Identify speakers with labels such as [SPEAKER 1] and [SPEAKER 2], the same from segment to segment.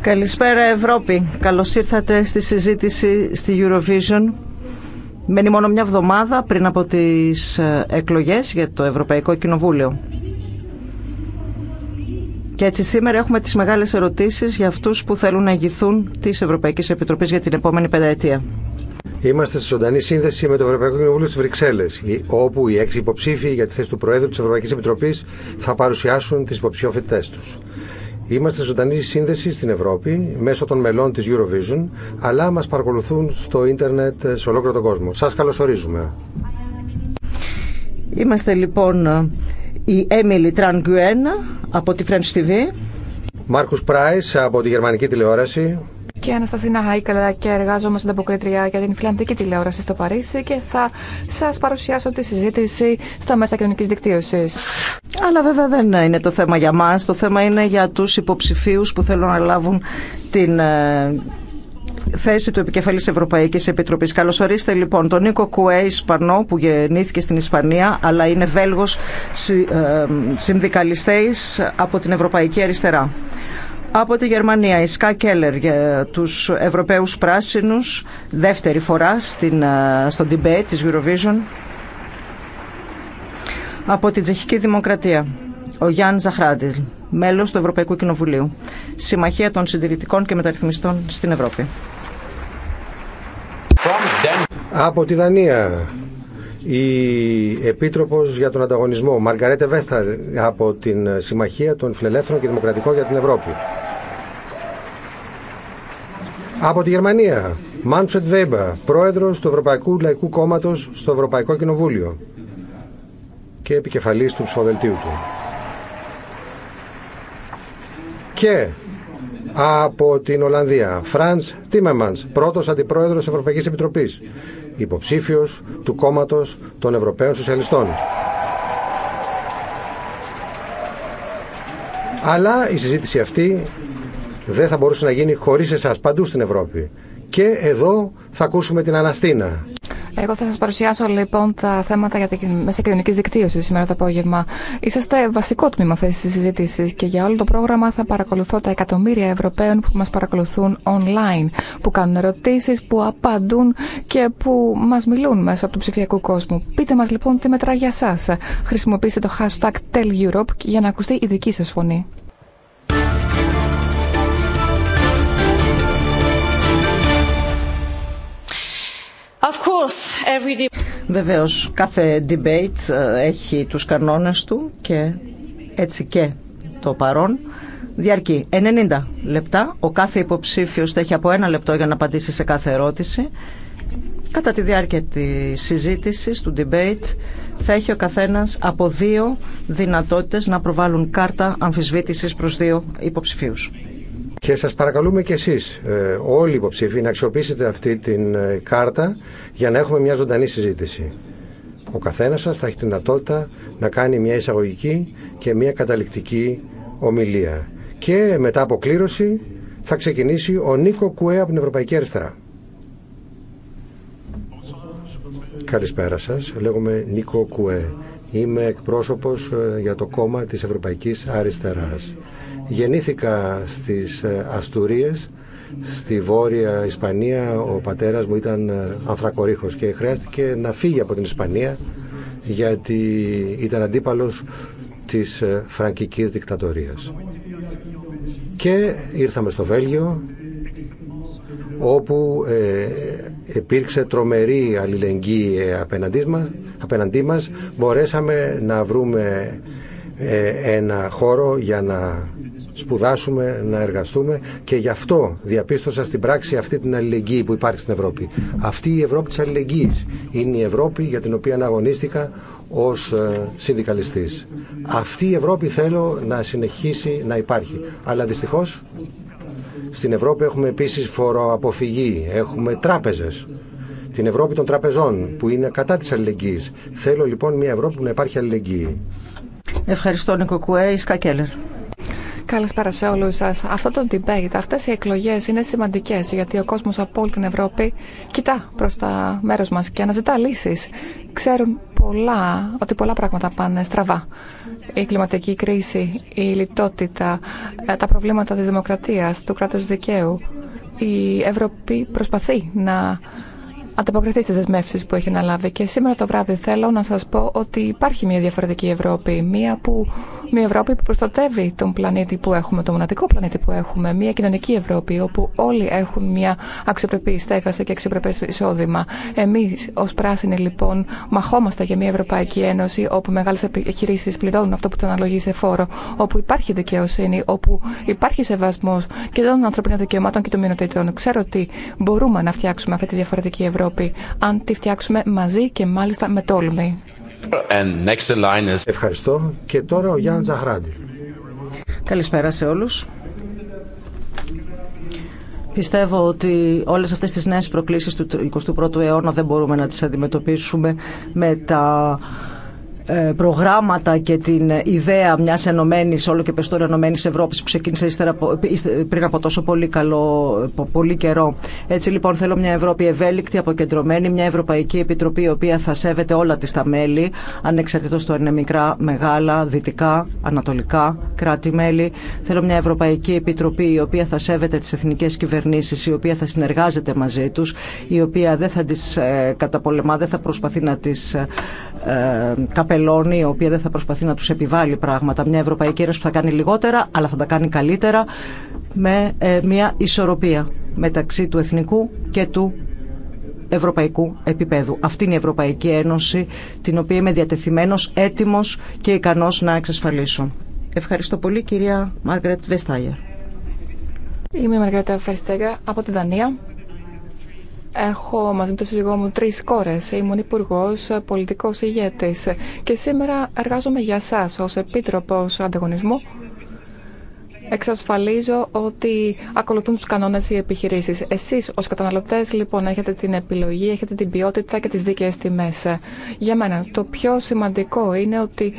[SPEAKER 1] Καλησπέρα Ευρώπη. Καλώς ήρθατε στη συζήτηση στη Eurovision. Μένει μόνο μια εβδομάδα πριν από τις ε, εκλογές για το Ευρωπαϊκό Κοινοβούλιο. Και έτσι σήμερα έχουμε τις μεγάλες ερωτήσεις για αυτούς που θέλουν να ηγηθούν της Ευρωπαϊκής Επιτροπής για την επόμενη πενταετία.
[SPEAKER 2] Είμαστε σε ζωντανή σύνδεση με το Ευρωπαϊκό Κοινοβούλιο στι Βρυξέλλε, όπου οι έξι υποψήφοι για τη θέση του Προέδρου τη Ευρωπαϊκή Επιτροπή θα παρουσιάσουν τι υποψηφιότητέ του. Είμαστε ζωντανή σύνδεση στην Ευρώπη μέσω των μελών τη Eurovision, αλλά μα παρακολουθούν στο ίντερνετ ε, σε ολόκληρο τον κόσμο. Σα καλωσορίζουμε.
[SPEAKER 1] Είμαστε λοιπόν ε,
[SPEAKER 3] η Έμιλι Τρανγκουέν από τη French TV.
[SPEAKER 2] Μάρκους Πράις από τη Γερμανική τηλεόραση
[SPEAKER 3] και Αναστασίνα Χάικαλα και εργάζομαι στην ανταποκριτριά για την Φιλανδική τηλεόραση στο Παρίσι και θα σα παρουσιάσω τη συζήτηση στα μέσα κοινωνική δικτύωση.
[SPEAKER 1] Αλλά βέβαια δεν είναι το θέμα για μα. το θέμα είναι για του υποψηφίου που θέλουν να λάβουν την ε, θέση του επικεφαλής Ευρωπαϊκής Επιτροπής. Καλωσορίστε λοιπόν τον Νίκο Κουέ Ισπανό που γεννήθηκε στην Ισπανία αλλά είναι Βέλγος ε, συνδικαλιστής από την Ευρωπαϊκή Αριστερά. Από τη Γερμανία, η Σκά Κέλλερ για τους Ευρωπαίους Πράσινους, δεύτερη φορά στην, ε, στον debate της Eurovision. Από την Τσεχική Δημοκρατία, ο Γιάνν Ζαχράντιλ, μέλος του Ευρωπαϊκού Κοινοβουλίου, Συμμαχία των Συντηρητικών και Μεταρρυθμιστών στην Ευρώπη.
[SPEAKER 2] Από τη Δανία, η Επίτροπος για τον Ανταγωνισμό, Μαργαρέτε Βέσταρ, από την Συμμαχία των Φιλελεύθερων και Δημοκρατικών για την Ευρώπη. Από τη Γερμανία, Μάντφρεντ Βέμπα, πρόεδρος του Ευρωπαϊκού Λαϊκού Κόμματος στο Ευρωπαϊκό Κοινοβούλιο και επικεφαλής του ψηφοδελτίου του. Και από την Ολλανδία, Φρανς Τίμεμανς, πρώτος αντιπρόεδρος Ευρωπαϊκής Επιτροπής, υποψήφιος του κόμματος των Ευρωπαίων Σοσιαλιστών. Αλλά η συζήτηση αυτή δεν θα μπορούσε να γίνει χωρίς εσάς παντού στην Ευρώπη. Και εδώ θα ακούσουμε την
[SPEAKER 3] Αναστίνα. Εγώ θα σα παρουσιάσω λοιπόν τα θέματα για τη μέσα κοινωνική δικτύωση σήμερα το απόγευμα. Είσαστε βασικό τμήμα αυτή τη συζήτηση και για όλο το πρόγραμμα θα παρακολουθώ τα εκατομμύρια Ευρωπαίων που μα παρακολουθούν online, που κάνουν ερωτήσει, που απαντούν και που μα μιλούν μέσα από τον ψηφιακό κόσμο. Πείτε μα λοιπόν τι μετρά για εσά. Χρησιμοποιήστε το hashtag TellEurope για να ακουστεί η δική σα φωνή.
[SPEAKER 1] Of κάθε debate ε, έχει τους κανόνες του και έτσι και το παρόν. Διαρκεί 90 λεπτά. Ο κάθε υποψήφιος θα έχει από ένα λεπτό για να απαντήσει σε κάθε ερώτηση. Κατά τη διάρκεια της συζήτησης, του debate, θα έχει ο καθένας από δύο δυνατότητες να προβάλλουν κάρτα αμφισβήτησης προς δύο υποψηφίους.
[SPEAKER 2] Και σας παρακαλούμε και εσείς ε, όλοι οι υποψήφοι να αξιοποιήσετε αυτή την ε, κάρτα για να έχουμε μια ζωντανή συζήτηση. Ο καθένας σας θα έχει τη δυνατότητα να κάνει μια εισαγωγική και μια καταληκτική ομιλία. Και μετά από κλήρωση θα ξεκινήσει ο Νίκο Κουέ από την Ευρωπαϊκή Αριστερά. Καλησπέρα σας. Λέγομαι Νίκο Κουέ. Είμαι εκπρόσωπος ε, για το κόμμα της Ευρωπαϊκής Αριστεράς. Γεννήθηκα στις ε, Αστουρίες, στη Βόρεια Ισπανία. Ο πατέρας μου ήταν ε, ανθρακορίχος και χρειάστηκε να φύγει από την Ισπανία γιατί ήταν αντίπαλος της ε, φραγκικής δικτατορίας. Και ήρθαμε στο Βέλγιο όπου ε, υπήρξε τρομερή αλληλεγγύη απέναντί μας, Μπορέσαμε να βρούμε ένα χώρο για να σπουδάσουμε, να εργαστούμε και γι' αυτό διαπίστωσα στην πράξη αυτή την αλληλεγγύη που υπάρχει στην Ευρώπη. Αυτή η Ευρώπη της αλληλεγγύης είναι η Ευρώπη για την οποία αναγωνίστηκα ως ε, συνδικαλιστής. Αυτή η Ευρώπη θέλω να συνεχίσει να υπάρχει. Αλλά δυστυχώς στην Ευρώπη έχουμε επίσης φοροαποφυγή, έχουμε τράπεζες την Ευρώπη των τραπεζών που είναι κατά της αλληλεγγύης. Θέλω λοιπόν μια Ευρώπη που να υπάρχει αλληλεγγύη.
[SPEAKER 1] Ευχαριστώ Νίκο Κουέ, Ισκά
[SPEAKER 3] Καλησπέρα σε όλους σας. Αυτό το debate, αυτές οι εκλογές είναι σημαντικές γιατί ο κόσμος από όλη την Ευρώπη κοιτά προς τα μέρος μας και αναζητά λύσεις. Ξέρουν πολλά, ότι πολλά πράγματα πάνε στραβά. Η κλιματική κρίση, η λιτότητα, ε, τα προβλήματα της δημοκρατίας, του κράτους δικαίου. Η Ευρώπη προσπαθεί να ανταποκριθεί στι δεσμεύσει που έχει αναλάβει. Και σήμερα το βράδυ θέλω να σα πω ότι υπάρχει μια διαφορετική Ευρώπη, μια, που, μια Ευρώπη που προστατεύει τον πλανήτη που έχουμε, τον μοναδικό πλανήτη που έχουμε, μια κοινωνική Ευρώπη όπου όλοι έχουν μια αξιοπρεπή στέγαση και αξιοπρεπές εισόδημα. Εμεί, ω πράσινοι λοιπόν μαχόμαστε για μια Ευρωπαϊκή Ένωση όπου μεγάλε επιχειρήσει πληρώνουν αυτό που του αναλογεί σε φόρο, όπου υπάρχει δικαιοσύνη, όπου υπάρχει σεβασμό και των ανθρωπίνων δικαιωμάτων και των μειονοτήτων. Ξέρω ότι μπορούμε να φτιάξουμε αυτή τη διαφορετική Ευρώπη Ευρώπη, αν τη φτιάξουμε μαζί και μάλιστα με τόλμη.
[SPEAKER 2] Ευχαριστώ.
[SPEAKER 1] Και τώρα ο Γιάννη Ζαχράντη.
[SPEAKER 3] Καλησπέρα σε όλους.
[SPEAKER 1] Πιστεύω ότι όλες αυτές τις νέες προκλήσεις του 21ου αιώνα δεν μπορούμε να τις αντιμετωπίσουμε με τα ε, προγράμματα και την ιδέα μια ενωμένη όλο και περισσότερο ενωμένη Ευρώπης που ξεκίνησε ύστερα, ε, πριν από τόσο πολύ, καλό, πολύ καιρό. Έτσι λοιπόν θέλω μια Ευρώπη ευέλικτη, αποκεντρωμένη, μια Ευρωπαϊκή Επιτροπή η οποία θα σέβεται όλα τη τα μέλη, ανεξαρτήτως το είναι μικρά, μεγάλα, δυτικά, ανατολικά, κράτη-μέλη. Θέλω μια Ευρωπαϊκή Επιτροπή η οποία θα σέβεται τι εθνικέ κυβερνήσει, η οποία θα συνεργάζεται μαζί του, η οποία δεν θα τις ε, καταπολεμά, δεν θα προσπαθεί να τι ε, η οποία δεν θα προσπαθεί να τους επιβάλλει πράγματα. Μια Ευρωπαϊκή Ένωση που θα κάνει λιγότερα, αλλά θα τα κάνει καλύτερα, με ε, μια ισορροπία μεταξύ του εθνικού και του ευρωπαϊκού επίπεδου. Αυτή είναι η Ευρωπαϊκή Ένωση, την οποία είμαι διατεθειμένος, έτοιμο και ικανός να εξασφαλίσω. Ευχαριστώ πολύ κυρία Μάργαρετ Βεστάγερ.
[SPEAKER 3] Είμαι η Μαργαρίτα Φερστέγκα από τη Δανία Έχω μαζί με τον σύζυγό μου τρει κόρε. Ήμουν υπουργό, πολιτικός ηγέτη. και σήμερα εργάζομαι για εσά ω επίτροπο Ανταγωνισμού. Εξασφαλίζω ότι ακολουθούν του κανόνε οι επιχειρήσει. Εσεί, ω καταναλωτέ, λοιπόν έχετε την επιλογή, έχετε την ποιότητα και τι δίκαιε τιμέ. Για μένα το πιο σημαντικό είναι ότι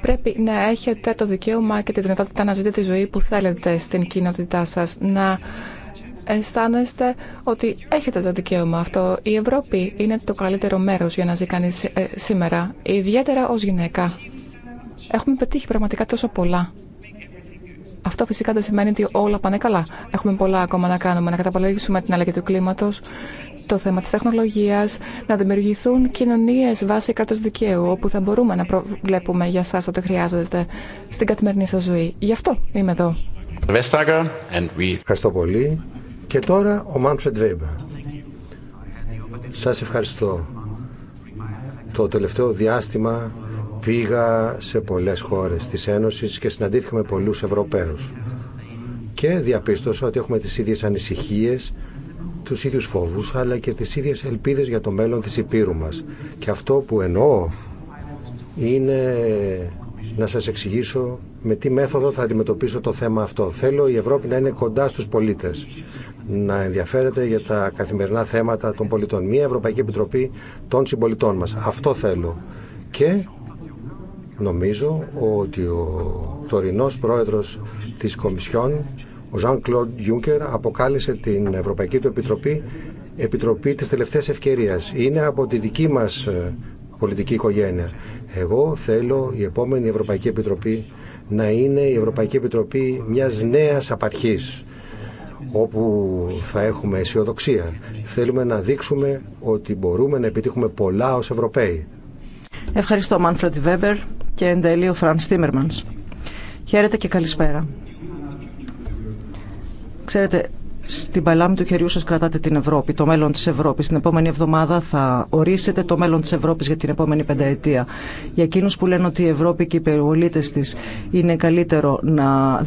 [SPEAKER 3] πρέπει να έχετε το δικαίωμα και τη δυνατότητα να ζείτε τη ζωή που θέλετε στην κοινότητά σας, να αισθάνεστε ότι έχετε το δικαίωμα αυτό. Η Ευρώπη είναι το καλύτερο μέρο για να ζει ε, σήμερα, ιδιαίτερα ω γυναίκα. Έχουμε πετύχει πραγματικά τόσο πολλά. Αυτό φυσικά δεν σημαίνει ότι όλα πάνε καλά. Έχουμε πολλά ακόμα να κάνουμε, να καταπολεμήσουμε την αλλαγή του κλίματο, το θέμα τη τεχνολογία, να δημιουργηθούν κοινωνίε βάσει κράτου δικαίου, όπου θα μπορούμε να προβλέπουμε για εσά ό,τι χρειάζεστε στην καθημερινή σα ζωή. Γι' αυτό είμαι εδώ.
[SPEAKER 2] Ευχαριστώ πολύ. Και τώρα ο Manfred Βέιμπα. Σας ευχαριστώ. Το τελευταίο διάστημα πήγα σε πολλές χώρες της Ένωσης και συναντήθηκα με πολλούς Ευρωπαίους. Και διαπίστωσα ότι έχουμε τις ίδιες ανησυχίες, τους ίδιους φόβους, αλλά και τις ίδιες ελπίδες για το μέλλον της Υπήρου μας. Και αυτό που εννοώ είναι να σας εξηγήσω με τι μέθοδο θα αντιμετωπίσω το θέμα αυτό. Θέλω η Ευρώπη να είναι κοντά στους πολίτες, να ενδιαφέρεται για τα καθημερινά θέματα των πολιτών. Μια Ευρωπαϊκή Επιτροπή των συμπολιτών μας. Αυτό θέλω. Και νομίζω ότι ο τωρινός πρόεδρος της Κομισιόν, ο Ζαν Κλοντ Γιούγκερ, αποκάλεσε την Ευρωπαϊκή του Επιτροπή Επιτροπή της τελευταίας ευκαιρίας. Είναι από τη δική μας ε, πολιτική οικογένεια. Εγώ θέλω η επόμενη Ευρωπαϊκή Επιτροπή να είναι η Ευρωπαϊκή Επιτροπή μιας νέας απαρχής όπου θα έχουμε αισιοδοξία. Θέλουμε να δείξουμε ότι μπορούμε να επιτύχουμε πολλά ως Ευρωπαίοι.
[SPEAKER 1] Ευχαριστώ Μάνφρετ Βέμπερ και εν τέλει ο Φραν Τίμερμανς. Χαίρετε και καλησπέρα. Ξέρετε, στην παλάμη του χεριού σας κρατάτε την Ευρώπη, το μέλλον της Ευρώπης. Την επόμενη εβδομάδα θα ορίσετε το μέλλον της Ευρώπης για την επόμενη πενταετία. Για εκείνους που λένε ότι η Ευρώπη και οι περιβολίτες της είναι καλύτερο να,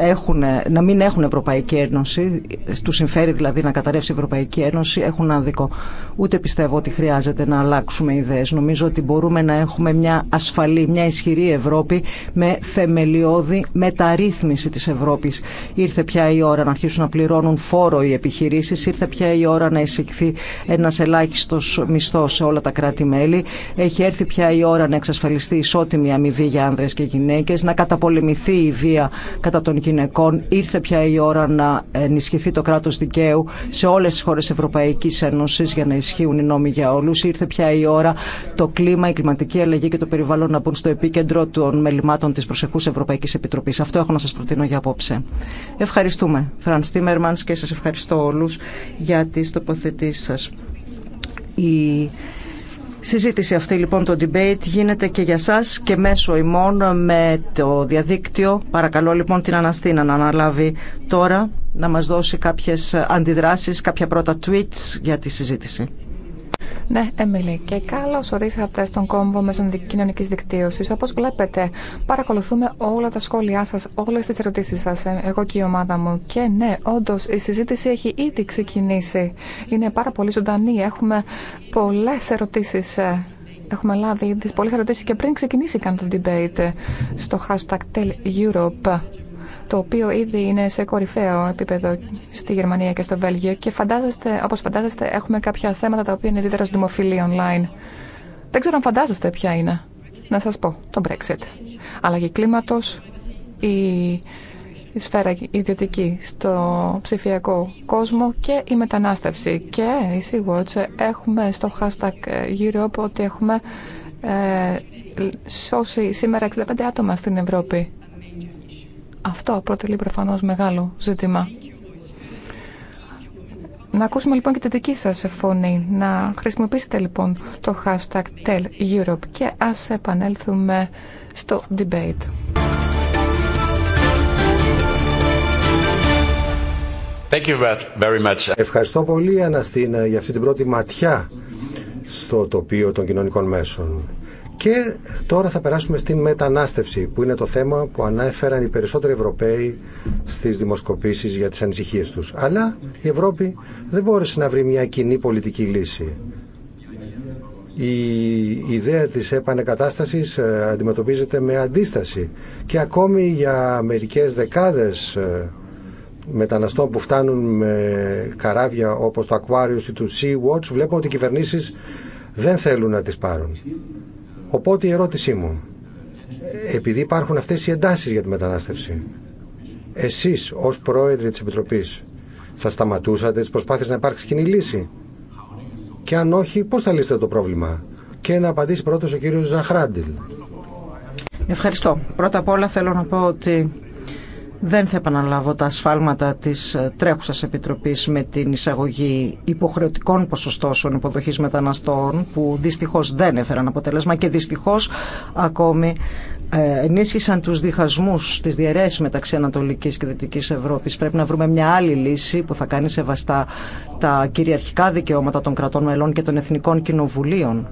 [SPEAKER 1] έχουν, να μην έχουν Ευρωπαϊκή Ένωση, του συμφέρει δηλαδή να καταρρεύσει η Ευρωπαϊκή Ένωση, έχουν άδικο. Ούτε πιστεύω ότι χρειάζεται να αλλάξουμε ιδέες. Νομίζω ότι μπορούμε να έχουμε μια ασφαλή, μια ισχυρή Ευρώπη με θεμελιώδη μεταρρύθμιση της Ευρώπης. Ήρθε πια η ώρα να αρχίσουν να πληρώνουν πληρώνουν φόρο οι επιχειρήσεις. Ήρθε πια η ώρα να εισηχθεί ένας ελάχιστος μισθός σε όλα τα κράτη-μέλη. Έχει έρθει πια η ώρα να εξασφαλιστεί ισότιμη αμοιβή για άνδρες και γυναίκες, να καταπολεμηθεί η βία κατά των γυναικών. Ήρθε πια η ώρα να ενισχυθεί το κράτος δικαίου σε όλες τις χώρες Ευρωπαϊκής Ένωσης για να ισχύουν οι νόμοι για όλους. Ήρθε πια η ώρα το κλίμα, η κλιματική αλλαγή και το περιβάλλον να μπουν στο επίκεντρο των μελημάτων της προσεχούς Ευρωπαϊκής Επιτροπής. Αυτό έχω να σας προτείνω για απόψε. Ευχαριστούμε. Φραν και σας ευχαριστώ όλους για τις τοποθετήσεις σας. Η συζήτηση αυτή λοιπόν το debate γίνεται και για σας και μέσω ημών με το διαδίκτυο. Παρακαλώ λοιπόν την Αναστήνα να αναλάβει τώρα να μας δώσει κάποιες αντιδράσεις, κάποια πρώτα tweets για τη συζήτηση.
[SPEAKER 3] Ναι, Εμίλη, και καλώ ορίσατε στον κόμβο μέσω κοινωνική δικτύωση. Όπω βλέπετε, παρακολουθούμε όλα τα σχόλιά σα, όλε τι ερωτήσει σα, ε, εγώ και η ομάδα μου. Και ναι, όντω η συζήτηση έχει ήδη ξεκινήσει. Είναι πάρα πολύ ζωντανή. Έχουμε πολλέ ερωτήσει. Ε. Έχουμε λάβει ήδη πολλέ ερωτήσει και πριν ξεκινήσει καν το debate ε, στο hashtag Tell Europe το οποίο ήδη είναι σε κορυφαίο επίπεδο στη Γερμανία και στο Βέλγιο και φαντάζεστε, όπως φαντάζεστε έχουμε κάποια θέματα τα οποία είναι ιδιαίτερα δημοφιλή online. Δεν ξέρω αν φαντάζεστε ποια είναι. Να σας πω, το Brexit. Αλλαγή κλίματος, η σφαίρα ιδιωτική στο ψηφιακό κόσμο και η μετανάστευση. Και η Sea-Watch έχουμε στο hashtag Europe ότι έχουμε ε, σώσει σήμερα 65 άτομα στην Ευρώπη. Αυτό αποτελεί προφανώ μεγάλο ζήτημα. Να ακούσουμε λοιπόν και τη δική σα φωνή. Να χρησιμοποιήσετε λοιπόν το hashtag Tell και α επανέλθουμε στο debate.
[SPEAKER 2] Thank you very much. Ευχαριστώ πολύ Αναστίνα για αυτή την πρώτη ματιά στο τοπίο των κοινωνικών μέσων. Και τώρα θα περάσουμε στην μετανάστευση, που είναι το θέμα που ανέφεραν οι περισσότεροι Ευρωπαίοι στι δημοσκοπήσεις για τι ανησυχίε του. Αλλά η Ευρώπη δεν μπόρεσε να βρει μια κοινή πολιτική λύση. Η ιδέα της επανεκατάστασης ε, αντιμετωπίζεται με αντίσταση και ακόμη για μερικές δεκάδες ε, μεταναστών που φτάνουν με καράβια όπως το Aquarius ή του Sea Watch βλέπω ότι οι κυβερνήσεις δεν θέλουν να τις πάρουν. Οπότε η ερώτησή μου, επειδή υπάρχουν αυτές οι εντάσεις για τη μετανάστευση, εσείς ως πρόεδροι της Επιτροπής θα σταματούσατε τις προσπάθειες να υπάρξει κοινή λύση και αν όχι πώς θα λύσετε το πρόβλημα και να
[SPEAKER 1] απαντήσει πρώτος ο κύριος Ζαχράντιλ. Ευχαριστώ. Πρώτα απ' όλα θέλω να πω ότι δεν θα επαναλάβω τα ασφάλματα της ε, τρέχουσας Επιτροπής με την εισαγωγή υποχρεωτικών ποσοστώσεων υποδοχής μεταναστών που δυστυχώς δεν έφεραν αποτέλεσμα και δυστυχώς ακόμη ε, ενίσχυσαν τους διχασμούς στις διαιρέσεις μεταξύ Ανατολικής και Δυτικής Ευρώπης. Πρέπει να βρούμε μια άλλη λύση που θα κάνει σεβαστά τα κυριαρχικά δικαιώματα των κρατών μελών και των εθνικών κοινοβουλίων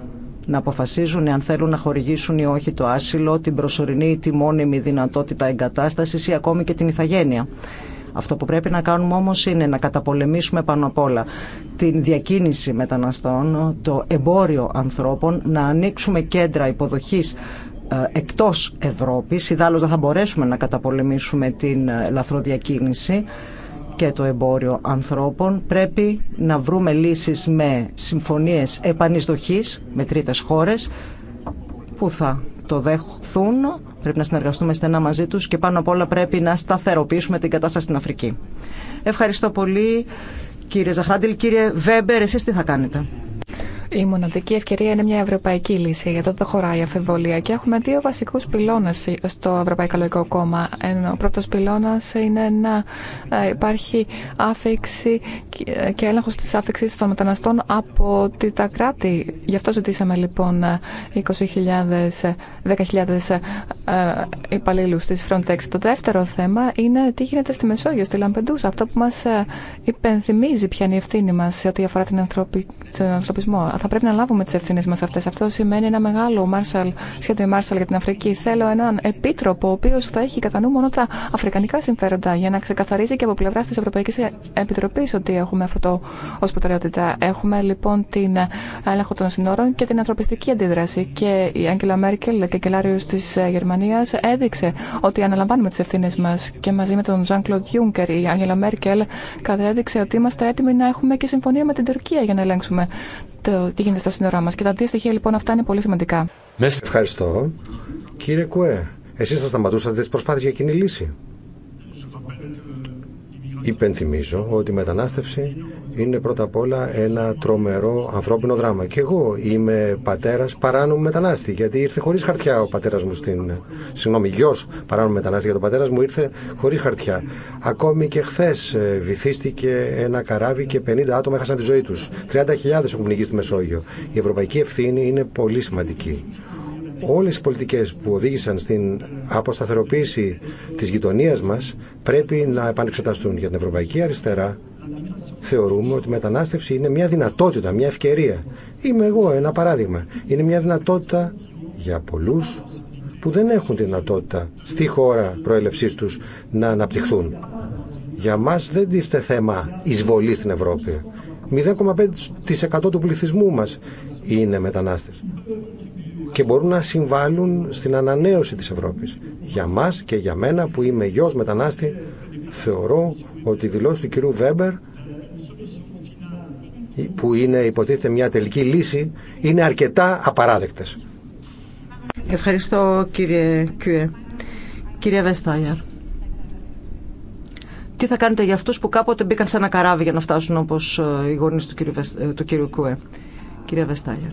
[SPEAKER 1] να αποφασίζουν αν θέλουν να χορηγήσουν ή όχι το άσυλο, την προσωρινή ή τη μόνιμη δυνατότητα εγκατάστασης ή ακόμη και την ηθαγένεια. Αυτό που πρέπει να κάνουμε όμως είναι να καταπολεμήσουμε πάνω απ' όλα την διακίνηση μεταναστών, το εμπόριο ανθρώπων, να ανοίξουμε κέντρα υποδοχής ε, εκτός Ευρώπης, ιδάλλως δεν θα μπορέσουμε να καταπολεμήσουμε την ε, λαθροδιακίνηση και το εμπόριο ανθρώπων. Πρέπει να βρούμε λύσεις με συμφωνίες επανεισδοχής με τρίτες χώρες που θα το δεχθούν. Πρέπει να συνεργαστούμε στενά μαζί τους και πάνω απ' όλα πρέπει να σταθεροποιήσουμε την κατάσταση στην Αφρική. Ευχαριστώ πολύ κύριε Ζαχράντιλ. Κύριε Βέμπερ, εσείς τι θα κάνετε.
[SPEAKER 3] Η μοναδική ευκαιρία είναι μια ευρωπαϊκή λύση, γιατί δεν χωράει η αφιβολία. Και έχουμε δύο βασικού πυλώνε στο Ευρωπαϊκό Λογικό Κόμμα. Ο πρώτο πυλώνα είναι να ε, υπάρχει άφηξη και έλεγχο τη άφηξη των μεταναστών από τα κράτη. Γι' αυτό ζητήσαμε λοιπόν 20.000, 10.000 υπαλλήλου τη Frontex. Το δεύτερο θέμα είναι τι γίνεται στη Μεσόγειο, στη Λαμπεντούσα. Αυτό που μα ε, υπενθυμίζει ποια είναι η ευθύνη μα σε ό,τι αφορά την τον ανθρωπισμό θα πρέπει να λάβουμε τι ευθύνε μα αυτέ. Αυτό σημαίνει ένα μεγάλο σχέδιο Marshall για την Αφρική. Θέλω έναν επίτροπο, ο οποίο θα έχει κατά νου μόνο τα αφρικανικά συμφέροντα, για να ξεκαθαρίζει και από πλευρά τη Ευρωπαϊκή Επιτροπή ότι έχουμε αυτό ω προτεραιότητα. Έχουμε λοιπόν την έλεγχο των συνόρων και την ανθρωπιστική αντίδραση. Και η Άγγελα Μέρκελ, καγκελάριο τη Γερμανία, έδειξε ότι αναλαμβάνουμε τι ευθύνε μα. Και μαζί με τον Ζαν Κλοντ η Άγγελα Μέρκελ κατέδειξε ότι είμαστε έτοιμοι να έχουμε και συμφωνία με την Τουρκία για να ελέγξουμε το τι γίνεται στα σύνορά μα. Και τα αντίστοιχα στοιχεία λοιπόν αυτά είναι πολύ σημαντικά.
[SPEAKER 2] Ευχαριστώ. Κύριε Κουέ, εσεί θα σταματούσατε τι προσπάθειε για κοινή λύση. Ε, Υπενθυμίζω ότι η μετανάστευση είναι πρώτα απ' όλα ένα τρομερό ανθρώπινο δράμα. Και εγώ είμαι πατέρα παράνομου μετανάστη, γιατί ήρθε χωρί χαρτιά ο πατέρα μου στην. Συγγνώμη, γιο παράνομου μετανάστη, γιατί ο πατέρα μου ήρθε χωρί χαρτιά. Ακόμη και χθε ε, βυθίστηκε ένα καράβι και 50 άτομα έχασαν τη ζωή του. 30.000 έχουν πνιγεί στη Μεσόγειο. Η ευρωπαϊκή ευθύνη είναι πολύ σημαντική. Όλε οι πολιτικέ που οδήγησαν στην αποσταθεροποίηση τη γειτονία μα πρέπει να επανεξεταστούν για την Ευρωπαϊκή Αριστερά θεωρούμε ότι η μετανάστευση είναι μια δυνατότητα, μια ευκαιρία. Είμαι εγώ ένα παράδειγμα. Είναι μια δυνατότητα για πολλούς που δεν έχουν τη δυνατότητα στη χώρα προέλευσής τους να αναπτυχθούν. Για μας δεν τίθεται θέμα εισβολή στην Ευρώπη. 0,5% του πληθυσμού μας είναι μετανάστες και μπορούν να συμβάλλουν στην ανανέωση της Ευρώπης. Για μας και για μένα που είμαι γιος μετανάστη θεωρώ ότι η δηλώσει του κυρίου Βέμπερ που είναι υποτίθεται μια τελική λύση είναι αρκετά απαράδεκτες.
[SPEAKER 1] Ευχαριστώ κύριε Κιουέ. Κύριε Βεστάγιαρ. Τι θα κάνετε για αυτούς που κάποτε μπήκαν σε ένα καράβι για να φτάσουν όπως ε, οι γονείς του κύριου, ε, του Κουέ. Κύριε Βεστάγιαρ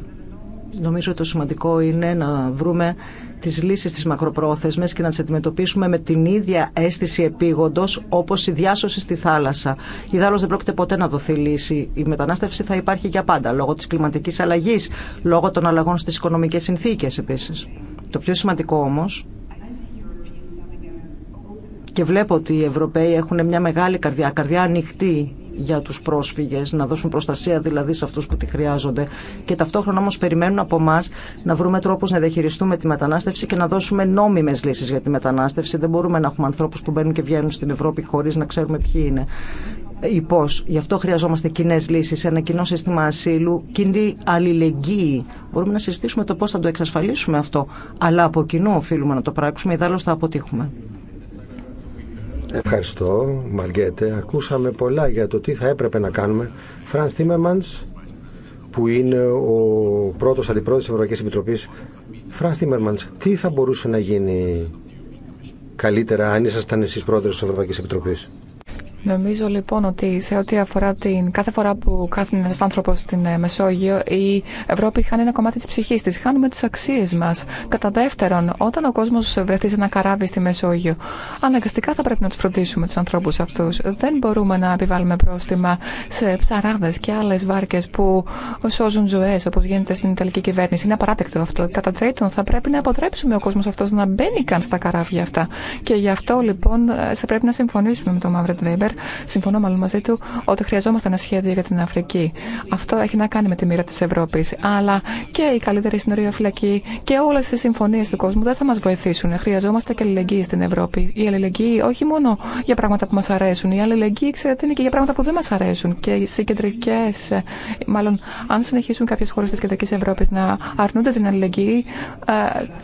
[SPEAKER 1] νομίζω ότι το σημαντικό είναι να βρούμε τι λύσει τι μακροπρόθεσμες και να τι αντιμετωπίσουμε με την ίδια αίσθηση επίγοντος όπω η διάσωση στη θάλασσα. Η θάλασσα δεν πρόκειται ποτέ να δοθεί λύση. Η μετανάστευση θα υπάρχει για πάντα λόγω τη κλιματική αλλαγή, λόγω των αλλαγών στι οικονομικέ συνθήκε. επίσης. Το πιο σημαντικό όμω. και βλέπω ότι οι Ευρωπαίοι έχουν μια μεγάλη καρδιά, καρδιά ανοιχτή για τους πρόσφυγες, να δώσουν προστασία δηλαδή σε αυτούς που τη χρειάζονται και ταυτόχρονα όμως περιμένουν από εμά να βρούμε τρόπους να διαχειριστούμε τη μετανάστευση και να δώσουμε νόμιμες λύσεις για τη μετανάστευση. Δεν μπορούμε να έχουμε ανθρώπους που μπαίνουν και βγαίνουν στην Ευρώπη χωρίς να ξέρουμε ποιοι είναι ή πώς. Γι' αυτό χρειαζόμαστε κοινέ λύσει, ένα κοινό σύστημα ασύλου, κοινή αλληλεγγύη. Μπορούμε να συζητήσουμε το πώ θα το εξασφαλίσουμε αυτό. Αλλά από κοινού οφείλουμε να το πράξουμε, ιδάλω θα αποτύχουμε.
[SPEAKER 2] Ευχαριστώ, Μαργέτε. Ακούσαμε πολλά για το τι θα έπρεπε να κάνουμε. Φρανς Τίμερμανς, που είναι ο πρώτος αντιπρόεδρος της Ευρωπαϊκής Επιτροπής. Φρανς Τίμερμανς, τι θα μπορούσε να γίνει καλύτερα αν ήσασταν εσείς πρόεδρος της Ευρωπαϊκής Επιτροπής.
[SPEAKER 3] Νομίζω λοιπόν ότι σε ό,τι αφορά την κάθε φορά που κάθε ένα άνθρωπο στην ε, Μεσόγειο, η Ευρώπη χάνει ένα κομμάτι τη ψυχή τη. Χάνουμε τι αξίε μα. Κατά δεύτερον, όταν ο κόσμο βρεθεί σε ένα καράβι στη Μεσόγειο, αναγκαστικά θα πρέπει να του φροντίσουμε του ανθρώπου αυτού. Δεν μπορούμε να επιβάλλουμε πρόστιμα σε ψαράδε και άλλε βάρκε που σώζουν ζωέ, όπω γίνεται στην Ιταλική κυβέρνηση. Είναι απαράδεκτο αυτό. Κατά τρίτον, θα πρέπει να αποτρέψουμε ο κόσμο αυτό να μπαίνει καν στα καράβια αυτά. Και γι' αυτό λοιπόν ε, θα πρέπει να συμφωνήσουμε με τον Μαύρετ Βέμπερ συμφωνώ μάλλον μαζί του, ότι χρειαζόμαστε ένα σχέδιο για την Αφρική. Αυτό έχει να κάνει με τη μοίρα τη Ευρώπη. Αλλά και η καλύτερη φυλακή και όλε οι συμφωνίε του κόσμου δεν θα μα βοηθήσουν. Χρειαζόμαστε και αλληλεγγύη στην Ευρώπη. Η αλληλεγγύη όχι μόνο για πράγματα που μα αρέσουν. Η αλληλεγγύη, ξέρετε, είναι και για πράγματα που δεν μα αρέσουν. Και οι κεντρικέ, μάλλον αν συνεχίσουν κάποιε χώρε τη κεντρική Ευρώπη να αρνούνται την αλληλεγγύη, ε,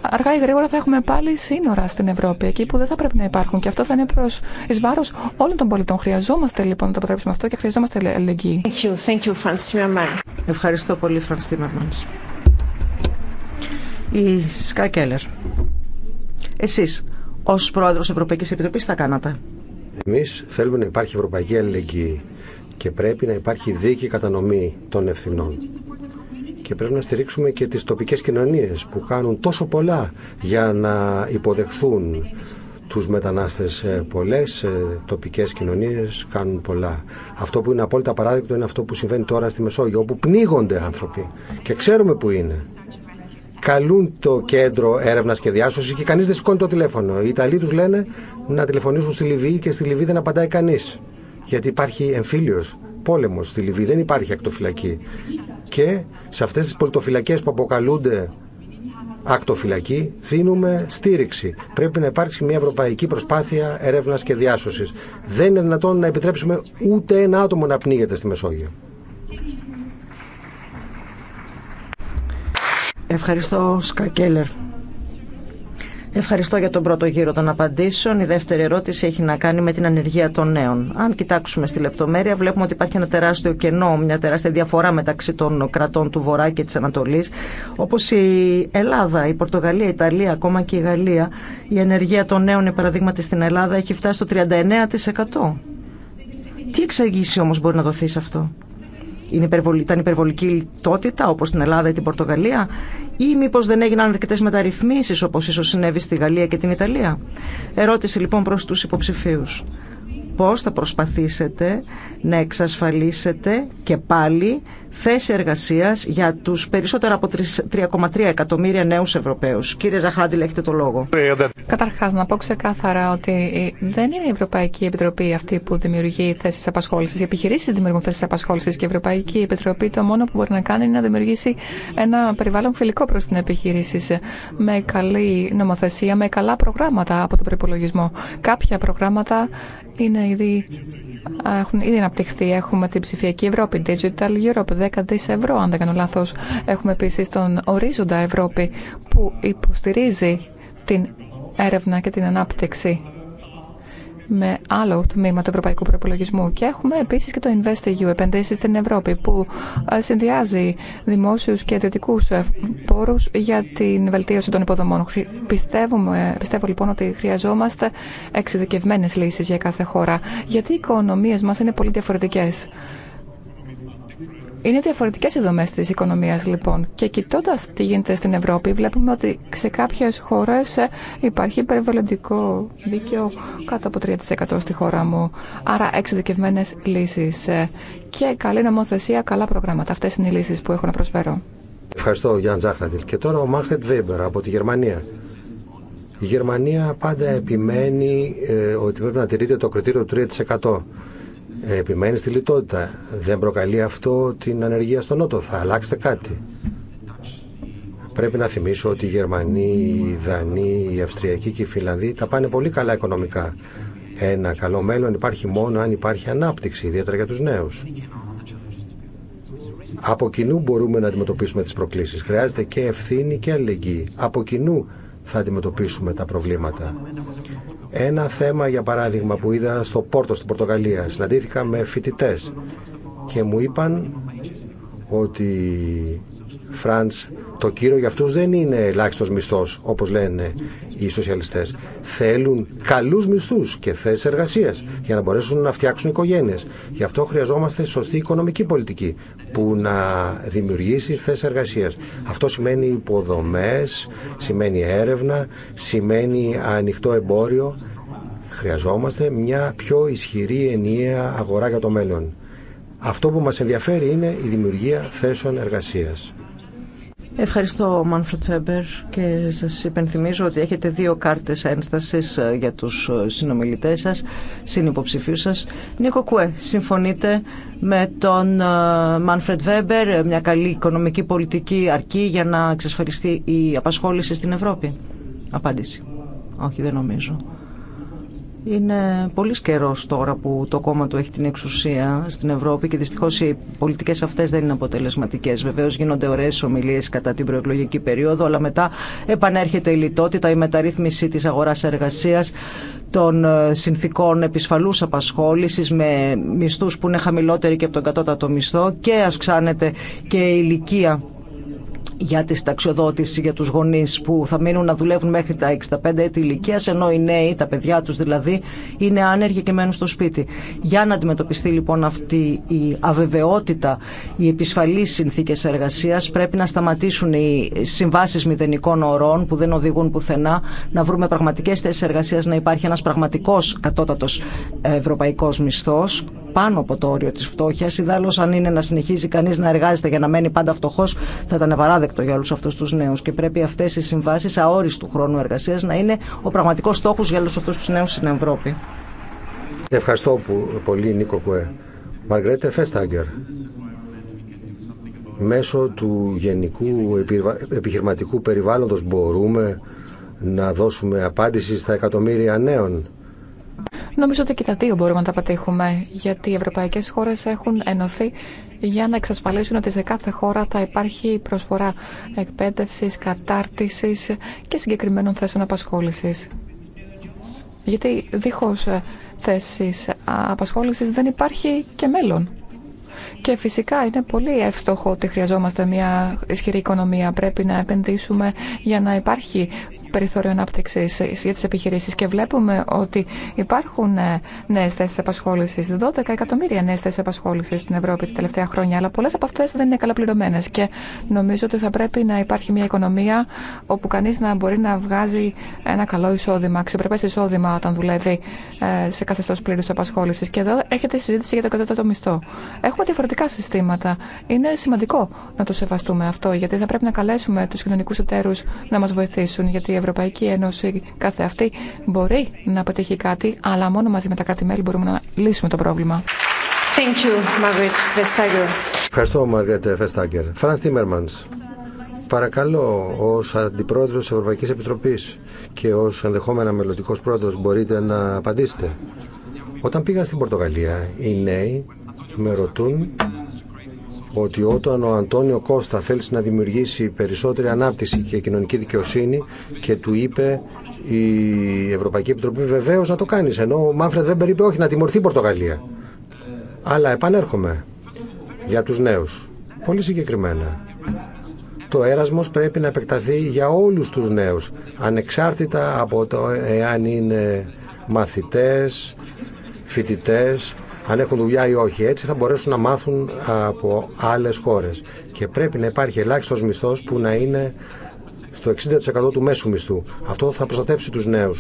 [SPEAKER 3] αργά ή γρήγορα θα έχουμε πάλι σύνορα στην Ευρώπη, εκεί που δεν θα πρέπει να υπάρχουν. Και αυτό θα είναι προ ει όλων των πολιτών Χρειαζόμαστε λοιπόν να το αποτρέψουμε αυτό και χρειαζόμαστε αλληλεγγύη. Thank you. Thank you,
[SPEAKER 1] Ευχαριστώ πολύ, Φραντ Τίμερμαντς. Η Σκά Κέλλερ. Εσείς, ως πρόεδρος Ευρωπαϊκής Επιτροπής, θα κάνατε.
[SPEAKER 2] Εμείς θέλουμε να υπάρχει ευρωπαϊκή αλληλεγγύη και πρέπει να υπάρχει δίκη κατανομή των ευθυνών. Και πρέπει να στηρίξουμε και τις τοπικές κοινωνίες που κάνουν τόσο πολλά για να υποδεχθούν τους μετανάστες ε, πολλές ε, τοπικές κοινωνίες κάνουν πολλά αυτό που είναι απόλυτα παράδειγμα είναι αυτό που συμβαίνει τώρα στη Μεσόγειο όπου πνίγονται άνθρωποι και ξέρουμε που είναι καλούν το κέντρο έρευνα και διάσωση και κανεί δεν σηκώνει το τηλέφωνο. Οι Ιταλοί του λένε να τηλεφωνήσουν στη Λιβύη και στη Λιβύη δεν απαντάει κανεί. Γιατί υπάρχει εμφύλιο πόλεμο στη Λιβύη, δεν υπάρχει ακτοφυλακή. Και σε αυτέ τι πολιτοφυλακέ που αποκαλούνται ακτοφυλακή, δίνουμε στήριξη. Πρέπει να υπάρξει μια ευρωπαϊκή προσπάθεια έρευνα και διάσωση. Δεν είναι δυνατόν να επιτρέψουμε ούτε ένα άτομο να πνίγεται στη Μεσόγειο.
[SPEAKER 1] Ευχαριστώ, Σκακέλερ. Ευχαριστώ για τον πρώτο γύρο των απαντήσεων. Η δεύτερη ερώτηση έχει να κάνει με την ανεργία των νέων. Αν κοιτάξουμε στη λεπτομέρεια, βλέπουμε ότι υπάρχει ένα τεράστιο κενό, μια τεράστια διαφορά μεταξύ των κρατών του Βορρά και τη Ανατολή. Όπω η Ελλάδα, η Πορτογαλία, η Ιταλία, ακόμα και η Γαλλία, η ανεργία των νέων, παραδείγματι στην Ελλάδα, έχει φτάσει στο 39%. Τι εξαγήσει όμω μπορεί να δοθεί σε αυτό είναι ήταν υπερβολική λιτότητα όπως στην Ελλάδα ή την Πορτογαλία ή μήπως δεν έγιναν αρκετές μεταρρυθμίσεις όπως ίσως συνέβη στη Γαλλία και την Ιταλία. Ερώτηση λοιπόν προς τους υποψηφίους πώς θα προσπαθήσετε να εξασφαλίσετε και πάλι θέση εργασίας για τους περισσότερα από 3,3 εκατομμύρια νέους Ευρωπαίους. Κύριε Ζαχάντη, έχετε το λόγο.
[SPEAKER 3] Καταρχάς, να πω ξεκάθαρα ότι δεν είναι η Ευρωπαϊκή Επιτροπή αυτή που δημιουργεί θέσεις απασχόλησης. Οι επιχειρήσεις δημιουργούν θέσεις απασχόλησης και η Ευρωπαϊκή Επιτροπή το μόνο που μπορεί να κάνει είναι να δημιουργήσει ένα περιβάλλον φιλικό προς την επιχειρήση με καλή νομοθεσία, με καλά προγράμματα από τον προπολογισμό. Κάποια προγράμματα είναι ήδη, έχουν ήδη αναπτυχθεί. Έχουμε την ψηφιακή Ευρώπη, Digital Europe, 10 δις ευρώ αν δεν κάνω λάθος. Έχουμε επίσης τον ορίζοντα Ευρώπη που υποστηρίζει την έρευνα και την ανάπτυξη με άλλο τμήμα του Ευρωπαϊκού Προπολογισμού. Και έχουμε επίση και το InvestEU, επενδύσει στην Ευρώπη, που ε, συνδυάζει δημόσιου και ιδιωτικού ε, πόρου για την βελτίωση των υποδομών. Πιστεύουμε, πιστεύω λοιπόν ότι χρειαζόμαστε εξειδικευμένε λύσει για κάθε χώρα, γιατί οι οικονομίε μα είναι πολύ διαφορετικέ. Είναι διαφορετικέ οι δομέ τη οικονομίας λοιπόν και κοιτώντα τι γίνεται στην Ευρώπη βλέπουμε ότι σε κάποιε χώρε ε, υπάρχει περιβαλλοντικό δίκαιο κάτω από 3% στη χώρα μου. Άρα εξειδικευμένε λύσει. Ε, και καλή νομοθεσία, καλά προγράμματα. αυτέ είναι οι λύσει που έχω να προσφέρω.
[SPEAKER 2] Ευχαριστώ Γιάνν Ζάχναντιλ. Και τώρα ο Μάχρετ Βέμπερ από τη Γερμανία. Η Γερμανία πάντα επιμένει ε, ότι πρέπει να τηρείται το κριτήριο του 3% επιμένει στη λιτότητα. Δεν προκαλεί αυτό την ανεργία στον Νότο. Θα αλλάξετε κάτι. Πρέπει να θυμίσω ότι οι Γερμανοί, οι Δανείοι, οι Αυστριακοί και οι Φιλανδοί τα πάνε πολύ καλά οικονομικά. Ένα καλό μέλλον υπάρχει μόνο αν υπάρχει ανάπτυξη, ιδιαίτερα για τους νέους. Από κοινού μπορούμε να αντιμετωπίσουμε τις προκλήσεις. Χρειάζεται και ευθύνη και αλληλεγγύη. Από κοινού θα αντιμετωπίσουμε τα προβλήματα. Ένα θέμα, για παράδειγμα, που είδα στο Πόρτο, στην Πορτογαλία. Συναντήθηκα με φοιτητέ και μου είπαν ότι Φραντς το κύριο για αυτούς δεν είναι ελάχιστο μισθός, όπως λένε οι σοσιαλιστές. Θέλουν καλούς μισθούς και θέσεις εργασίας για να μπορέσουν να φτιάξουν οικογένειες. Γι' αυτό χρειαζόμαστε σωστή οικονομική πολιτική που να δημιουργήσει θέσεις εργασίας. Αυτό σημαίνει υποδομές, σημαίνει έρευνα, σημαίνει ανοιχτό εμπόριο. Χρειαζόμαστε μια πιο ισχυρή ενιαία αγορά για το μέλλον. Αυτό που μας ενδιαφέρει είναι η δημιουργία θέσεων εργασίας.
[SPEAKER 1] Ευχαριστώ, Μάνφρετ Βέμπερ, και σα υπενθυμίζω ότι έχετε δύο κάρτε ένσταση ε, για του ε, συνομιλητέ σα, συνυποψηφίου σα. Νίκο Κουέ, συμφωνείτε με τον ε, Μάνφρετ Βέμπερ, μια καλή οικονομική πολιτική αρκεί για να εξασφαλιστεί η απασχόληση στην Ευρώπη. Απάντηση. Όχι, δεν νομίζω. Είναι πολύ καιρό τώρα που το κόμμα του έχει την εξουσία στην Ευρώπη και δυστυχώ οι πολιτικέ αυτέ δεν είναι αποτελεσματικέ. Βεβαίω γίνονται ωραίε ομιλίε κατά την προεκλογική περίοδο, αλλά μετά επανέρχεται η λιτότητα, η μεταρρύθμιση τη αγορά-εργασία, των ε, συνθήκων επισφαλού απασχόληση με μισθού που είναι χαμηλότεροι και από τον κατώτατο μισθό και αυξάνεται και η ηλικία για τη σταξιοδότηση για τους γονείς που θα μείνουν να δουλεύουν μέχρι τα 65 έτη ηλικίας ενώ οι νέοι, τα παιδιά τους δηλαδή, είναι άνεργοι και μένουν στο σπίτι. Για να αντιμετωπιστεί λοιπόν αυτή η αβεβαιότητα, η επισφαλή συνθήκες εργασίας πρέπει να σταματήσουν οι συμβάσεις μηδενικών ορών που δεν οδηγούν πουθενά, να βρούμε πραγματικές θέσεις εργασίας, να υπάρχει ένας πραγματικός κατώτατος ευρωπαϊκός μισθός πάνω από το όριο τη φτώχεια. Ιδάλω, αν είναι να συνεχίζει κανεί να εργάζεται για να μένει πάντα φτωχό, θα ήταν παράδεκτο για όλου αυτού του νέου. Και πρέπει αυτέ οι συμβάσει αόριστου χρόνου εργασία να είναι ο πραγματικό στόχο για όλου αυτού του νέου στην Ευρώπη.
[SPEAKER 2] Ευχαριστώ που, πολύ, Νίκο Κουέ. Μαργρέτε Φέσταγκερ, μέσω του γενικού επιχειρηματικού περιβάλλοντος μπορούμε να δώσουμε απάντηση στα εκατομμύρια νέων
[SPEAKER 3] Νομίζω ότι και τα δύο μπορούμε να τα πατήχουμε, γιατί οι ευρωπαϊκές χώρες έχουν ενωθεί για να εξασφαλίσουν ότι σε κάθε χώρα θα υπάρχει προσφορά εκπαίδευσης, κατάρτισης και συγκεκριμένων θέσεων απασχόλησης. Γιατί δίχως ε, θέσεις ε, απασχόλησης δεν υπάρχει και μέλλον. Και φυσικά είναι πολύ εύστοχο ότι χρειαζόμαστε μια ισχυρή οικονομία. Πρέπει να επενδύσουμε για να υπάρχει περιθώριο ανάπτυξη για τι επιχειρήσει και βλέπουμε ότι υπάρχουν ε, νέε θέσει απασχόληση, 12 εκατομμύρια νέε θέσει απασχόληση στην Ευρώπη τα τελευταία χρόνια, αλλά πολλέ από αυτέ δεν είναι καλαπληρωμένε. Και νομίζω ότι θα πρέπει να υπάρχει μια οικονομία όπου κανεί να μπορεί να βγάζει ένα καλό εισόδημα, ξεπρεπέ εισόδημα όταν δουλεύει ε, σε καθεστώ πλήρου απασχόληση. Και εδώ έρχεται η συζήτηση για το κατώτατο μισθό. Έχουμε διαφορετικά συστήματα. Είναι σημαντικό να το σεβαστούμε αυτό, γιατί θα πρέπει να καλέσουμε του κοινωνικού εταίρου να μα βοηθήσουν, γιατί η Ευρωπαϊκή Ένωση κάθε αυτή μπορεί να πετύχει κάτι, αλλά μόνο μαζί με τα κράτη-μέλη μπορούμε να λύσουμε το πρόβλημα.
[SPEAKER 1] Thank you, Margaret
[SPEAKER 2] Ευχαριστώ, Margaret Φεστάγκερ. Φραν Timmermans. παρακαλώ, ω αντιπρόεδρο τη Ευρωπαϊκή Επιτροπή και ω ενδεχόμενα μελλοντικό πρόεδρο, μπορείτε να απαντήσετε. Όταν πήγα στην Πορτογαλία, οι νέοι με ρωτούν ότι όταν ο Αντώνιο Κώστα θέλει να δημιουργήσει περισσότερη ανάπτυξη και κοινωνική δικαιοσύνη και του είπε η Ευρωπαϊκή Επιτροπή βεβαίω να το κάνει. Ενώ ο Μάφρετ δεν είπε όχι, να τιμωρηθεί η Πορτογαλία. Αλλά επανέρχομαι για τους νέους. Πολύ συγκεκριμένα. Το έρασμος πρέπει να επεκταθεί για όλους τους νέους, ανεξάρτητα από το εάν είναι μαθητές, φοιτητές, αν έχουν δουλειά ή όχι. Έτσι θα μπορέσουν να μάθουν από άλλε χώρε. Και πρέπει να υπάρχει ελάχιστο μισθό που να είναι στο 60% του μέσου μισθού. Αυτό θα προστατεύσει του νέου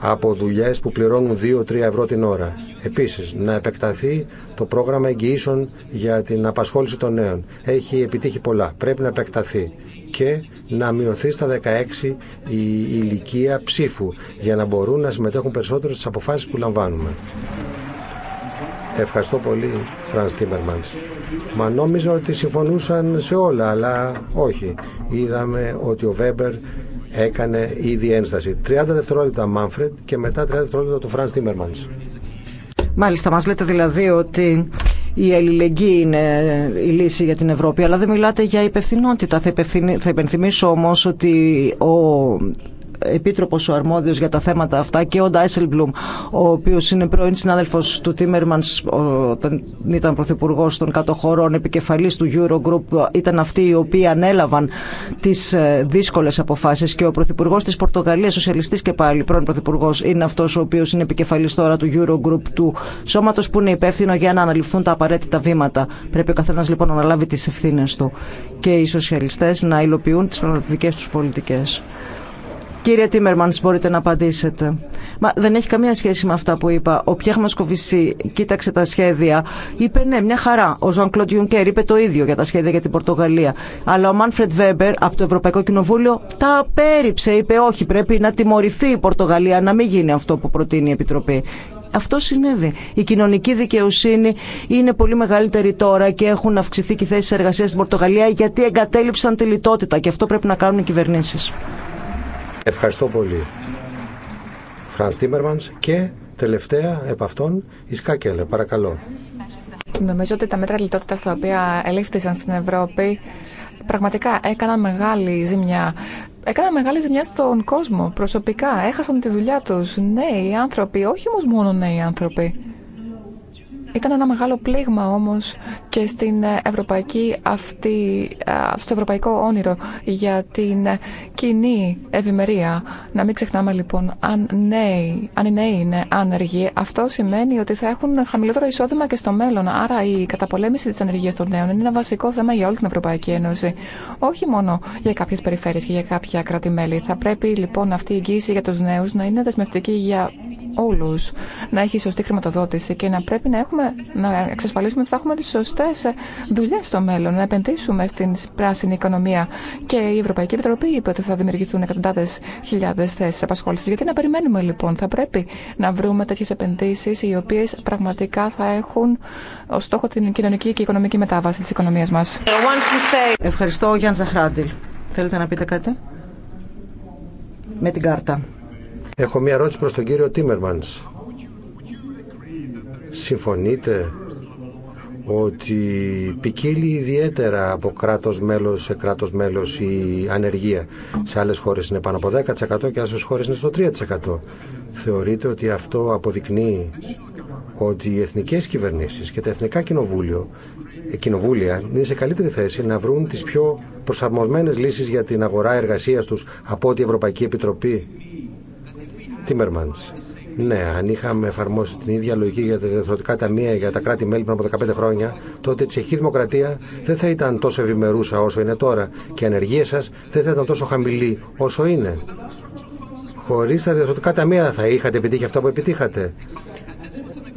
[SPEAKER 2] από δουλειέ που πληρώνουν 2-3 ευρώ την ώρα. Επίση, να επεκταθεί το πρόγραμμα εγγυήσεων για την απασχόληση των νέων. Έχει επιτύχει πολλά. Πρέπει να επεκταθεί και να μειωθεί στα 16 η ηλικία ψήφου για να μπορούν να συμμετέχουν περισσότερο στις αποφάσεις που λαμβάνουμε. Ευχαριστώ πολύ, Φρανς Τίμερμανς. Μα νόμιζα ότι συμφωνούσαν σε όλα, αλλά όχι. Είδαμε ότι ο Βέμπερ έκανε ήδη ένσταση. 30 δευτερόλεπτα Μάνφρετ και μετά 30 δευτερόλεπτα του Φρανς Τίμερμανς.
[SPEAKER 1] Μάλιστα, μας λέτε δηλαδή ότι η αλληλεγγύη είναι η λύση για την Ευρώπη, αλλά δεν μιλάτε για υπευθυνότητα. Θα, υπενθυμίσω όμως ότι ο Επίτροπο ο αρμόδιο για τα θέματα αυτά και ο Ντάισελμπλουμ, ο οποίο είναι πρώην συνάδελφος του Τίμερμαν, όταν ήταν πρωθυπουργό των κατοχωρών, επικεφαλή του Eurogroup, ήταν αυτοί οι οποίοι ανέλαβαν τι ε, δύσκολε αποφάσει και ο πρωθυπουργό τη Πορτογαλίας, Σοσιαλιστή και πάλι πρώην πρωθυπουργό, είναι αυτό ο οποίο είναι επικεφαλή τώρα του Eurogroup του σώματο που είναι υπεύθυνο για να αναλυφθούν τα απαραίτητα βήματα. Πρέπει ο καθένα λοιπόν να αναλάβει τι ευθύνε του και οι σοσιαλιστέ να υλοποιούν τις πραγματικέ τους πολιτικές. Κύριε Τίμερμαν, μπορείτε να απαντήσετε. Μα δεν έχει καμία σχέση με αυτά που είπα. Ο Πιέχ Μασκοβισή κοίταξε τα σχέδια. Είπε ναι, μια χαρά. Ο Ζαν Κλοντ Ιουνκέρ είπε το ίδιο για τα σχέδια για την Πορτογαλία. Αλλά ο Μάνφρεντ Βέμπερ από το Ευρωπαϊκό Κοινοβούλιο τα απέρριψε. Είπε όχι, πρέπει να τιμωρηθεί η Πορτογαλία, να μην γίνει αυτό που προτείνει η Επιτροπή. Αυτό συνέβη. Η κοινωνική δικαιοσύνη είναι πολύ μεγαλύτερη τώρα και έχουν αυξηθεί και οι θέσει εργασία στην Πορτογαλία γιατί εγκατέλειψαν τη λιτότητα και αυτό πρέπει να κάνουν οι κυβερνήσει.
[SPEAKER 2] Ευχαριστώ πολύ. Φρανς Τίμερμανς και τελευταία επ' αυτών η Σκάκελε. Παρακαλώ.
[SPEAKER 3] Νομίζω ότι τα μέτρα λιτότητα τα οποία ελήφθησαν στην Ευρώπη πραγματικά έκαναν μεγάλη ζημιά. Έκαναν μεγάλη ζημιά στον κόσμο προσωπικά. Έχασαν τη δουλειά τους νέοι άνθρωποι, όχι όμω μόνο νέοι άνθρωποι. Ήταν ένα μεγάλο πλήγμα όμως και στην ε, ευρωπαϊκή αυτή, ε, στο ευρωπαϊκό όνειρο για την ε, κοινή ευημερία. Να μην ξεχνάμε λοιπόν, αν, νέοι, αν οι νέοι είναι άνεργοι, αυτό σημαίνει ότι θα έχουν χαμηλότερο εισόδημα και στο μέλλον. Άρα η καταπολέμηση της ανεργίας των νέων είναι ένα βασικό θέμα για όλη την Ευρωπαϊκή Ένωση. Όχι μόνο για κάποιες περιφέρειες και για κάποια κράτη-μέλη. Θα πρέπει λοιπόν αυτή η εγγύηση για τους νέους να είναι δεσμευτική για όλου να έχει σωστή χρηματοδότηση και να πρέπει να, έχουμε, να εξασφαλίσουμε ότι θα έχουμε τι σωστέ δουλειέ στο μέλλον, να επενδύσουμε στην πράσινη οικονομία. Και η Ευρωπαϊκή Επιτροπή είπε ότι θα δημιουργηθούν εκατοντάδες χιλιάδες θέσεις απασχόλησης. Γιατί να περιμένουμε λοιπόν, θα πρέπει να βρούμε τέτοιε επενδύσεις οι οποίε πραγματικά θα έχουν ως στόχο την κοινωνική και οικονομική μετάβαση τη οικονομία μα. Ευχαριστώ Γιάννη Ζαχράντιλ. Θέλετε να πείτε κάτι με την κάρτα.
[SPEAKER 2] Έχω μια ερώτηση προς τον κύριο Τίμερμανς. Συμφωνείτε ότι ποικίλει ιδιαίτερα από κράτος μέλος σε κράτος μέλος η ανεργία. Σε άλλες χώρες είναι πάνω από 10% και άλλες χώρες είναι στο 3%. Θεωρείτε ότι αυτό αποδεικνύει ότι οι εθνικές κυβερνήσεις και τα εθνικά ε, κοινοβούλια είναι σε καλύτερη θέση να βρουν τις πιο προσαρμοσμένες λύσεις για την αγορά εργασίας τους από ό,τι η Ευρωπαϊκή Επιτροπή ναι, αν είχαμε εφαρμόσει την ίδια λογική για τα διευθυντικά ταμεία για τα κράτη-μέλη πριν από 15 χρόνια, τότε η τσεχική δημοκρατία δεν θα ήταν τόσο ευημερούσα όσο είναι τώρα και η ανεργία σα δεν θα ήταν τόσο χαμηλή όσο είναι. Χωρί τα διευθυντικά ταμεία θα είχατε επιτύχει αυτό που επιτύχατε.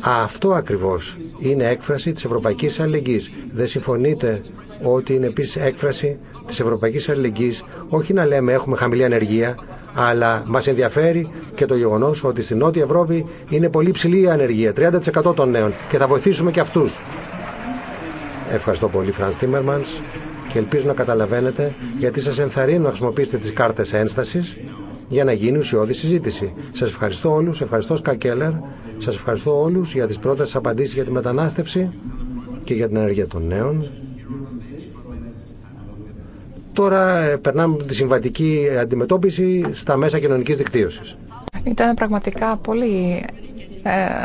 [SPEAKER 2] Αυτό ακριβώ είναι έκφραση τη ευρωπαϊκή αλληλεγγύη. Δεν συμφωνείτε ότι είναι επίση έκφραση τη ευρωπαϊκή αλληλεγγύη όχι να λέμε έχουμε χαμηλή ανεργία, αλλά μας ενδιαφέρει και το γεγονός ότι στην Νότια Ευρώπη είναι πολύ ψηλή η ανεργία, 30% των νέων και θα βοηθήσουμε και αυτούς. Ευχαριστώ πολύ Φραν Τίμερμανς και ελπίζω να καταλαβαίνετε γιατί σας ενθαρρύνω να χρησιμοποιήσετε τις κάρτες ένσταση για να γίνει ουσιώδη συζήτηση. Σα ευχαριστώ όλου, ευχαριστώ Σκακέλερ, σας ευχαριστώ όλου για τι πρώτε απαντήσει για τη μετανάστευση και για την ανεργία των νέων. Τώρα ε, περνάμε από τη συμβατική αντιμετώπιση στα μέσα κοινωνικής δικτύωσης.
[SPEAKER 3] Ήταν πραγματικά πολύ ε,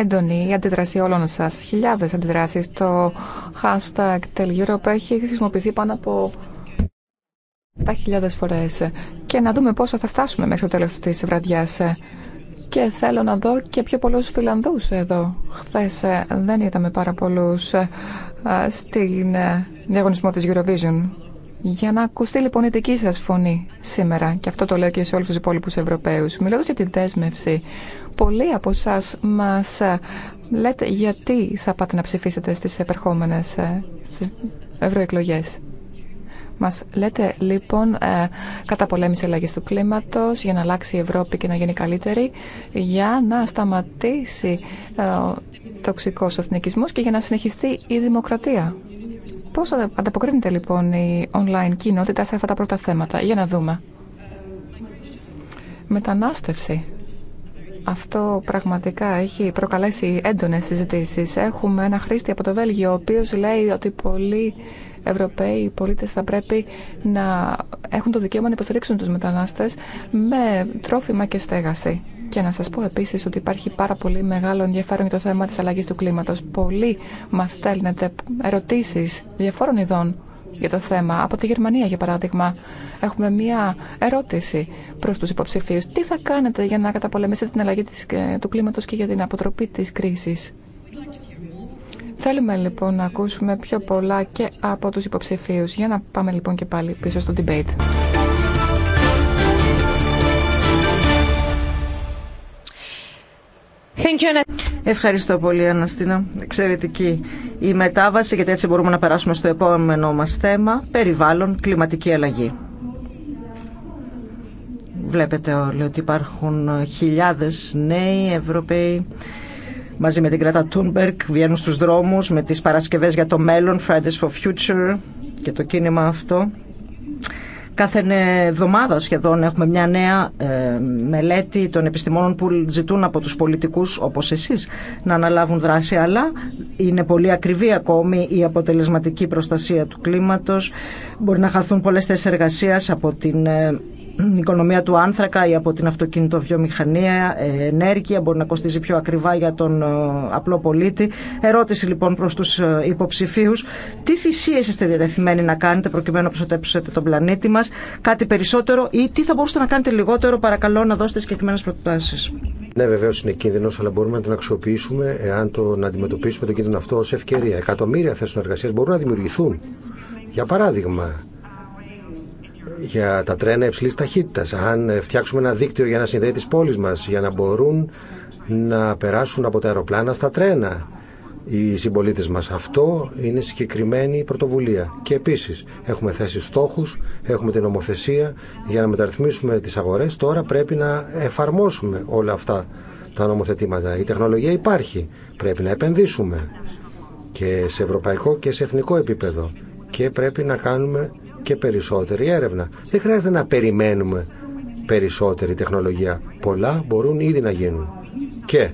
[SPEAKER 3] έντονη η αντίδραση όλων σας. Χιλιάδες αντιδράσεις. Το hashtag Europe έχει χρησιμοποιηθεί πάνω από 7.000 φορές. Και να δούμε πόσα θα φτάσουμε μέχρι το τέλος της βραδιάς. Και θέλω να δω και πιο πολλούς Φιλανδούς εδώ. Χθες ε, δεν είδαμε πάρα πολλούς ε, στην διαγωνισμό της Eurovision. Για να ακουστεί λοιπόν η δική σα φωνή σήμερα, και αυτό το λέω και σε όλους τους υπόλοιπου Ευρωπαίους, μιλώντας για την δέσμευση, πολλοί από εσά μα ε, λέτε γιατί θα πάτε να ψηφίσετε στις επερχόμενες ευρωεκλογέ. ευρωεκλογές. Μας λέτε λοιπόν ε, κατά πολέμηση αλλαγή του κλίματο, για να αλλάξει η Ευρώπη και να γίνει καλύτερη, για να σταματήσει ε, ο τοξικός οθνικισμός και για να συνεχιστεί η δημοκρατία. Πώς ανταποκρίνεται λοιπόν η online κοινότητα σε αυτά τα πρώτα θέματα. Για να δούμε. Μετανάστευση. Αυτό πραγματικά έχει προκαλέσει έντονες συζητήσεις. Έχουμε ένα χρήστη από το Βέλγιο, ο οποίος λέει ότι πολλοί Ευρωπαίοι πολίτες θα πρέπει να έχουν το δικαίωμα να υποστηρίξουν τους μετανάστες με τρόφιμα και στέγαση. Και να σας πω επίσης ότι υπάρχει πάρα πολύ μεγάλο ενδιαφέρον για το θέμα της αλλαγής του κλίματος. Πολλοί μας στέλνετε ερωτήσεις διαφόρων ειδών για το θέμα. Από τη Γερμανία, για παράδειγμα, έχουμε μία ερώτηση προς τους υποψηφίους. Τι θα κάνετε για να καταπολεμήσετε την αλλαγή ε, του κλίματος και για την αποτροπή της κρίσης. Θέλουμε λοιπόν να ακούσουμε πιο πολλά και από τους υποψηφίους. Για να πάμε λοιπόν και πάλι πίσω στο debate.
[SPEAKER 1] you. Ευχαριστώ πολύ, Αναστίνα. Εξαιρετική η μετάβαση, γιατί έτσι μπορούμε να περάσουμε στο επόμενό μας θέμα, περιβάλλον, κλιματική αλλαγή. Βλέπετε όλοι ότι υπάρχουν χιλιάδες νέοι Ευρωπαίοι μαζί με την Κράτα Τούνμπερκ βγαίνουν στους δρόμους με τις παρασκευές για το μέλλον, Fridays for Future και το κίνημα αυτό. Κάθε εβδομάδα σχεδόν έχουμε μια νέα ε, μελέτη των επιστημόνων που ζητούν από τους πολιτικούς όπως εσείς να αναλάβουν δράση αλλά είναι πολύ ακριβή ακόμη η αποτελεσματική προστασία του κλίματος. Μπορεί να χαθούν πολλές θέσεις εργασίας από την ε, οικονομία του άνθρακα ή από την αυτοκινητοβιομηχανία, ε, ενέργεια, μπορεί να κοστίζει πιο ακριβά για τον ε, απλό πολίτη. Ερώτηση λοιπόν προς τους ε, υποψηφίου. τι θυσίες είστε διατεθειμένοι να κάνετε προκειμένου να προστατέψετε τον πλανήτη μα, κάτι περισσότερο ή τι θα μπορούσατε να κάνετε λιγότερο, παρακαλώ να δώσετε συγκεκριμένε προτάσει.
[SPEAKER 2] Ναι, βεβαίω είναι κίνδυνο, αλλά μπορούμε να την αξιοποιήσουμε εάν το να αντιμετωπίσουμε τον κίνδυνο αυτό ω ευκαιρία. Εκατομμύρια θέσει εργασία μπορούν να δημιουργηθούν. Για παράδειγμα, για τα τρένα υψηλή ταχύτητα. Αν φτιάξουμε ένα δίκτυο για να συνδέει τι πόλεις μα για να μπορούν να περάσουν από τα αεροπλάνα στα τρένα οι συμπολίτε μα. Αυτό είναι συγκεκριμένη πρωτοβουλία. Και επίση έχουμε θέσει στόχου, έχουμε την νομοθεσία για να μεταρρυθμίσουμε τι αγορέ. Τώρα πρέπει να εφαρμόσουμε όλα αυτά τα νομοθετήματα. Η τεχνολογία υπάρχει. Πρέπει να επενδύσουμε και σε ευρωπαϊκό και σε εθνικό επίπεδο. Και πρέπει να κάνουμε και περισσότερη έρευνα. Δεν χρειάζεται να περιμένουμε περισσότερη τεχνολογία. Πολλά μπορούν ήδη να γίνουν. Και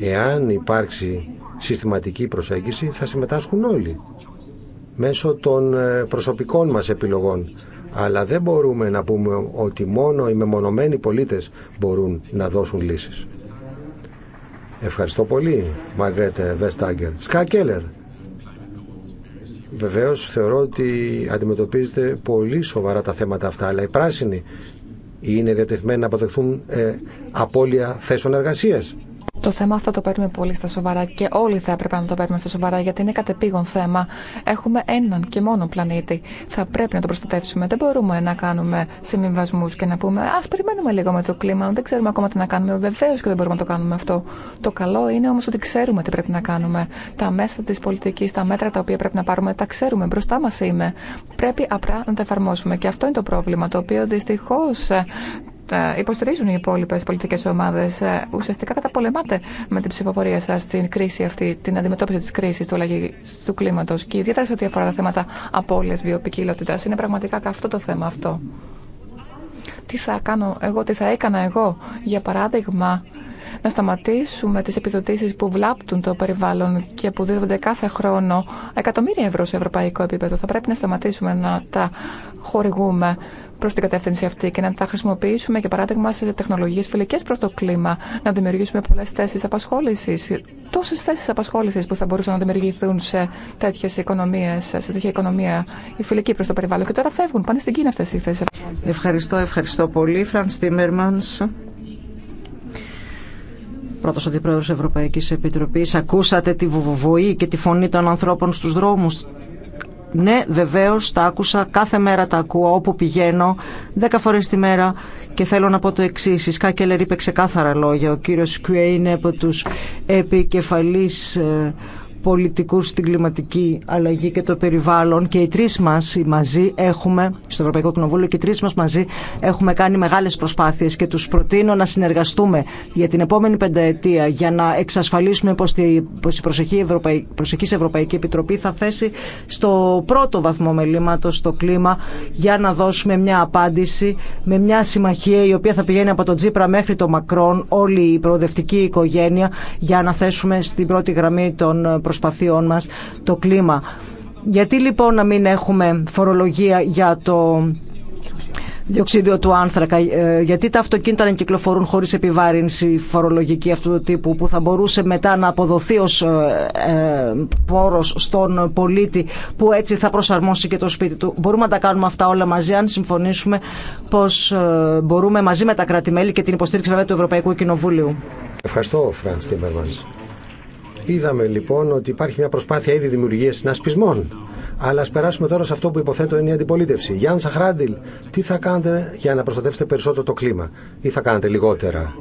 [SPEAKER 2] εάν υπάρξει συστηματική προσέγγιση θα συμμετάσχουν όλοι μέσω των ε, προσωπικών μας επιλογών. Αλλά δεν μπορούμε να πούμε ότι μόνο οι μεμονωμένοι πολίτες μπορούν να δώσουν λύσεις. Ευχαριστώ πολύ, Μαγκρέτε Βεστάγκερ. Σκά Κέλλερ, Βεβαίως θεωρώ ότι αντιμετωπίζετε πολύ σοβαρά τα θέματα αυτά, αλλά οι πράσινοι είναι διατεθειμένοι να αποτεχθούν ε, απώλεια θέσεων εργασία.
[SPEAKER 3] Το θέμα αυτό το παίρνουμε πολύ στα σοβαρά και όλοι θα έπρεπε να το παίρνουμε στα σοβαρά γιατί είναι κατεπήγον θέμα. Έχουμε έναν και μόνο πλανήτη. Θα πρέπει να το προστατεύσουμε. Δεν μπορούμε να κάνουμε συμβιβασμού και να πούμε Α περιμένουμε λίγο με το κλίμα. Δεν ξέρουμε ακόμα τι να κάνουμε. Βεβαίω και δεν μπορούμε να το κάνουμε αυτό. Το καλό είναι όμω ότι ξέρουμε τι πρέπει να κάνουμε. Τα μέσα τη πολιτική, τα μέτρα τα οποία πρέπει να πάρουμε, τα ξέρουμε. Μπροστά μα είμαι. Πρέπει απλά να τα εφαρμόσουμε. Και αυτό είναι το πρόβλημα το οποίο δυστυχώ υποστηρίζουν οι υπόλοιπε πολιτικέ ομάδε. Ε, ουσιαστικά καταπολεμάτε με την ψηφοφορία σα την κρίση αυτή, την αντιμετώπιση τη κρίση του αλλαγή του κλίματο και ιδιαίτερα σε ό,τι αφορά τα θέματα απώλεια βιοπικιλότητα. Είναι πραγματικά αυτό το θέμα αυτό. Τι θα κάνω εγώ, τι θα έκανα εγώ, για παράδειγμα, να σταματήσουμε τις επιδοτήσεις που βλάπτουν το περιβάλλον και που δίδονται κάθε χρόνο εκατομμύρια ευρώ σε ευρωπαϊκό επίπεδο. Θα πρέπει να σταματήσουμε να τα χορηγούμε Προ την κατεύθυνση αυτή και να τα χρησιμοποιήσουμε και παράδειγμα σε τεχνολογίε φιλικέ προ το κλίμα, να δημιουργήσουμε πολλέ θέσει απασχόληση. τόσες θέσει απασχόλησης που θα μπορούσαν να δημιουργηθούν σε τέτοιε οικονομίε, σε τέτοια οικονομία η φιλική προ το περιβάλλον και τώρα φεύγουν, πάνε στην Κίνα αυτέ οι θέσει.
[SPEAKER 1] Ευχαριστώ, ευχαριστώ πολύ. Φραν Τίμερμαν. πρώτο αντιπρόεδρο Ευρωπαϊκή Επιτροπή. Ακούσατε τη βοή και τη φωνή των ανθρώπων στου δρόμου. Ναι, βεβαίω, τα άκουσα, κάθε μέρα τα ακούω όπου πηγαίνω, δέκα φορέ τη μέρα και θέλω να πω το εξή. Η Σκάκελερ είπε ξεκάθαρα λόγια. Ο κύριο Κουέ είναι από του επικεφαλεί ε, πολιτικούς στην κλιματική αλλαγή και το περιβάλλον και οι τρεις μας μαζί έχουμε, στο Ευρωπαϊκό Κοινοβούλιο και οι τρεις μας μαζί έχουμε κάνει μεγάλες προσπάθειες και τους προτείνω να συνεργαστούμε για την επόμενη πενταετία για να εξασφαλίσουμε πως η προσεχή Ευρωπαϊκή, προσεχής Ευρωπαϊκή Επιτροπή θα θέσει στο πρώτο βαθμό μελήματο το κλίμα για να δώσουμε μια απάντηση με μια συμμαχία η οποία θα πηγαίνει από τον Τζίπρα μέχρι τον Μακρόν όλη η προοδευτική οικογένεια για να θέσουμε στην πρώτη γραμμή των προσπαθειών μας το κλίμα. Γιατί λοιπόν να μην έχουμε φορολογία για το διοξίδιο του άνθρακα, ε, γιατί τα αυτοκίνητα να κυκλοφορούν χωρίς επιβάρυνση φορολογική αυτού του τύπου που θα μπορούσε μετά να αποδοθεί ως ε, ε, πόρος στον πολίτη που έτσι θα προσαρμόσει και το σπίτι του. Μπορούμε να τα κάνουμε αυτά όλα μαζί αν συμφωνήσουμε πως μπορούμε μαζί με τα κράτη-μέλη και την υποστήριξη βέβαια του Ευρωπαϊκού Κοινοβουλίου.
[SPEAKER 2] Ευχαριστώ Είδαμε λοιπόν ότι υπάρχει μια προσπάθεια ήδη δημιουργία συνασπισμών. Αλλά α περάσουμε τώρα σε αυτό που υποθέτω είναι η αντιπολίτευση. Γιάννη Σαχράντιλ, τι θα κάνετε για να προστατεύσετε περισσότερο το κλίμα ή θα κάνετε λιγότερα.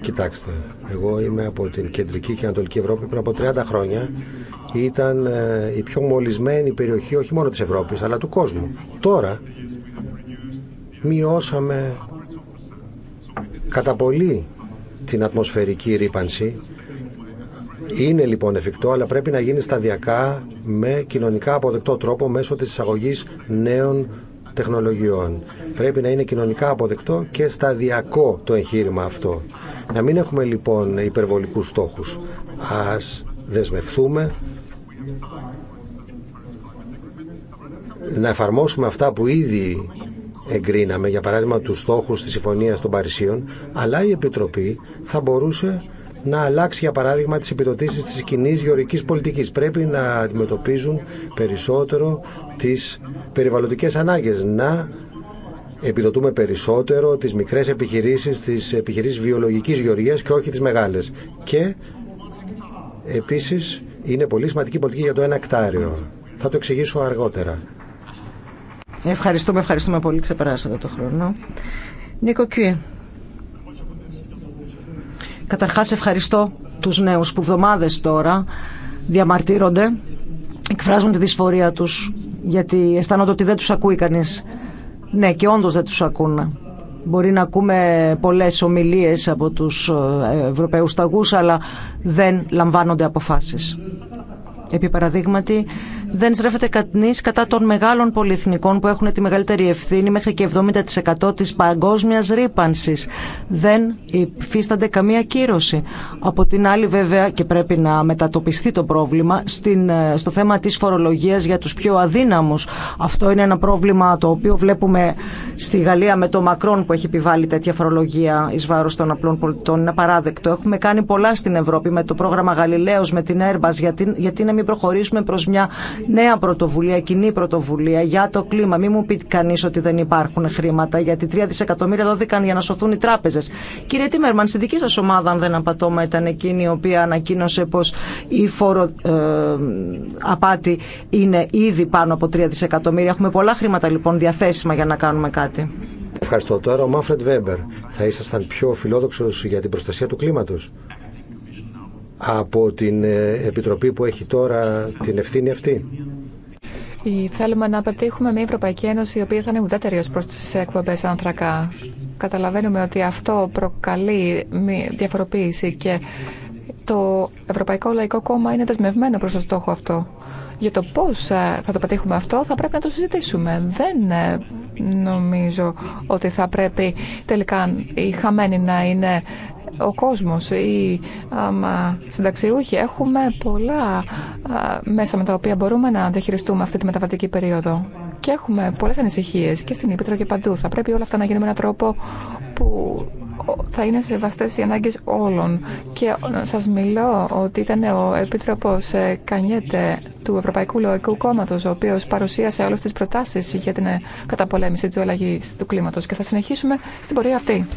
[SPEAKER 2] Κοιτάξτε, εγώ είμαι από την κεντρική και ανατολική Ευρώπη πριν από 30 χρόνια. Ήταν ε, η πιο μολυσμένη περιοχή όχι μόνο της Ευρώπης αλλά του κόσμου. Τώρα μειώσαμε κατά πολύ την ατμοσφαιρική ρήπανση είναι λοιπόν εφικτό, αλλά πρέπει να γίνει σταδιακά με κοινωνικά αποδεκτό τρόπο μέσω της εισαγωγής νέων τεχνολογιών. Πρέπει να είναι κοινωνικά αποδεκτό και σταδιακό το εγχείρημα αυτό. Να μην έχουμε λοιπόν υπερβολικούς στόχους. Ας δεσμευθούμε να εφαρμόσουμε αυτά που ήδη εγκρίναμε, για παράδειγμα τους στόχους της Συμφωνίας των Παρισίων, αλλά η Επιτροπή θα μπορούσε να αλλάξει για παράδειγμα τις επιδοτήσεις της κοινή γεωργικής πολιτικής. Πρέπει να αντιμετωπίζουν περισσότερο τις περιβαλλοντικές ανάγκες, να επιδοτούμε περισσότερο τις μικρές επιχειρήσεις, τις επιχειρήσεις βιολογικής γεωργίας και όχι τις μεγάλες. Και επίσης είναι πολύ σημαντική πολιτική για το ένα εκτάριο. Θα το εξηγήσω αργότερα.
[SPEAKER 1] Ευχαριστούμε, ευχαριστούμε πολύ. Ξεπεράσατε το χρόνο. Νίκο Καταρχάς ευχαριστώ τους νέους που εβδομάδες τώρα διαμαρτύρονται, εκφράζουν τη δυσφορία τους γιατί αισθάνονται ότι δεν τους ακούει κανείς. Ναι και όντως δεν τους ακούνε. Μπορεί να ακούμε πολλές ομιλίες από τους ε, Ευρωπαίους ταγούς αλλά δεν λαμβάνονται αποφάσεις. Επί παραδείγματι, δεν στρέφεται κανεί κατά των μεγάλων πολυεθνικών που έχουν τη μεγαλύτερη ευθύνη μέχρι και 70% της παγκόσμιας ρήπανση. Δεν υφίστανται καμία κύρωση. Από την άλλη βέβαια και πρέπει να μετατοπιστεί το πρόβλημα στην, ε, στο θέμα της φορολογίας για τους πιο αδύναμους. Αυτό είναι ένα πρόβλημα το οποίο βλέπουμε στη Γαλλία με το Μακρόν που έχει επιβάλει τέτοια φορολογία εις βάρος των απλών πολιτών. Είναι απαράδεκτο. Έχουμε κάνει πολλά στην Ευρώπη με το πρόγραμμα Γαλιλαίος, με την Airbus γιατί, γιατί να μην προχωρήσουμε προς μια νέα πρωτοβουλία, κοινή πρωτοβουλία για το κλίμα. Μην μου πει κανεί ότι δεν υπάρχουν χρήματα, γιατί 3 δισεκατομμύρια δόθηκαν για να σωθούν οι τράπεζε. Κύριε Τίμερμαν, στη δική σα ομάδα, αν δεν απατώμα, ήταν εκείνη η οποία ανακοίνωσε πω η φόρο ε, απάτη είναι ήδη πάνω από 3 δισεκατομμύρια. Έχουμε πολλά χρήματα λοιπόν διαθέσιμα για να κάνουμε κάτι.
[SPEAKER 2] Ευχαριστώ. Τώρα ο Μάφρετ Βέμπερ. Θα ήσασταν πιο φιλόδοξο για την προστασία του κλίματο από την ε, Επιτροπή που έχει τώρα την ευθύνη αυτή.
[SPEAKER 3] Θέλουμε να πετύχουμε μια Ευρωπαϊκή Ένωση η οποία θα είναι ουδέτερη ω προ τι εκπομπέ ανθρακά. Καταλαβαίνουμε ότι αυτό προκαλεί διαφοροποίηση και το Ευρωπαϊκό Λαϊκό Κόμμα είναι δεσμευμένο προ το στόχο αυτό. Για το πώ ε, θα το πετύχουμε αυτό θα πρέπει να το συζητήσουμε. Δεν ε, νομίζω ότι θα πρέπει τελικά οι χαμένοι να είναι ο κόσμος, οι συνταξιούχοι. Έχουμε πολλά μέσα με τα οποία μπορούμε να διαχειριστούμε αυτή τη μεταβατική περίοδο. Και έχουμε πολλές ανησυχίες και στην Ήπειρο και παντού. Θα πρέπει όλα αυτά να γίνουν με έναν τρόπο που θα είναι σεβαστές οι ανάγκες όλων. Και ε, σας μιλώ ότι ήταν ο Επίτροπος ε, Κανιέτε του Ευρωπαϊκού Λογικού Κόμματος, ο οποίος παρουσίασε όλες τις προτάσεις για την ε, καταπολέμηση του αλλαγή του κλίματος. Και θα συνεχίσουμε στην πορεία αυτή.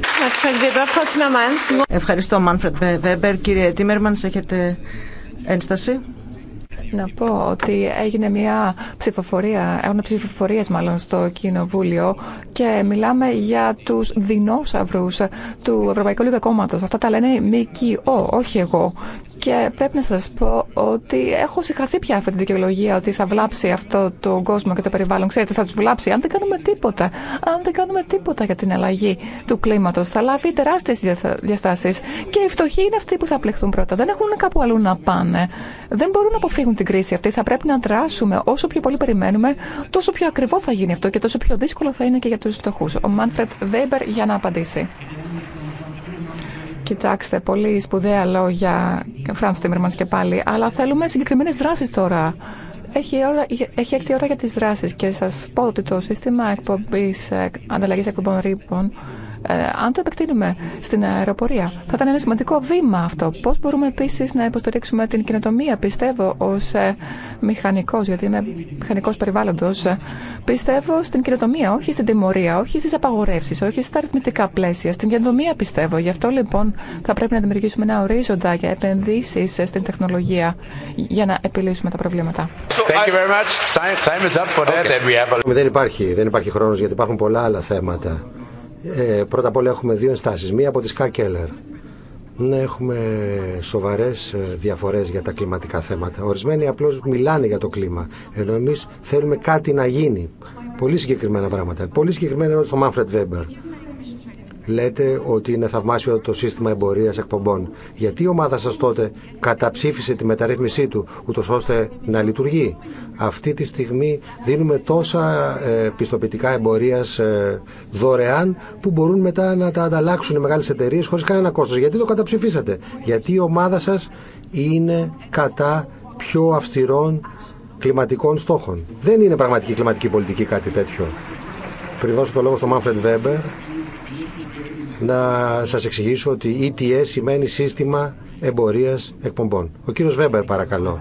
[SPEAKER 1] Ευχαριστώ, Μάνφρετ Βέμπερ. Κύριε Τίμερμαν, έχετε
[SPEAKER 3] ένσταση να πω ότι έγινε μια ψηφοφορία, έγινε ψηφοφορίες μάλλον στο Κοινοβούλιο και μιλάμε για τους δεινόσαυρους του Ευρωπαϊκού Λίγου Κόμματος. Αυτά τα λένε ΜΚΟ, όχι εγώ. Και πρέπει να σας πω ότι έχω συγχαθεί πια αυτή τη δικαιολογία ότι θα βλάψει αυτό το κόσμο και το περιβάλλον. Ξέρετε, θα τους βλάψει αν δεν κάνουμε τίποτα. Αν δεν κάνουμε τίποτα για την αλλαγή του κλίματος, θα λάβει τεράστιες διαστάσεις. Και οι φτωχοί είναι αυτοί που θα πλεχθούν πρώτα. Δεν έχουν κάπου αλλού να πάνε. Δεν μπορούν να αποφύγουν την κρίση αυτή. Θα πρέπει να δράσουμε. Όσο πιο πολύ περιμένουμε, τόσο πιο ακριβό θα γίνει αυτό και τόσο πιο δύσκολο θα είναι και για τους φτωχούς. Ο Μάνφρετ Βέμπερ για να απαντήσει. Κοιτάξτε, πολύ σπουδαία λόγια, Φραντ Τίμερμαν και πάλι, αλλά θέλουμε συγκεκριμένε δράσει τώρα. Έχει, ώρα, έχει έρθει η ώρα για τι δράσει και σα πω ότι το σύστημα εκπομπή ε, ανταλλαγή εκπομπών ρήπων ε, αν το επεκτείνουμε στην αεροπορία, θα ήταν ένα σημαντικό βήμα αυτό. Πώ μπορούμε επίση να υποστηρίξουμε την κοινοτομία, πιστεύω, ω ε, μηχανικό, γιατί είμαι μηχανικό περιβάλλοντο. Πιστεύω στην κοινοτομία, όχι στην τιμωρία, όχι στι απαγορεύσει, όχι στα αριθμιστικά πλαίσια. Στην κοινοτομία πιστεύω. Γι' αυτό λοιπόν θα πρέπει να δημιουργήσουμε ένα ορίζοντα για επενδύσει ε, στην τεχνολογία για να επιλύσουμε τα προβλήματα.
[SPEAKER 2] Δεν υπάρχει, δεν υπάρχει χρόνος γιατί υπάρχουν πολλά άλλα θέματα. Ε, πρώτα απ' όλα έχουμε δύο ενστάσεις. Μία από τη Σκά Κέλλερ. Ναι, έχουμε σοβαρές ε, διαφορές για τα κλιματικά θέματα. Ορισμένοι απλώς μιλάνε για το κλίμα, ενώ εμείς θέλουμε κάτι να γίνει. Πολύ συγκεκριμένα πράγματα. Πολύ συγκεκριμένα ερώτηση στο Μάνφρετ Βέμπερ λέτε ότι είναι θαυμάσιο το σύστημα εμπορίας εκπομπών. Γιατί η ομάδα σας τότε καταψήφισε τη μεταρρύθμισή του, ούτως ώστε να λειτουργεί. Αυτή τη στιγμή δίνουμε τόσα ε, πιστοποιητικά εμπορίας ε, δωρεάν που μπορούν μετά να τα ανταλλάξουν οι μεγάλες εταιρείες χωρίς κανένα κόστος. Γιατί το καταψηφίσατε. Γιατί η ομάδα σας είναι κατά πιο αυστηρών κλιματικών στόχων. Δεν είναι πραγματική κλιματική πολιτική κάτι τέτοιο. Πριν δώσω το λόγο στον Μάνφρεντ Βέμπερ, να σας εξηγήσω ότι ETS σημαίνει σύστημα εμπορίας εκπομπών. Ο κύριος Βέμπερ παρακαλώ.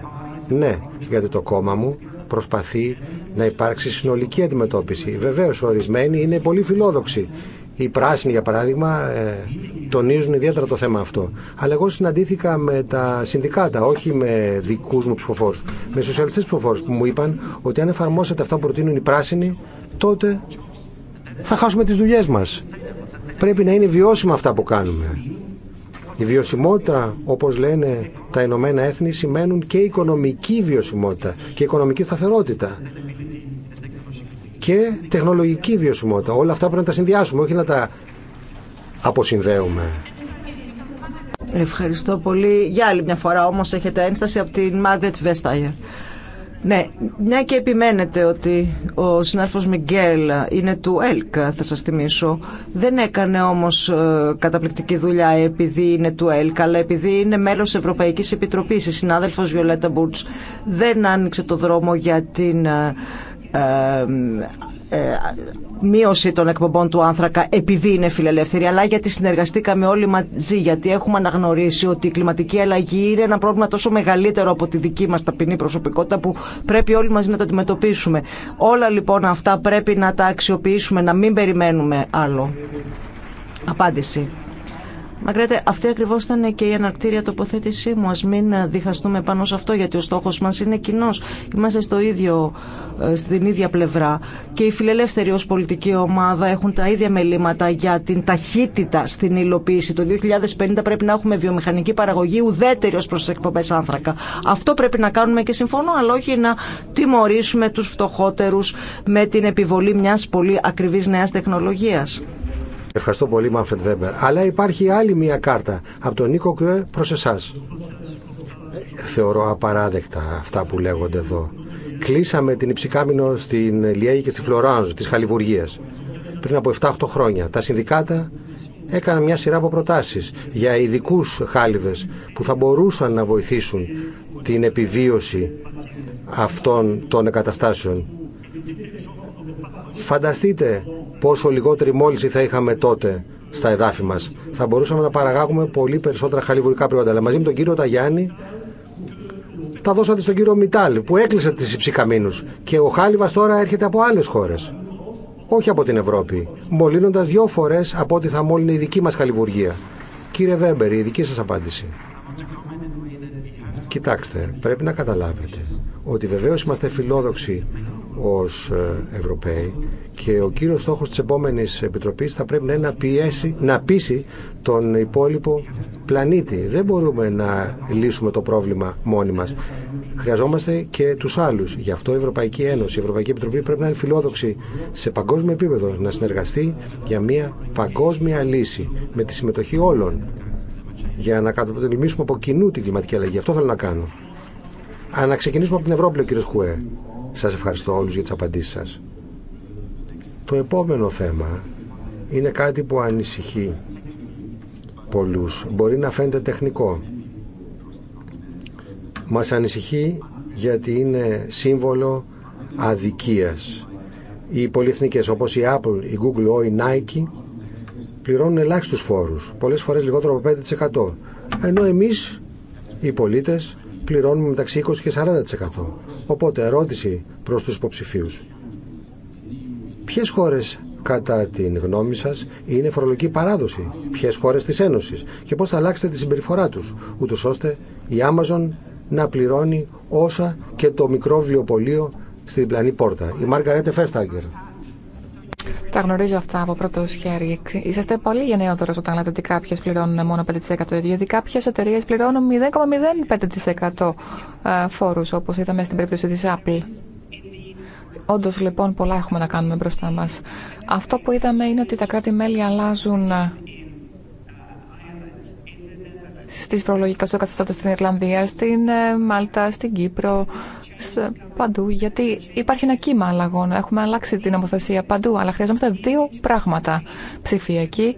[SPEAKER 2] Ναι, γιατί το κόμμα μου προσπαθεί να υπάρξει συνολική αντιμετώπιση. Βεβαίως ορισμένοι είναι πολύ φιλόδοξοι. Οι πράσινοι για παράδειγμα ε, τονίζουν ιδιαίτερα το θέμα αυτό. Αλλά εγώ συναντήθηκα με τα συνδικάτα, όχι με δικούς μου ψηφοφόρους, με σοσιαλιστές ψηφοφόρους που μου είπαν ότι αν εφαρμόσετε αυτά που προτείνουν οι πράσινοι, τότε θα χάσουμε τις δουλειές μας. Πρέπει να είναι βιώσιμα αυτά που κάνουμε. Η βιωσιμότητα, όπως λένε τα Ηνωμένα Έθνη, σημαίνουν και οικονομική βιωσιμότητα και οικονομική σταθερότητα και τεχνολογική βιωσιμότητα. Όλα αυτά πρέπει να τα συνδυάσουμε, όχι να τα αποσυνδέουμε.
[SPEAKER 1] Ευχαριστώ πολύ. Για άλλη μια φορά όμως έχετε ένσταση από την Μάργρετ Βέσταγερ. Ναι, μια και επιμένετε ότι ο συνάρφος Μιγγέλ είναι του ΕΛΚ, θα σας θυμίσω. Δεν έκανε όμως ε, καταπληκτική δουλειά επειδή είναι του ΕΛΚ, αλλά επειδή είναι μέλος Ευρωπαϊκής Επιτροπής. Η συνάδελφος Βιολέτα Μπούρτς δεν άνοιξε το δρόμο για την ε, ε, ε, μείωση των εκπομπών του άνθρακα επειδή είναι φιλελεύθερη, αλλά γιατί συνεργαστήκαμε όλοι μαζί, γιατί έχουμε αναγνωρίσει ότι η κλιματική αλλαγή είναι ένα πρόβλημα τόσο μεγαλύτερο από τη δική μας ταπεινή προσωπικότητα που πρέπει όλοι μαζί να το αντιμετωπίσουμε. Όλα λοιπόν αυτά πρέπει να τα αξιοποιήσουμε, να μην περιμένουμε άλλο. Απάντηση. Μαγκρέτε, αυτή ακριβώ ήταν και η αναρκτήρια τοποθέτησή μου. Α μην ε, διχαστούμε πάνω σε αυτό, γιατί ο στόχο μα είναι κοινό. Είμαστε στο ίδιο, ε, στην ίδια πλευρά. Και οι φιλελεύθεροι ω πολιτική ομάδα έχουν τα ίδια μελήματα για την ταχύτητα στην υλοποίηση. Το 2050 πρέπει να έχουμε βιομηχανική παραγωγή ουδέτερη ω προ τι εκπομπέ άνθρακα. Αυτό πρέπει να κάνουμε και συμφωνώ, αλλά όχι να τιμωρήσουμε του φτωχότερου με την επιβολή μια πολύ ακριβή νέα τεχνολογία.
[SPEAKER 2] Ευχαριστώ πολύ, Μάνφρεντ Βέμπερ. Αλλά υπάρχει άλλη μία κάρτα από τον Νίκο κουε προ εσά. Θεωρώ απαράδεκτα αυτά που λέγονται εδώ. Κλείσαμε την Υψικάμινο στην Λιέγη και στη Φλωράνζ τη Χαλιβουργία πριν από 7-8 χρόνια. Τα συνδικάτα έκαναν μια σειρά από προτάσεις για ειδικού χάλιβες που θα μπορούσαν να βοηθήσουν την επιβίωση αυτών των εγκαταστάσεων. Φανταστείτε πόσο λιγότερη μόλυνση θα είχαμε τότε στα εδάφη μας. Θα μπορούσαμε να παραγάγουμε πολύ περισσότερα χαλιβουρικά προϊόντα. Αλλά μαζί με τον κύριο Ταγιάννη τα δώσατε στον κύριο Μιτάλ που έκλεισε τις υψικαμίνους και ο χάλιβας τώρα έρχεται από άλλες χώρες. Όχι από την Ευρώπη, μολύνοντας δυο φορές από ό,τι θα μόλυνε η δική μας χαλιβουργία. Κύριε Βέμπερ, η δική σας απάντηση. Κοιτάξτε, πρέπει να καταλάβετε ότι βεβαίως είμαστε φιλόδοξοι ως ε, Ευρωπαίοι και ο κύριος στόχος της επόμενης Επιτροπής θα πρέπει να είναι να, πιέσει, να πείσει τον υπόλοιπο πλανήτη. Δεν μπορούμε να λύσουμε το πρόβλημα μόνοι μας. Χρειαζόμαστε και τους άλλους. Γι' αυτό η Ευρωπαϊκή Ένωση, η Ευρωπαϊκή Επιτροπή πρέπει να είναι φιλόδοξη σε παγκόσμιο επίπεδο, να συνεργαστεί για μια παγκόσμια λύση με τη συμμετοχή όλων για να καταπολεμήσουμε από κοινού την κλιματική αλλαγή. Αυτό θέλω να κάνω. Α, να ξεκινήσουμε από την Ευρώπη, ο Χουέ. Σας ευχαριστώ όλους για τις απαντήσεις σας. Το επόμενο θέμα είναι κάτι που ανησυχεί πολλούς. Μπορεί να φαίνεται τεχνικό. Μας ανησυχεί γιατί είναι σύμβολο αδικίας. Οι πολυεθνικές όπως η Apple, η Google, η Nike πληρώνουν ελάχιστους φόρους, πολλές φορές λιγότερο από 5%. Ενώ εμείς οι πολίτες πληρώνουμε μεταξύ 20 και 40%. Οπότε, ερώτηση προς τους υποψηφίους. Ποιες χώρες κατά την γνώμη σας είναι φορολογική παράδοση, ποιες χώρες της Ένωσης και πώς θα αλλάξετε τη συμπεριφορά τους, ούτως ώστε η Amazon να πληρώνει όσα και το μικρό βιοπολείο στην πλανή πόρτα. Η Μάργαρέτε Φέσταγκερ.
[SPEAKER 3] Τα γνωρίζω αυτά από πρώτο χέρι. Είσαστε πολύ γενναιόδωρο όταν λέτε ότι κάποιε πληρώνουν μόνο 5% διότι γιατί κάποιε εταιρείε πληρώνουν 0,05% φόρου, όπω είδαμε στην περίπτωση τη Apple. Όντω, λοιπόν, πολλά έχουμε να κάνουμε μπροστά μα. Αυτό που είδαμε είναι ότι τα κράτη-μέλη αλλάζουν ε, στις φορολογικά στο καθεστώτα στην Ιρλανδία, στην ε, Μάλτα, στην Κύπρο, ε, παντού, γιατί υπάρχει ένα κύμα αλλαγών. Έχουμε αλλάξει την νομοθεσία παντού, αλλά χρειαζόμαστε δύο πράγματα. Ψηφιακή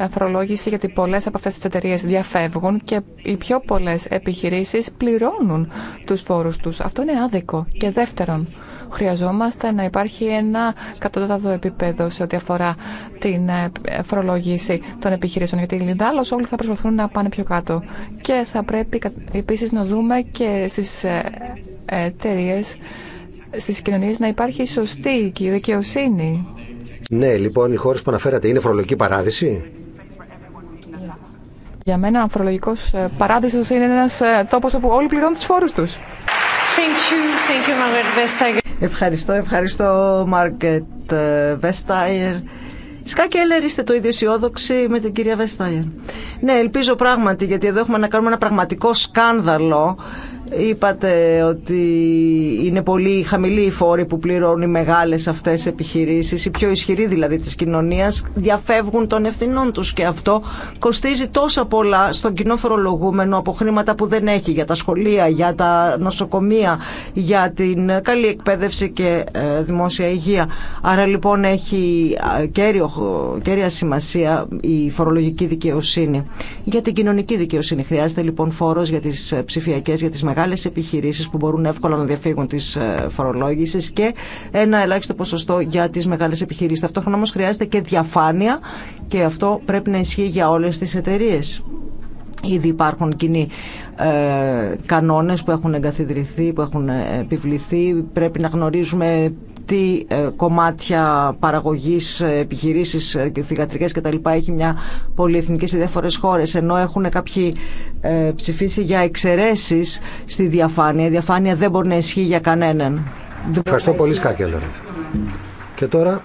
[SPEAKER 3] αφρολόγηση γιατί πολλές από αυτές τις εταιρείε διαφεύγουν και οι πιο πολλές επιχειρήσεις πληρώνουν τους φόρους τους. Αυτό είναι άδικο. Και δεύτερον, Χρειαζόμαστε να υπάρχει ένα κατώτατο επίπεδο σε ό,τι αφορά την ε, φορολόγηση των επιχειρήσεων. Γιατί λιντάλλω όλοι θα προσπαθούν να πάνε πιο κάτω. Και θα πρέπει επίση να δούμε και στι ε, εταιρείε, στι κοινωνίε να υπάρχει σωστή και δικαιοσύνη.
[SPEAKER 2] Ναι, λοιπόν, οι χώρε που αναφέρατε είναι φορολογική παράδειση.
[SPEAKER 3] Για μένα, φορολογικό ε, παράδεισο είναι ένα τόπο όπου όλοι πληρώνουν του φόρου του ευχαριστώ, ευχαριστώ
[SPEAKER 1] Μάρκετ Βεστάιερ. Σκά Έλερ είστε το ίδιο αισιόδοξοι με την κυρία Βεστάιερ. Ναι, ελπίζω πράγματι, γιατί εδώ έχουμε να κάνουμε ένα πραγματικό σκάνδαλο Είπατε ότι είναι πολύ χαμηλή η φόρη που πληρώνουν οι μεγάλες αυτές επιχειρήσεις, οι πιο ισχυροί δηλαδή της κοινωνίας, διαφεύγουν των ευθυνών τους και αυτό κοστίζει τόσα πολλά στον κοινό φορολογούμενο από χρήματα που δεν έχει για τα σχολεία, για τα νοσοκομεία, για την καλή εκπαίδευση και ε, δημόσια υγεία. Άρα λοιπόν έχει κέριο, κέρια σημασία η φορολογική δικαιοσύνη. Για την κοινωνική δικαιοσύνη χρειάζεται λοιπόν φόρος για τις ψηφιακές, για τις μεγάλες μεγάλες επιχειρήσεις που μπορούν εύκολα να διαφύγουν τις ε, φορολόγησης και ένα ελάχιστο ποσοστό για τις μεγάλες επιχειρήσεις. Ταυτόχρονα όμως χρειάζεται και διαφάνεια και αυτό πρέπει να ισχύει για όλες τις εταιρείε. Ήδη υπάρχουν κοινοί ε, κανόνες που έχουν εγκαθιδρυθεί, που έχουν επιβληθεί. Πρέπει να γνωρίζουμε τι ε, κομμάτια παραγωγής ε, επιχειρήσεις ε, θηγατρικές κτλ. έχει μια πολυεθνική σε διάφορες χώρες ενώ έχουν κάποιοι ψηφίσει για εξαιρέσει στη διαφάνεια. Η διαφάνεια δεν μπορεί να ισχύει για κανέναν. Ευχαριστώ πολύ Σκάκελα.
[SPEAKER 2] Και τώρα,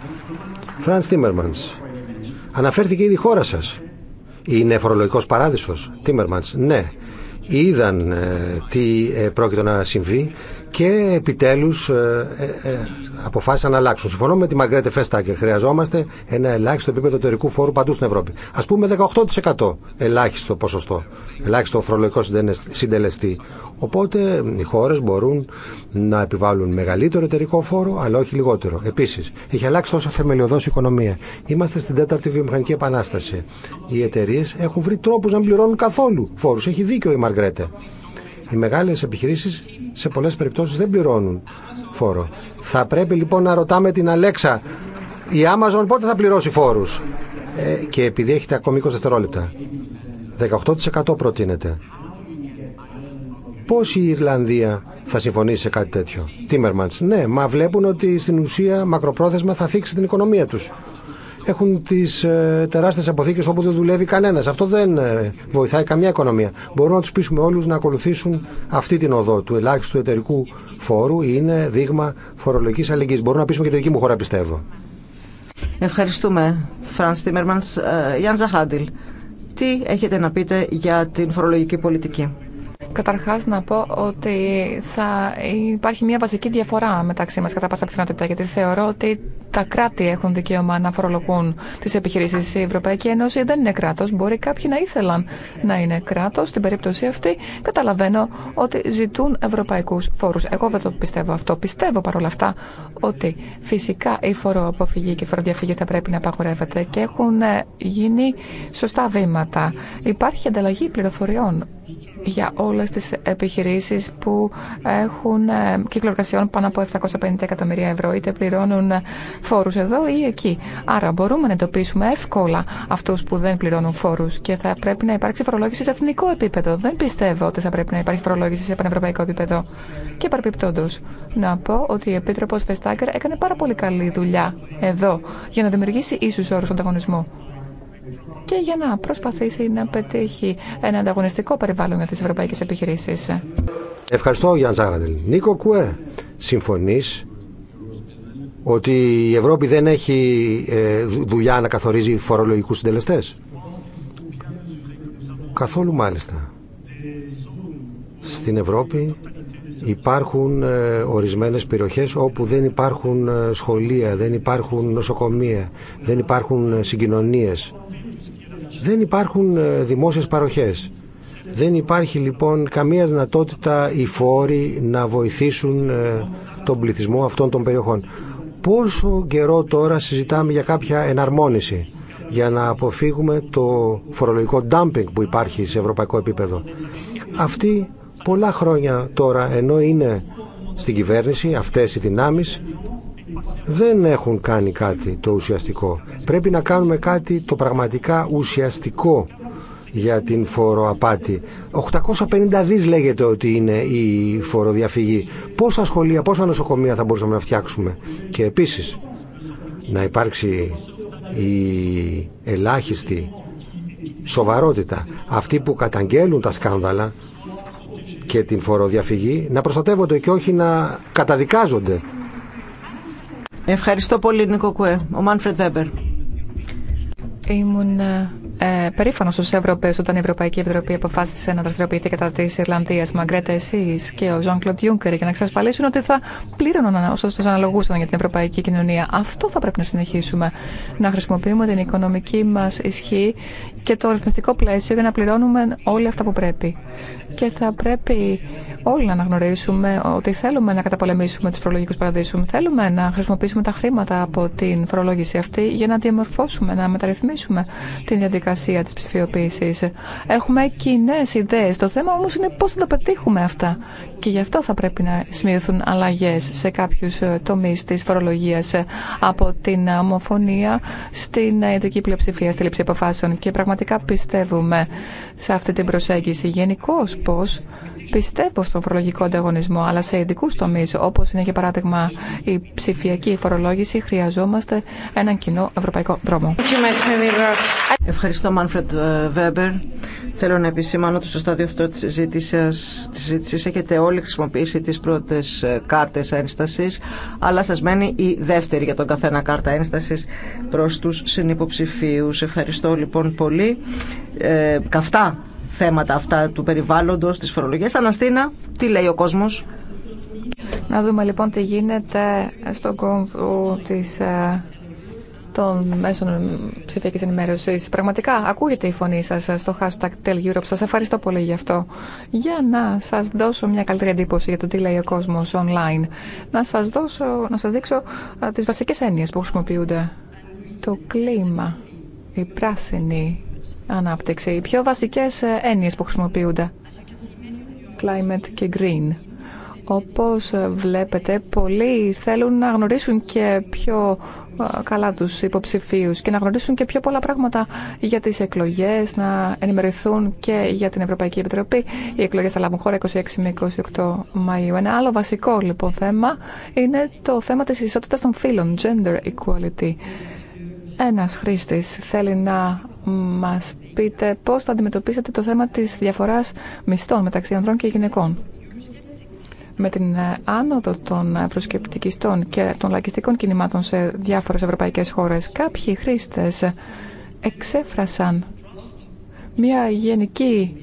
[SPEAKER 2] Φραντ Τίμερμαντ. Αναφέρθηκε ήδη η χώρα σα. Είναι φορολογικό παράδεισος, Τίμερμαντ. Ναι, είδαν τι πρόκειται να συμβεί και επιτέλους ε, ε, ε, αποφάσισαν να αλλάξουν. Συμφωνώ με τη Μαγκρέτε Φεστάκερ. Χρειαζόμαστε ένα ελάχιστο επίπεδο εταιρικού φόρου παντού στην Ευρώπη. Α πούμε 18% ελάχιστο ποσοστό, ελάχιστο φορολογικό συντελεστή. Οπότε οι χώρε μπορούν να επιβάλλουν μεγαλύτερο εταιρικό φόρο, αλλά όχι λιγότερο. Επίση, έχει αλλάξει τόσο θεμελιωδώ η οικονομία. Είμαστε στην τέταρτη βιομηχανική επανάσταση. Οι εταιρείε έχουν βρει τρόπου να πληρώνουν καθόλου φόρου. Έχει δίκιο η Μαγκρέτε. Οι μεγάλες επιχειρήσεις σε πολλές περιπτώσεις δεν πληρώνουν φόρο. Θα πρέπει λοιπόν να ρωτάμε την Αλέξα, η Amazon πότε θα πληρώσει φόρους. Ε, και επειδή έχετε ακόμη 20 δευτερόλεπτα, 18% προτείνεται. Πώς η Ιρλανδία θα συμφωνήσει σε κάτι τέτοιο. Τίμερμαντς, ναι, μα βλέπουν ότι στην ουσία μακροπρόθεσμα θα θίξει την οικονομία τους έχουν τι ε, τεράστιε αποθήκε όπου δεν δουλεύει κανένα. Αυτό δεν ε, βοηθάει καμία οικονομία. Μπορούμε να του πείσουμε όλου να ακολουθήσουν αυτή την οδό του ελάχιστου εταιρικού φόρου. Είναι δείγμα φορολογική αλληλεγγύη. Μπορούμε να πείσουμε και τη δική μου χώρα, πιστεύω.
[SPEAKER 1] Ευχαριστούμε, Φραν Τίμερμαν. Ε, Γιάνν Ζαχάντιλ, τι έχετε να πείτε για την φορολογική πολιτική.
[SPEAKER 3] Καταρχάς να πω ότι θα υπάρχει μια βασική διαφορά μεταξύ μας κατά πάσα πιθανότητα γιατί θεωρώ ότι τα κράτη έχουν δικαίωμα να φορολογούν τι επιχειρήσει. Η Ευρωπαϊκή Ένωση δεν είναι κράτο. Μπορεί κάποιοι να ήθελαν να είναι κράτο. Στην περίπτωση αυτή, καταλαβαίνω ότι ζητούν ευρωπαϊκού φόρου. Εγώ δεν το πιστεύω αυτό. Πιστεύω παρόλα αυτά ότι φυσικά η φοροαποφυγή και η φοροδιαφυγή θα πρέπει να απαγορεύεται και έχουν ε, γίνει σωστά βήματα. Υπάρχει ανταλλαγή πληροφοριών για όλες τις επιχειρήσεις που έχουν ε, κύκλο εργασιών πάνω από 750 εκατομμύρια ευρώ είτε πληρώνουν φόρους εδώ ή εκεί. Άρα μπορούμε να εντοπίσουμε εύκολα αυτούς που δεν πληρώνουν φόρους και θα πρέπει να υπάρξει φορολόγηση σε εθνικό επίπεδο. Δεν πιστεύω ότι θα πρέπει να υπάρχει φορολόγηση σε πανευρωπαϊκό επίπεδο. Και παρεπιπτόντω, να πω ότι η Επίτροπο Φεστάκερ έκανε πάρα πολύ καλή δουλειά εδώ για να δημιουργήσει ίσου όρου ανταγωνισμού και για να προσπαθήσει να πετύχει ένα ανταγωνιστικό περιβάλλον για τις ευρωπαϊκές επιχειρήσεις.
[SPEAKER 2] Ευχαριστώ Γιάννη Ζάγραντελ. Νίκο Κουέ, συμφωνείς ότι η Ευρώπη δεν έχει ε, δουλειά να καθορίζει φορολογικούς συντελεστέ. Καθόλου μάλιστα. Στην Ευρώπη υπάρχουν ε, ορισμένες περιοχές όπου δεν υπάρχουν ε, σχολεία, δεν υπάρχουν νοσοκομεία, δεν υπάρχουν συγκοινωνίες. Δεν υπάρχουν ε, δημόσιες παροχές. Δεν υπάρχει λοιπόν καμία δυνατότητα οι φόροι να βοηθήσουν ε, τον πληθυσμό αυτών των περιοχών. Πόσο καιρό τώρα συζητάμε για κάποια εναρμόνιση για να αποφύγουμε το φορολογικό dumping που υπάρχει σε ευρωπαϊκό επίπεδο. Αυτοί πολλά χρόνια τώρα ενώ είναι στην κυβέρνηση αυτές οι δυνάμεις δεν έχουν κάνει κάτι το ουσιαστικό. Πρέπει να κάνουμε κάτι το πραγματικά ουσιαστικό για την φοροαπάτη. 850 δις λέγεται ότι είναι η φοροδιαφυγή. Πόσα σχολεία, πόσα νοσοκομεία θα μπορούσαμε να φτιάξουμε. Και επίσης να υπάρξει η ελάχιστη σοβαρότητα. Αυτοί που καταγγέλουν τα σκάνδαλα και την φοροδιαφυγή να προστατεύονται και όχι να καταδικάζονται
[SPEAKER 3] Ευχαριστώ πολύ,
[SPEAKER 1] Νίκο Κουέ. Ο Μάνφρεντ Βέμπερ.
[SPEAKER 3] Ήμουν ε, περήφανο στου Ευρωπαίου όταν η Ευρωπαϊκή Επιτροπή αποφάσισε να δραστηριοποιηθεί κατά τη Ιρλανδία. μαγκρέτα εσεί και ο Ζων Κλοντ Γιούγκερ για να εξασφαλίσουν ότι θα πλήρωναν όσο του αναλογούσαν για την ευρωπαϊκή κοινωνία. Αυτό θα πρέπει να συνεχίσουμε. Να χρησιμοποιούμε την οικονομική μα ισχύ και το ρυθμιστικό πλαίσιο για να πληρώνουμε όλα αυτά που πρέπει. Και θα πρέπει όλοι να αναγνωρίσουμε ότι θέλουμε να καταπολεμήσουμε του φορολογικού παραδείσου. Θέλουμε να χρησιμοποιήσουμε τα χρήματα από την φορολόγηση αυτή για να διαμορφώσουμε, να μεταρρυθμίσουμε την διαδικασία τη ψηφιοποίηση. Έχουμε κοινέ ιδέε. Το θέμα όμω είναι πώ θα τα πετύχουμε αυτά. Και γι' αυτό θα πρέπει να σημειωθούν αλλαγέ σε κάποιου ε, τομεί τη φορολογία ε, από την ομοφωνία στην ειδική πλειοψηφία στη λήψη αποφάσεων. Και πραγματικά πιστεύουμε σε αυτή την προσέγγιση γενικώ πώ Πιστεύω στον φορολογικό ανταγωνισμό, αλλά σε ειδικού τομεί, όπω είναι για παράδειγμα η ψηφιακή φορολόγηση, χρειαζόμαστε έναν κοινό ευρωπαϊκό δρόμο.
[SPEAKER 1] Ευχαριστώ, Μάνφρετ ε, Βέμπερ. Θέλω να επισημάνω ότι στο στάδιο αυτό τη συζήτηση έχετε όλοι χρησιμοποιήσει τι πρώτε κάρτε ένσταση, αλλά σα μένει η δεύτερη για τον καθένα κάρτα ένσταση προ του συνυποψηφίου. Ευχαριστώ λοιπόν πολύ. Ε, καυτά θέματα αυτά του περιβάλλοντος, της φορολογίας. Αναστήνα, τι λέει ο
[SPEAKER 3] κόσμος. Να δούμε λοιπόν τι γίνεται στον κόμβο της, ε, των μέσων ψηφιακή ενημέρωση. Πραγματικά ακούγεται η φωνή σα ε, στο hashtag Tell Europe. Σα ευχαριστώ πολύ γι' αυτό. Για να σα δώσω μια καλύτερη εντύπωση για το τι λέει ο κόσμο online. Να σα δώσω, να σα δείξω ε, τι βασικέ έννοιε που χρησιμοποιούνται. Το κλίμα, η πράσινη, ανάπτυξη. Οι πιο βασικές ε, έννοιες που χρησιμοποιούνται. Climate και green. Όπως ε, βλέπετε, πολλοί θέλουν να γνωρίσουν και πιο ε, καλά τους υποψηφίους και να γνωρίσουν και πιο πολλά πράγματα για τις εκλογές, να ενημερωθούν και για την Ευρωπαϊκή Επιτροπή. Οι εκλογές θα λάβουν χώρα 26 με 28 Μαΐου. Ένα άλλο βασικό λοιπόν θέμα είναι το θέμα της ισότητας των φύλων, gender equality. Ένας χρήστης θέλει να μας πείτε πώς θα αντιμετωπίσετε το θέμα της διαφοράς μισθών μεταξύ ανδρών και γυναικών. Με την ε, άνοδο των προσκεπτικιστών και των λαϊκιστικών κινημάτων σε διάφορες ευρωπαϊκές χώρες, κάποιοι χρήστες εξέφρασαν μια γενική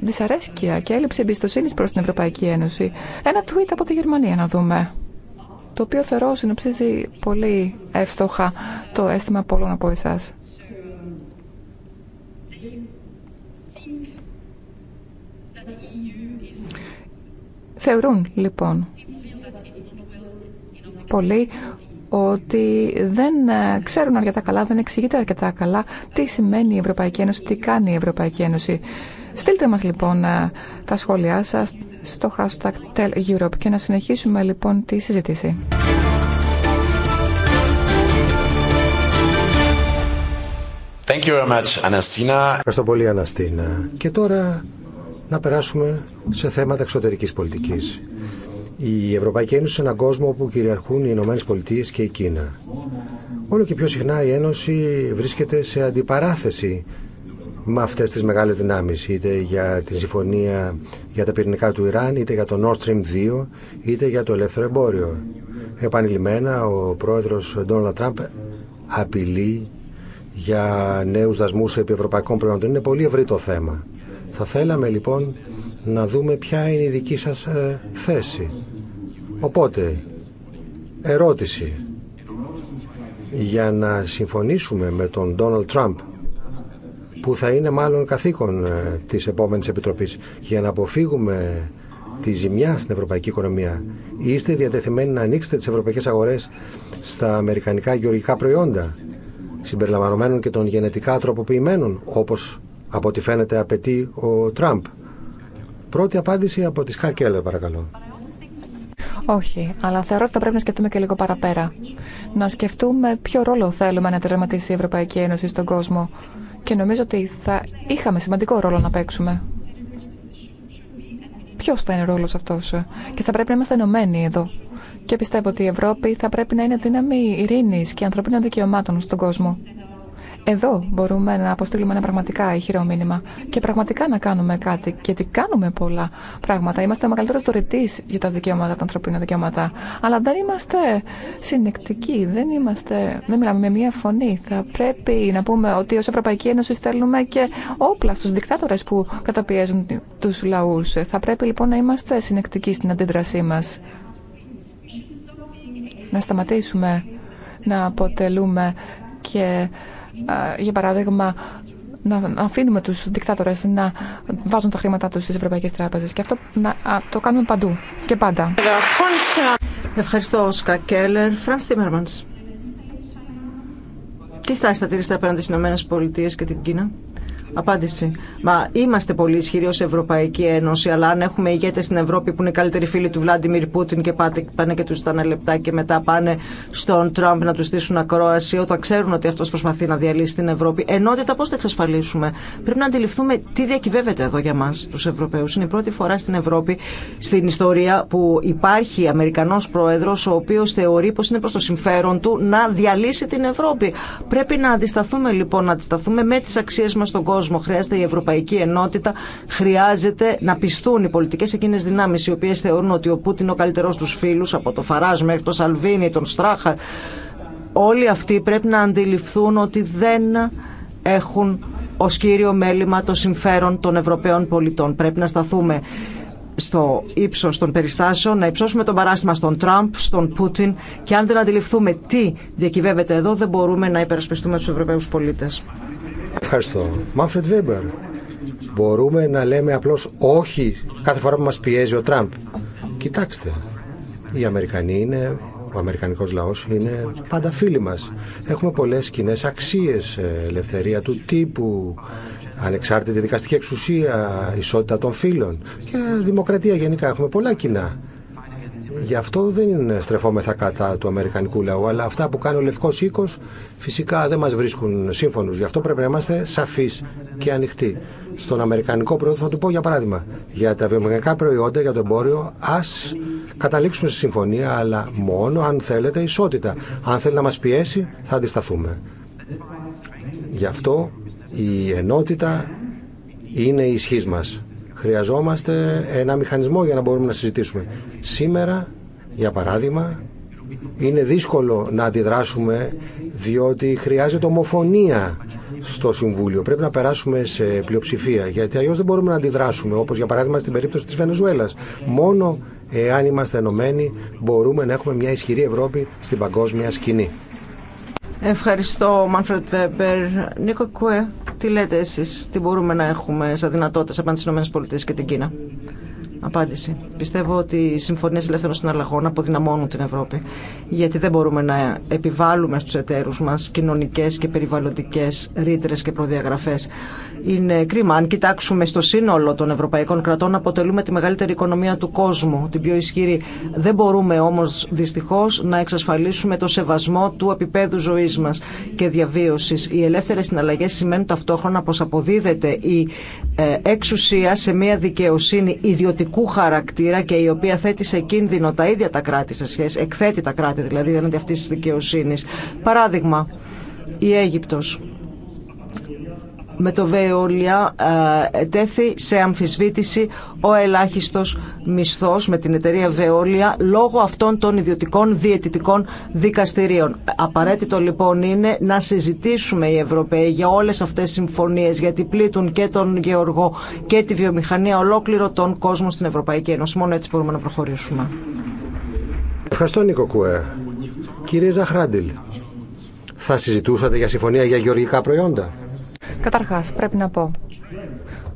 [SPEAKER 3] δυσαρέσκεια και έλλειψη εμπιστοσύνη προς την Ευρωπαϊκή Ένωση. Ένα tweet από τη Γερμανία να δούμε, το οποίο θεωρώ συνοψίζει πολύ εύστοχα το αίσθημα πολλών από εσάς. Θεωρούν λοιπόν πολλοί ότι δεν ε, ξέρουν αρκετά καλά, δεν εξηγείται αρκετά καλά τι σημαίνει η Ευρωπαϊκή Ένωση, τι κάνει η Ευρωπαϊκή Ένωση. Στείλτε μας λοιπόν ε, τα σχόλιά σας στο hashtag Tell Europe και να συνεχίσουμε λοιπόν τη συζήτηση.
[SPEAKER 2] Ευχαριστώ πολύ, Αναστίνα. Και τώρα να περάσουμε σε θέματα εξωτερικής πολιτικής. Η Ευρωπαϊκή Ένωση είναι έναν κόσμο όπου κυριαρχούν οι Ηνωμένε Πολιτείε και η Κίνα. Όλο και πιο συχνά η Ένωση βρίσκεται σε αντιπαράθεση με αυτέ τι μεγάλε δυνάμει, είτε για τη συμφωνία για τα πυρηνικά του Ιράν, είτε για το Nord Stream 2, είτε για το ελεύθερο εμπόριο. Επανειλημμένα, ο πρόεδρο Ντόναλτ Τραμπ απειλεί για νέου δασμού επί ευρωπαϊκών προϊόντων. Είναι πολύ ευρύ το θέμα. Θα θέλαμε λοιπόν να δούμε ποια είναι η δική σας ε, θέση. Οπότε, ερώτηση. Για να συμφωνήσουμε με τον Ντόναλτ Τραμπ που θα είναι μάλλον καθήκον ε, της επόμενης Επιτροπής για να αποφύγουμε τη ζημιά στην ευρωπαϊκή οικονομία. Είστε διατεθειμένοι να ανοίξετε τις ευρωπαϊκές αγορές στα αμερικανικά γεωργικά προϊόντα συμπεριλαμβανομένων και των γενετικά τροποποιημένων όπως από ό,τι φαίνεται απαιτεί ο Τραμπ. Πρώτη απάντηση από τη Σκά Κέλλερ,
[SPEAKER 3] παρακαλώ. Όχι, αλλά θεωρώ ότι θα πρέπει να σκεφτούμε και λίγο παραπέρα. Να σκεφτούμε ποιο ρόλο θέλουμε να τερματίσει η Ευρωπαϊκή Ένωση στον κόσμο. Και νομίζω ότι θα είχαμε σημαντικό ρόλο να παίξουμε. Ποιο θα είναι ο ρόλο αυτό, και θα πρέπει να είμαστε ενωμένοι εδώ. Και πιστεύω ότι η Ευρώπη θα πρέπει να είναι δύναμη ειρήνη και ανθρωπίνων δικαιωμάτων στον κόσμο. Εδώ μπορούμε να αποστείλουμε ένα πραγματικά ηχηρό μήνυμα και πραγματικά να κάνουμε κάτι. Γιατί κάνουμε πολλά πράγματα. Είμαστε ο μεγαλύτερο δωρητή για τα δικαιώματα, τα ανθρωπίνα δικαιώματα. Αλλά δεν είμαστε συνεκτικοί, δεν, είμαστε, δεν μιλάμε με μία φωνή. Θα πρέπει να πούμε ότι ω Ευρωπαϊκή Ένωση στέλνουμε και όπλα στου δικτάτορε που καταπιέζουν του λαού. Θα πρέπει λοιπόν να είμαστε συνεκτικοί στην αντίδρασή μα. Να σταματήσουμε να αποτελούμε και ε, για παράδειγμα, να αφήνουμε τους δικτάτορες να βάζουν τα χρήματά τους στις ευρωπαϊκές τράπεζες και αυτό να το κάνουμε παντού και πάντα. Ευχαριστώ, Όσκα Κέλλερ. Φρανς Τίμερμανς.
[SPEAKER 1] Τι στάση θα τηρήσετε απέναντι στις ΗΠΑ και την Κίνα. Απάντηση. Μα είμαστε πολύ ισχυροί ω Ευρωπαϊκή Ένωση, αλλά αν έχουμε ηγέτε στην Ευρώπη που είναι οι καλύτεροι φίλοι του Βλάντιμιρ Πούτιν και πάνε και του στάνε λεπτά και μετά πάνε στον Τραμπ να του στήσουν ακρόαση, όταν ξέρουν ότι αυτό προσπαθεί να διαλύσει την Ευρώπη, ενότητα πώ θα εξασφαλίσουμε. Πρέπει να αντιληφθούμε τι διακυβεύεται εδώ για μα, του Ευρωπαίου. Είναι η πρώτη φορά στην Ευρώπη, στην ιστορία, που υπάρχει Αμερικανό πρόεδρο, ο οποίο θεωρεί πω είναι προ το συμφέρον του να διαλύσει την Ευρώπη. Πρέπει να αντισταθούμε λοιπόν, να αντισταθούμε με τι αξίε μα στον κόσμο κόσμο χρειάζεται η Ευρωπαϊκή Ενότητα, χρειάζεται να πιστούν οι πολιτικέ εκείνε δυνάμει οι οποίε θεωρούν ότι ο Πούτιν είναι ο καλύτερό του φίλου, από το Φαράζ μέχρι το Σαλβίνη, τον Στράχα. Όλοι αυτοί πρέπει να αντιληφθούν ότι δεν έχουν ω κύριο μέλημα το συμφέρον των Ευρωπαίων πολιτών. Πρέπει να σταθούμε στο ύψο των περιστάσεων, να υψώσουμε τον παράστημα στον Τραμπ, στον Πούτιν και αν δεν αντιληφθούμε τι διακυβεύεται εδώ, δεν μπορούμε να υπερασπιστούμε του Ευρωπαίου πολίτε. Ευχαριστώ. Μάνφρετ Βέμπερ.
[SPEAKER 2] Μπορούμε να λέμε απλώς όχι κάθε φορά που μας πιέζει ο Τραμπ. Κοιτάξτε, οι Αμερικανοί είναι, ο Αμερικανικός λαός είναι πάντα φίλοι μας. Έχουμε πολλές κοινέ αξίες, ε, ελευθερία του τύπου, ανεξάρτητη δικαστική εξουσία, ισότητα των φίλων και δημοκρατία γενικά. Έχουμε πολλά κοινά. Γι' αυτό δεν στρεφόμεθα κατά του Αμερικανικού λαού, αλλά αυτά που κάνει ο Λευκό Οίκο φυσικά δεν μα βρίσκουν σύμφωνου. Γι' αυτό πρέπει να είμαστε σαφεί και ανοιχτοί. Στον Αμερικανικό πρόεδρο θα του πω για παράδειγμα για τα βιομηχανικά προϊόντα, για το εμπόριο, α καταλήξουμε σε συμφωνία, αλλά μόνο αν θέλετε ισότητα. Αν θέλει να μα πιέσει, θα αντισταθούμε. Γι' αυτό η ενότητα είναι η ισχύ μας. Χρειαζόμαστε ένα μηχανισμό για να μπορούμε να συζητήσουμε. Σήμερα, για παράδειγμα, είναι δύσκολο να αντιδράσουμε διότι χρειάζεται ομοφωνία στο Συμβούλιο. Πρέπει να περάσουμε σε πλειοψηφία γιατί αλλιώ δεν μπορούμε να αντιδράσουμε όπως για παράδειγμα στην περίπτωση της Βενεζουέλας. Μόνο εάν είμαστε ενωμένοι μπορούμε να έχουμε μια ισχυρή Ευρώπη στην παγκόσμια σκηνή.
[SPEAKER 1] Ευχαριστώ, Μάνφρετ Βέμπερ. Νίκο Κουέ. Τι λέτε εσείς, τι μπορούμε να έχουμε σαν δυνατότητες απέναντι στις ΗΠΑ και την Κίνα. Απάντηση. Πιστεύω ότι οι συμφωνίε ελεύθερων συναλλαγών αποδυναμώνουν την Ευρώπη. Γιατί δεν μπορούμε να επιβάλλουμε στου εταίρου μα κοινωνικέ και περιβαλλοντικέ ρήτρε και προδιαγραφέ. Είναι κρίμα. Αν κοιτάξουμε στο σύνολο των ευρωπαϊκών κρατών, αποτελούμε τη μεγαλύτερη οικονομία του κόσμου, την πιο ισχυρή. Δεν μπορούμε όμω δυστυχώ να εξασφαλίσουμε το σεβασμό του επίπεδου ζωή μα και διαβίωση. Οι ελεύθερε συναλλαγέ σημαίνουν ταυτόχρονα πω αποδίδεται η ε, εξουσία σε μια δικαιοσύνη ιδιωτική χαρακτήρα και η οποία θέτει σε κίνδυνο τα ίδια τα κράτη σε σχέση, εκθέτει τα κράτη δηλαδή έναντι αυτής της δικαιοσύνης. Παράδειγμα, η Αίγυπτος με το Βεόλια ε, τέθη σε αμφισβήτηση ο ελάχιστος μισθός με την εταιρεία Βεόλια λόγω αυτών των ιδιωτικών διαιτητικών δικαστηρίων. Απαραίτητο λοιπόν είναι να συζητήσουμε οι Ευρωπαίοι για όλες αυτές τις συμφωνίες γιατί πλήττουν και τον Γεωργό και τη βιομηχανία ολόκληρο τον κόσμο στην Ευρωπαϊκή Ένωση. Μόνο έτσι μπορούμε
[SPEAKER 3] να προχωρήσουμε.
[SPEAKER 2] Ευχαριστώ Νίκο Κουέ. Κύριε Ζαχράντιλ, θα συζητούσατε για συμφωνία για γεωργικά προϊόντα.
[SPEAKER 3] Καταρχάς, πρέπει να πω,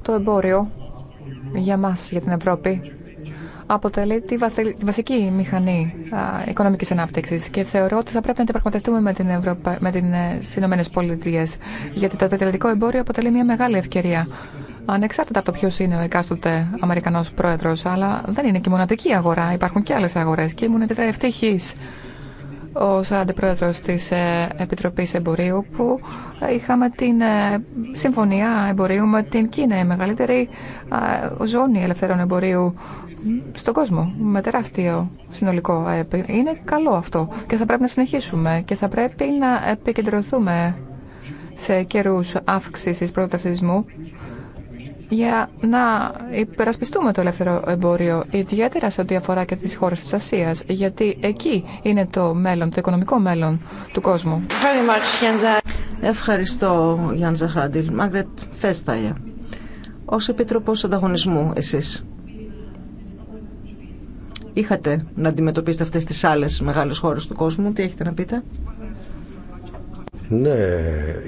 [SPEAKER 3] το εμπόριο για μας, για την Ευρώπη, αποτελεί τη, βασική μηχανή α, οικονομικής ανάπτυξης και θεωρώ ότι θα πρέπει να διαπραγματευτούμε με, την Ευρωπα... με την ε, Συνωμένες Πολιτείες, γιατί το διατελετικό εμπόριο αποτελεί μια μεγάλη ευκαιρία ανεξάρτητα από το ποιο είναι ο εκάστοτε Αμερικανό πρόεδρο. Αλλά δεν είναι και μοναδική αγορά, υπάρχουν και άλλε αγορέ και ήμουν ως αντιπρόεδρος της ε, Επιτροπής Εμπορίου που ε, είχαμε την ε, συμφωνία εμπορίου με την Κίνα, η μεγαλύτερη ζώνη ελευθερών εμπορίου στον κόσμο με τεράστιο συνολικό Είναι καλό αυτό και θα πρέπει να συνεχίσουμε και θα πρέπει να επικεντρωθούμε σε καιρούς αύξησης πρωτοταυτισμού για να υπερασπιστούμε το ελεύθερο εμπόριο, ιδιαίτερα σε ό,τι αφορά και τις χώρες της Ασίας, γιατί εκεί είναι το μέλλον, το οικονομικό μέλλον του κόσμου.
[SPEAKER 1] Ευχαριστώ, Γιάννη Ζαχράντιλ. Μάγκρετ Φέσταια. ως Επίτροπος Ανταγωνισμού εσείς, είχατε να αντιμετωπίσετε αυτές τις άλλες μεγάλες χώρες του κόσμου, τι έχετε να πείτε.
[SPEAKER 2] Ναι,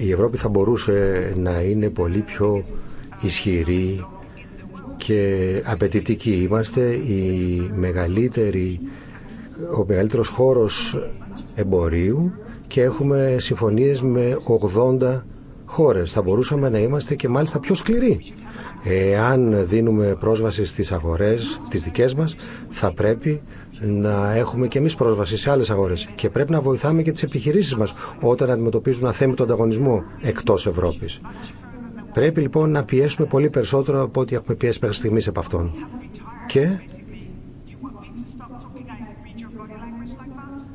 [SPEAKER 2] η Ευρώπη θα μπορούσε να είναι πολύ πιο ισχυροί και απαιτητικοί. Είμαστε η μεγαλύτερη, ο μεγαλύτερος χώρος εμπορίου και έχουμε συμφωνίες με 80 χώρες. Θα μπορούσαμε να είμαστε και μάλιστα πιο σκληροί. Εάν δίνουμε πρόσβαση στις αγορές, τις δικές μας, θα πρέπει να έχουμε και εμείς πρόσβαση σε άλλες αγορές και πρέπει να βοηθάμε και τις επιχειρήσεις μας όταν αντιμετωπίζουν αθέμητο ανταγωνισμό εκτός Ευρώπης. Πρέπει λοιπόν να πιέσουμε πολύ περισσότερο από ό,τι έχουμε πιέσει μέχρι στιγμή από αυτόν. Και...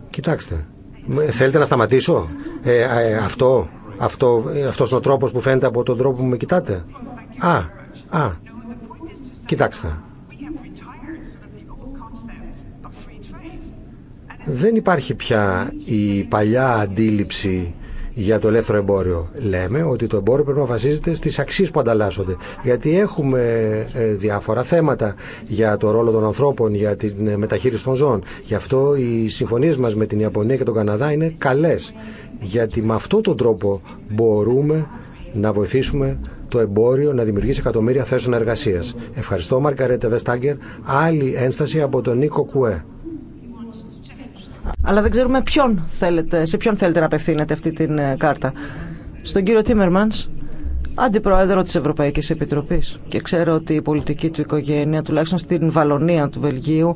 [SPEAKER 2] Κοιτάξτε, θέλετε να σταματήσω ε, ε, αυτό, αυτό, ε, αυτός ο τρόπος που φαίνεται από τον τρόπο που με κοιτάτε. Α, α, κοιτάξτε. Δεν υπάρχει πια η παλιά αντίληψη για το ελεύθερο εμπόριο. Λέμε ότι το εμπόριο πρέπει να βασίζεται στι αξίε που ανταλλάσσονται. Γιατί έχουμε ε, διάφορα θέματα για το ρόλο των ανθρώπων, για την ε, μεταχείριση των ζώων. Γι' αυτό οι συμφωνίε μα με την Ιαπωνία και τον Καναδά είναι καλέ. Γιατί με αυτόν τον τρόπο μπορούμε να βοηθήσουμε το εμπόριο να δημιουργήσει εκατομμύρια θέσεων εργασία. Ευχαριστώ, Μαρκαρέτε Βεστάγκερ. Άλλη ένσταση από τον Νίκο Κουέ.
[SPEAKER 1] Αλλά δεν ξέρουμε ποιον θέλετε, σε ποιον θέλετε να απευθύνετε αυτή την ε, κάρτα. Στον κύριο Τίμερμανς, αντιπρόεδρο της Ευρωπαϊκής Επιτροπής. Και ξέρω ότι η πολιτική του οικογένεια, τουλάχιστον στην Βαλονία του Βελγίου,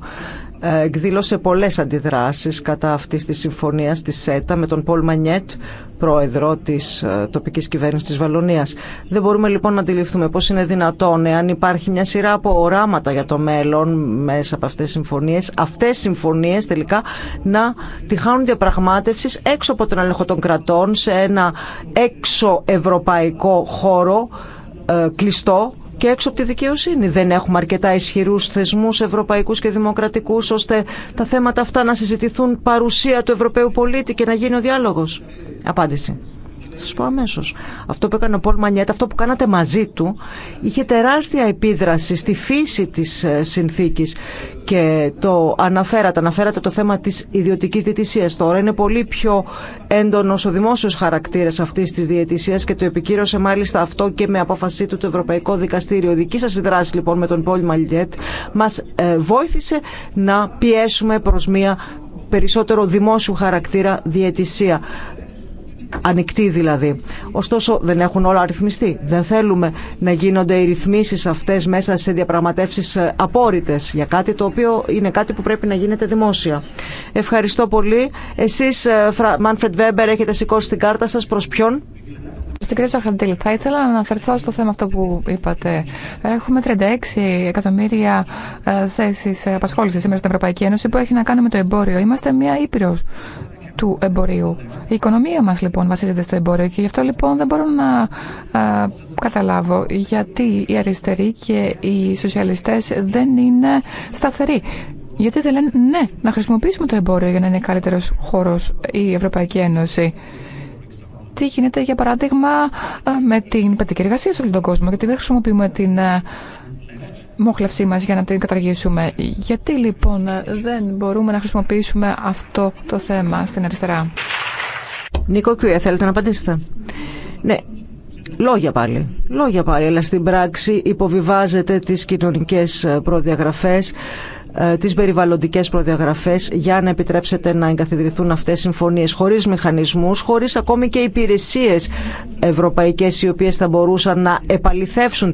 [SPEAKER 1] εκδήλωσε πολλές αντιδράσεις κατά αυτής της συμφωνίας της ΣΕΤΑ με τον Πολ Μανιέτ, πρόεδρο της ε, τοπικής κυβέρνησης της Βαλονίας. Δεν μπορούμε λοιπόν να αντιληφθούμε πώς είναι δυνατόν εάν υπάρχει μια σειρά από οράματα για το μέλλον μέσα από αυτές τις συμφωνίες, αυτές οι συμφωνίες τελικά να τυχάνουν διαπραγμάτευσης έξω από τον έλεγχο των κρατών σε ένα έξω ευρωπαϊκό χώρο ε, κλειστό και έξω από τη δικαιοσύνη. Δεν έχουμε αρκετά ισχυρού θεσμούς ευρωπαϊκούς και δημοκρατικούς ώστε τα θέματα αυτά να συζητηθούν παρουσία του Ευρωπαίου πολίτη και να γίνει ο διάλογος. Απάντηση. Σα πω αμέσω. Αυτό που έκανε ο Πολ Μανιέτ, αυτό που κάνατε μαζί του, είχε τεράστια επίδραση στη φύση τη ε, συνθήκη. Και το αναφέρατε, αναφέρατε το θέμα τη ιδιωτική διαιτησία. Τώρα είναι πολύ πιο έντονο ο δημόσιο χαρακτήρα αυτή τη διαιτησία και το επικύρωσε μάλιστα αυτό και με απόφασή του το Ευρωπαϊκό Δικαστήριο. Η Δική σα δράση λοιπόν με τον Πολ Μανιέτ μα ε, βοήθησε να πιέσουμε προ μία περισσότερο δημόσιου χαρακτήρα διαιτησία ανοιχτή δηλαδή. Ωστόσο δεν έχουν όλα αριθμιστεί. Δεν θέλουμε να γίνονται οι ρυθμίσεις αυτές μέσα σε διαπραγματεύσεις απόρριτες για κάτι το οποίο είναι κάτι που πρέπει να γίνεται δημόσια. Ευχαριστώ πολύ. Εσείς, ε, Μάνφρεντ Βέμπερ, έχετε σηκώσει την κάρτα σας προς ποιον.
[SPEAKER 3] Στην κυρία Σαχραντήλη, θα ήθελα να αναφερθώ στο θέμα αυτό που είπατε. Έχουμε 36 εκατομμύρια ε, θέσει απασχόληση σήμερα στην Ευρωπαϊκή Ένωση που έχει να κάνει με το εμπόριο. Είμαστε μια ήπειρο του εμπορίου. Η οικονομία μας λοιπόν βασίζεται στο εμπόριο και γι' αυτό λοιπόν δεν μπορώ να καταλάβω γιατί οι αριστεροί και οι σοσιαλιστές δεν είναι σταθεροί. Γιατί δεν λένε ναι, να χρησιμοποιήσουμε το εμπόριο για να είναι καλύτερος χώρος η Ευρωπαϊκή Ένωση. Τι γίνεται για παράδειγμα με την παιδική εργασία σε όλο τον κόσμο, γιατί δεν χρησιμοποιούμε την μόχλευσή μας για να την καταργήσουμε. Γιατί λοιπόν δεν μπορούμε να χρησιμοποιήσουμε αυτό το θέμα στην αριστερά.
[SPEAKER 1] Νίκο Κιουέ, θέλετε να απαντήσετε. Ναι, Λόγια πάλι. Λόγια πάλι, αλλά στην πράξη υποβιβάζεται τις κοινωνικές προδιαγραφές ε, τις περιβαλλοντικές προδιαγραφές για να επιτρέψετε να εγκαθιδρυθούν αυτές οι συμφωνίες χωρίς μηχανισμούς, χωρίς ακόμη και υπηρεσίες ευρωπαϊκές οι οποίες θα μπορούσαν να επαληθεύσουν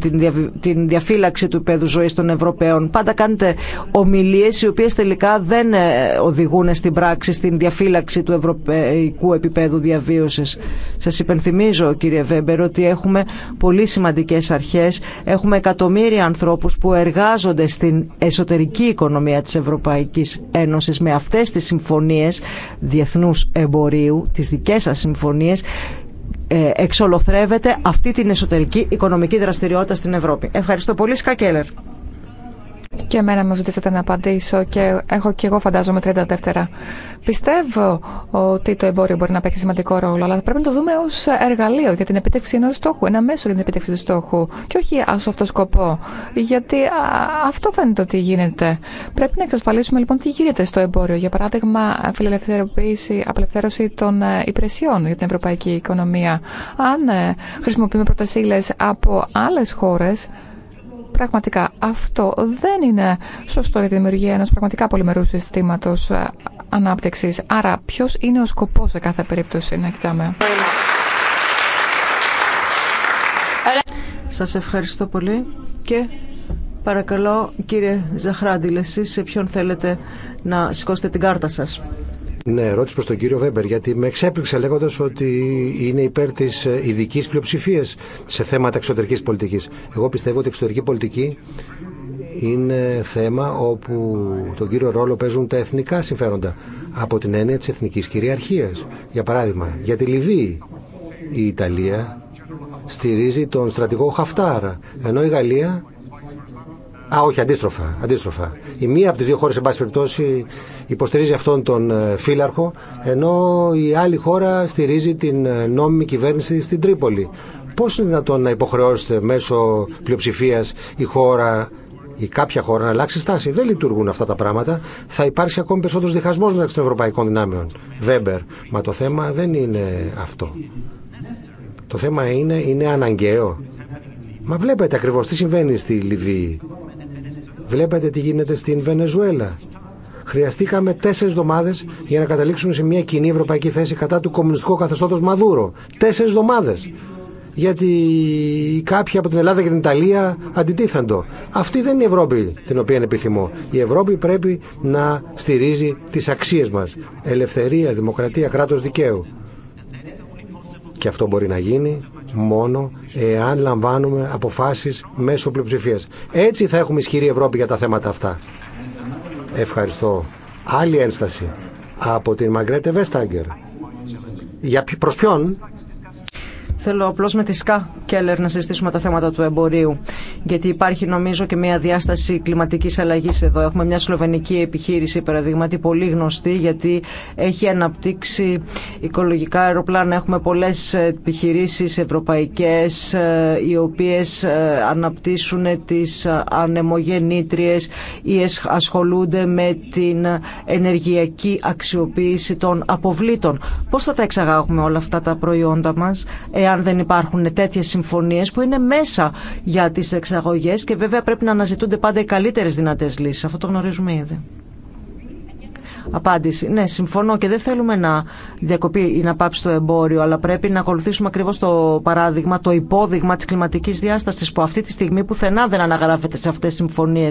[SPEAKER 1] την διαφύλαξη του επίπεδου ζωής των Ευρωπαίων. Πάντα κάνετε ομιλίες οι οποίες τελικά δεν ε, οδηγούν στην πράξη, στην διαφύλαξη του ευρωπαϊκού επίπεδου διαβίωσης. Σας υπενθυμίζω κύριε Βέμπερ ότι έχουμε πολύ σημαντικέ αρχές, έχουμε εκατομμύρια ανθρώπους που εργάζονται στην εσωτερική οικονομία οικονομία της Ευρωπαϊκής Ένωσης με αυτές τις συμφωνίες διεθνούς εμπορίου, τις δικές σας συμφωνίες, ε, εξολοθρεύεται αυτή την εσωτερική οικονομική δραστηριότητα στην Ευρώπη. Ευχαριστώ πολύ, Σκακέλερ.
[SPEAKER 3] Και εμένα μου ζητήσατε να απαντήσω και έχω και εγώ φαντάζομαι 30 δεύτερα. Πιστεύω ότι το εμπόριο μπορεί να παίξει σημαντικό ρόλο, αλλά πρέπει να το δούμε ω εργαλείο για την επίτευξη ενό στόχου, ένα μέσο για την επίτευξη του στόχου και όχι ω αυτό σκοπό. Γιατί αυτό φαίνεται ότι γίνεται. Πρέπει να εξασφαλίσουμε λοιπόν τι γίνεται στο εμπόριο. Για παράδειγμα, φιλελευθερωποίηση, απελευθέρωση των ε, υπηρεσιών για την ευρωπαϊκή οικονομία. Αν ε, χρησιμοποιούμε πρωτεσίλε από άλλε χώρε, Πραγματικά αυτό δεν είναι σωστό για τη δημιουργία ενός πραγματικά πολυμερού συστήματος ε, ανάπτυξης. Άρα ποιος είναι ο σκοπός σε κάθε περίπτωση να κοιτάμε. Σας
[SPEAKER 1] ευχαριστώ πολύ και παρακαλώ κύριε Ζαχράντιλ, εσείς σε ποιον θέλετε να σηκώσετε την κάρτα σας.
[SPEAKER 2] Ναι, ερώτηση προ τον κύριο Βέμπερ, γιατί με εξέπληξε λέγοντα ότι είναι υπέρ τη ε, ειδική πλειοψηφία σε θέματα εξωτερική πολιτική. Εγώ πιστεύω ότι η εξωτερική πολιτική είναι θέμα όπου τον κύριο ρόλο παίζουν τα εθνικά συμφέροντα. Από την έννοια τη εθνική κυριαρχία. Για παράδειγμα, για τη Λιβύη. Η Ιταλία στηρίζει τον στρατηγό Χαφτάρα, ενώ η Γαλλία Α, όχι, αντίστροφα. αντίστροφα. Η μία από τι δύο χώρε, εν πάση περιπτώσει, υποστηρίζει αυτόν τον ε, φύλαρχο, ενώ η άλλη χώρα στηρίζει την ε, νόμιμη κυβέρνηση στην Τρίπολη. Πώ είναι δυνατόν να υποχρεώσετε μέσω πλειοψηφία η χώρα ή κάποια χώρα να αλλάξει στάση. Δεν λειτουργούν αυτά τα πράγματα. Θα υπάρξει ακόμη περισσότερο διχασμό μεταξύ των ευρωπαϊκών δυνάμεων. Βέμπερ. Μα το θέμα δεν είναι αυτό. Το θέμα είναι, είναι αναγκαίο. Μα βλέπετε ακριβώ τι συμβαίνει στη Λιβύη. Βλέπετε τι γίνεται στην Βενεζουέλα. Χρειαστήκαμε τέσσερι εβδομάδε για να καταλήξουμε σε μια κοινή ευρωπαϊκή θέση κατά του κομμουνιστικού καθεστώτο Μαδούρο. Τέσσερι εβδομάδε. Γιατί κάποιοι από την Ελλάδα και την Ιταλία αντιτίθεντο. Αυτή δεν είναι η Ευρώπη την οποία επιθυμώ. Η Ευρώπη πρέπει να στηρίζει τι αξίε μα. Ελευθερία, δημοκρατία, κράτο δικαίου. Και αυτό μπορεί να γίνει μόνο εάν λαμβάνουμε αποφάσεις μέσω πλειοψηφία. Έτσι θα έχουμε ισχυρή Ευρώπη για τα θέματα αυτά. Ευχαριστώ. Άλλη ένσταση από την Μαγκρέτε Βέσταγκερ.
[SPEAKER 1] Για προς ποιον Θέλω απλώς με τη ΣΚΑ Κέλλερ να συζητήσουμε τα θέματα του εμπορίου. Γιατί υπάρχει νομίζω και μια διάσταση κλιματικής αλλαγής εδώ. Έχουμε μια σλοβενική επιχείρηση, παραδείγματι, πολύ γνωστή γιατί έχει αναπτύξει οικολογικά αεροπλάνα. Έχουμε πολλές επιχειρήσεις ευρωπαϊκές ε, οι οποίες ε, αναπτύσσουν τις ανεμογεννήτριες ή ασχολούνται με την ενεργειακή αξιοποίηση των αποβλήτων. Πώς θα τα εξαγάγουμε όλα αυτά τα προϊόντα μας, αν δεν υπάρχουν τέτοιε συμφωνίε που είναι μέσα για τι εξαγωγέ και βέβαια πρέπει να αναζητούνται πάντα οι καλύτερε δυνατέ λύσει. Αυτό το γνωρίζουμε ήδη απάντηση. Ναι, συμφωνώ και δεν θέλουμε να διακοπεί ή να πάψει το εμπόριο, αλλά πρέπει να ακολουθήσουμε ακριβώ το παράδειγμα, το υπόδειγμα τη κλιματική διάσταση που αυτή τη στιγμή πουθενά δεν αναγράφεται σε αυτέ τι συμφωνίε.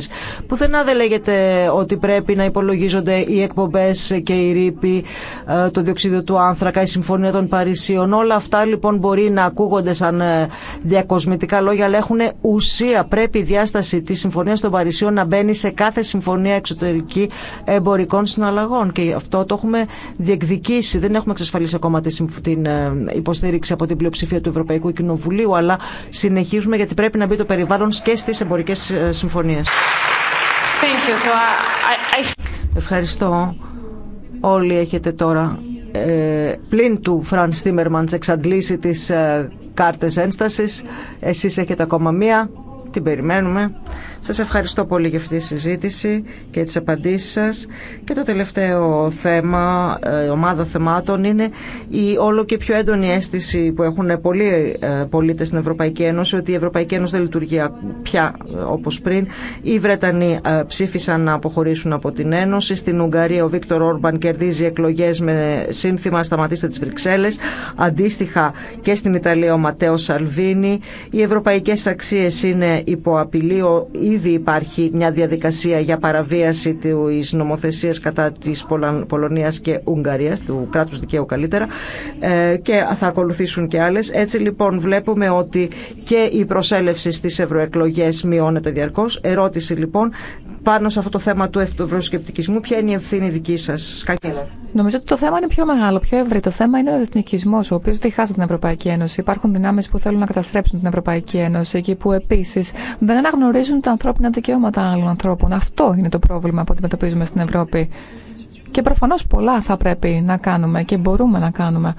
[SPEAKER 1] Πουθενά δεν λέγεται ότι πρέπει να υπολογίζονται οι εκπομπέ και οι ρήποι, ε, το διοξίδιο του άνθρακα, η Συμφωνία των Παρισίων. Όλα αυτά λοιπόν μπορεί να ακούγονται σαν ε, διακοσμητικά λόγια, αλλά έχουν ουσία. Πρέπει η διάσταση τη Συμφωνία των Παρισίων να μπαίνει σε κάθε συμφωνία εξωτερική εμπορικών συναλλαγών και αυτό το έχουμε διεκδικήσει. Δεν έχουμε εξασφαλίσει ακόμα την ε, υποστήριξη από την πλειοψηφία του Ευρωπαϊκού Κοινοβουλίου, αλλά συνεχίζουμε γιατί πρέπει να μπει το περιβάλλον και στις εμπορικές ε, συμφωνίες. Uh, Ευχαριστώ. Όλοι έχετε τώρα ε, πλην του Φραν Τίμερμαντς εξαντλήσει τις κάρτες ένστασης. Εσείς έχετε ακόμα μία. Την περιμένουμε. Σας ευχαριστώ πολύ για αυτή τη συζήτηση και τις απαντήσεις σας. Και το τελευταίο θέμα, ε, η ομάδα θεμάτων, είναι η όλο και πιο έντονη αίσθηση που έχουν πολλοί ε, πολίτες στην Ευρωπαϊκή Ένωση ότι η Ευρωπαϊκή Ένωση δεν λειτουργεί πια ε, όπως πριν. Οι Βρετανοί ψήφισαν να αποχωρήσουν από την Ένωση. Στην Ουγγαρία ο Βίκτορ Όρμπαν κερδίζει εκλογές με σύνθημα «Σταματήστε τις Βρυξέλλες». Αντίστοιχα και στην Ιταλία ο Ματέο Σαλβίνη. Οι ευρωπαϊκές αξίες είναι υπό απειλή ήδη υπάρχει μια διαδικασία για παραβίαση τη νομοθεσία κατά της Πολωνίας και Ουγγαρίας, του κράτους δικαίου καλύτερα ε, και θα ακολουθήσουν και άλλες. Έτσι λοιπόν βλέπουμε ότι και η προσέλευση στι ευρωεκλογέ μειώνεται διαρκώς. Ερώτηση λοιπόν πάνω σε αυτό το θέμα του ευρωσκεπτικισμού. Ποια είναι η ευθύνη δική σα, Σκάκελα.
[SPEAKER 3] Νομίζω ότι το θέμα είναι πιο μεγάλο, πιο ευρύ. Το θέμα είναι ο εθνικισμό, ο οποίο διχάζει την Ευρωπαϊκή Ένωση. Υπάρχουν δυνάμει που θέλουν να καταστρέψουν την Ευρωπαϊκή Ένωση και που επίση δεν αναγνωρίζουν τα ανθρώπινα δικαιώματα άλλων ανθρώπων. Αυτό είναι το πρόβλημα που αντιμετωπίζουμε στην Ευρώπη. Και προφανώ πολλά θα πρέπει να κάνουμε και μπορούμε να κάνουμε.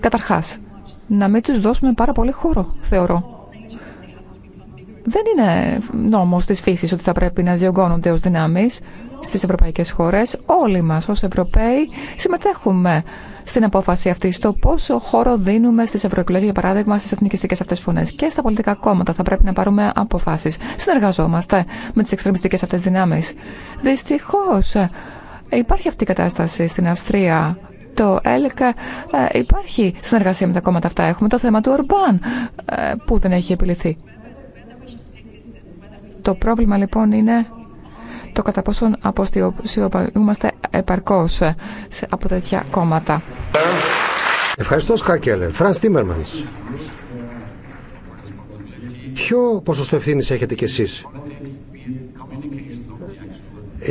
[SPEAKER 3] Καταρχά, να μην του δώσουμε πάρα πολύ χώρο, θεωρώ. Δεν είναι νόμος της φύσης ότι θα πρέπει να διωγγώνονται ως δυνάμεις στις ευρωπαϊκές χώρες. Όλοι μας ως Ευρωπαίοι συμμετέχουμε στην απόφαση αυτή, στο πόσο χώρο δίνουμε στι ευρωεκλογέ, για παράδειγμα, στι εθνικιστικέ αυτέ φωνέ και στα πολιτικά κόμματα. Θα πρέπει να πάρουμε αποφάσει. Συνεργαζόμαστε με τι εξτρεμιστικέ αυτέ δυνάμει. Δυστυχώ υπάρχει αυτή η κατάσταση στην Αυστρία. Το ΕΛΚΑ ε, υπάρχει συνεργασία με τα κόμματα αυτά. Έχουμε το θέμα του Ορμπάν ε, που δεν έχει επιληθεί. Το πρόβλημα λοιπόν είναι το κατά πόσον αποστιωποιούμαστε επαρκώς από τέτοια κόμματα.
[SPEAKER 2] Ευχαριστώ Σκάκελε. Φρανς Τίμερμανς. Ποιο ποσοστό ευθύνη έχετε κι εσείς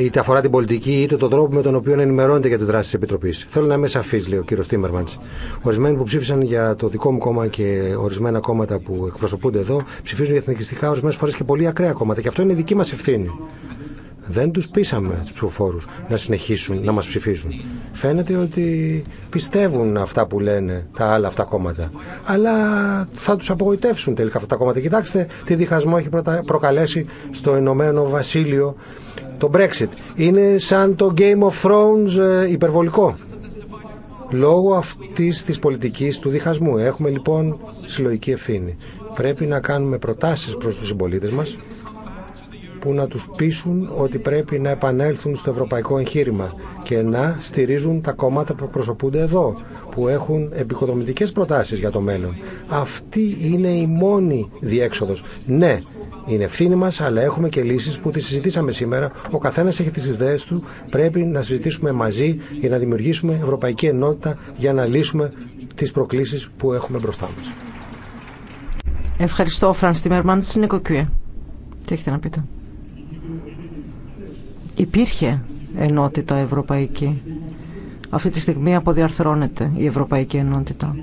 [SPEAKER 2] είτε αφορά την πολιτική είτε τον τρόπο με τον οποίο ενημερώνεται για τη δράση τη Επιτροπή. Θέλω να είμαι σαφή, λέει ο κύριο Τίμερμαντ. Ορισμένοι που ψήφισαν για το δικό μου κόμμα και ορισμένα κόμματα που εκπροσωπούνται εδώ ψηφίζουν για εθνικιστικά ορισμένε φορέ και πολύ ακραία κόμματα. Και αυτό είναι δική μα ευθύνη. Δεν του πείσαμε του ψηφοφόρου να συνεχίσουν να μα ψηφίζουν. Φαίνεται ότι πιστεύουν αυτά που λένε τα άλλα αυτά κόμματα. Αλλά θα του απογοητεύσουν τελικά αυτά τα κόμματα. Κοιτάξτε τι διχασμό έχει προκαλέσει στο Ηνωμένο Βασίλειο το Brexit. Είναι σαν το Game of Thrones ε, υπερβολικό. Λόγω αυτής της πολιτικής του διχασμού έχουμε λοιπόν συλλογική ευθύνη. Πρέπει να κάνουμε προτάσεις προς τους συμπολίτε μας που να τους πείσουν ότι πρέπει να επανέλθουν στο ευρωπαϊκό εγχείρημα και να στηρίζουν τα κόμματα που προσωπούνται εδώ που έχουν επικοδομητικές προτάσεις για το μέλλον. Αυτή είναι η μόνη διέξοδος. Ναι, είναι ευθύνη μα, αλλά έχουμε και λύσεις που τις συζητήσαμε σήμερα. Ο καθένας έχει τις ιδέες του. Πρέπει να συζητήσουμε μαζί για να δημιουργήσουμε ευρωπαϊκή ενότητα για να λύσουμε τις προκλήσεις που έχουμε μπροστά μας.
[SPEAKER 1] Ευχαριστώ, Φρανς Τιμερμάν. Στην Τι έχετε να πείτε. Υπήρχε ενότητα ευρωπαϊκή αυτή τη στιγμή αποδιαρθρώνεται η Ευρωπαϊκή Ενότητα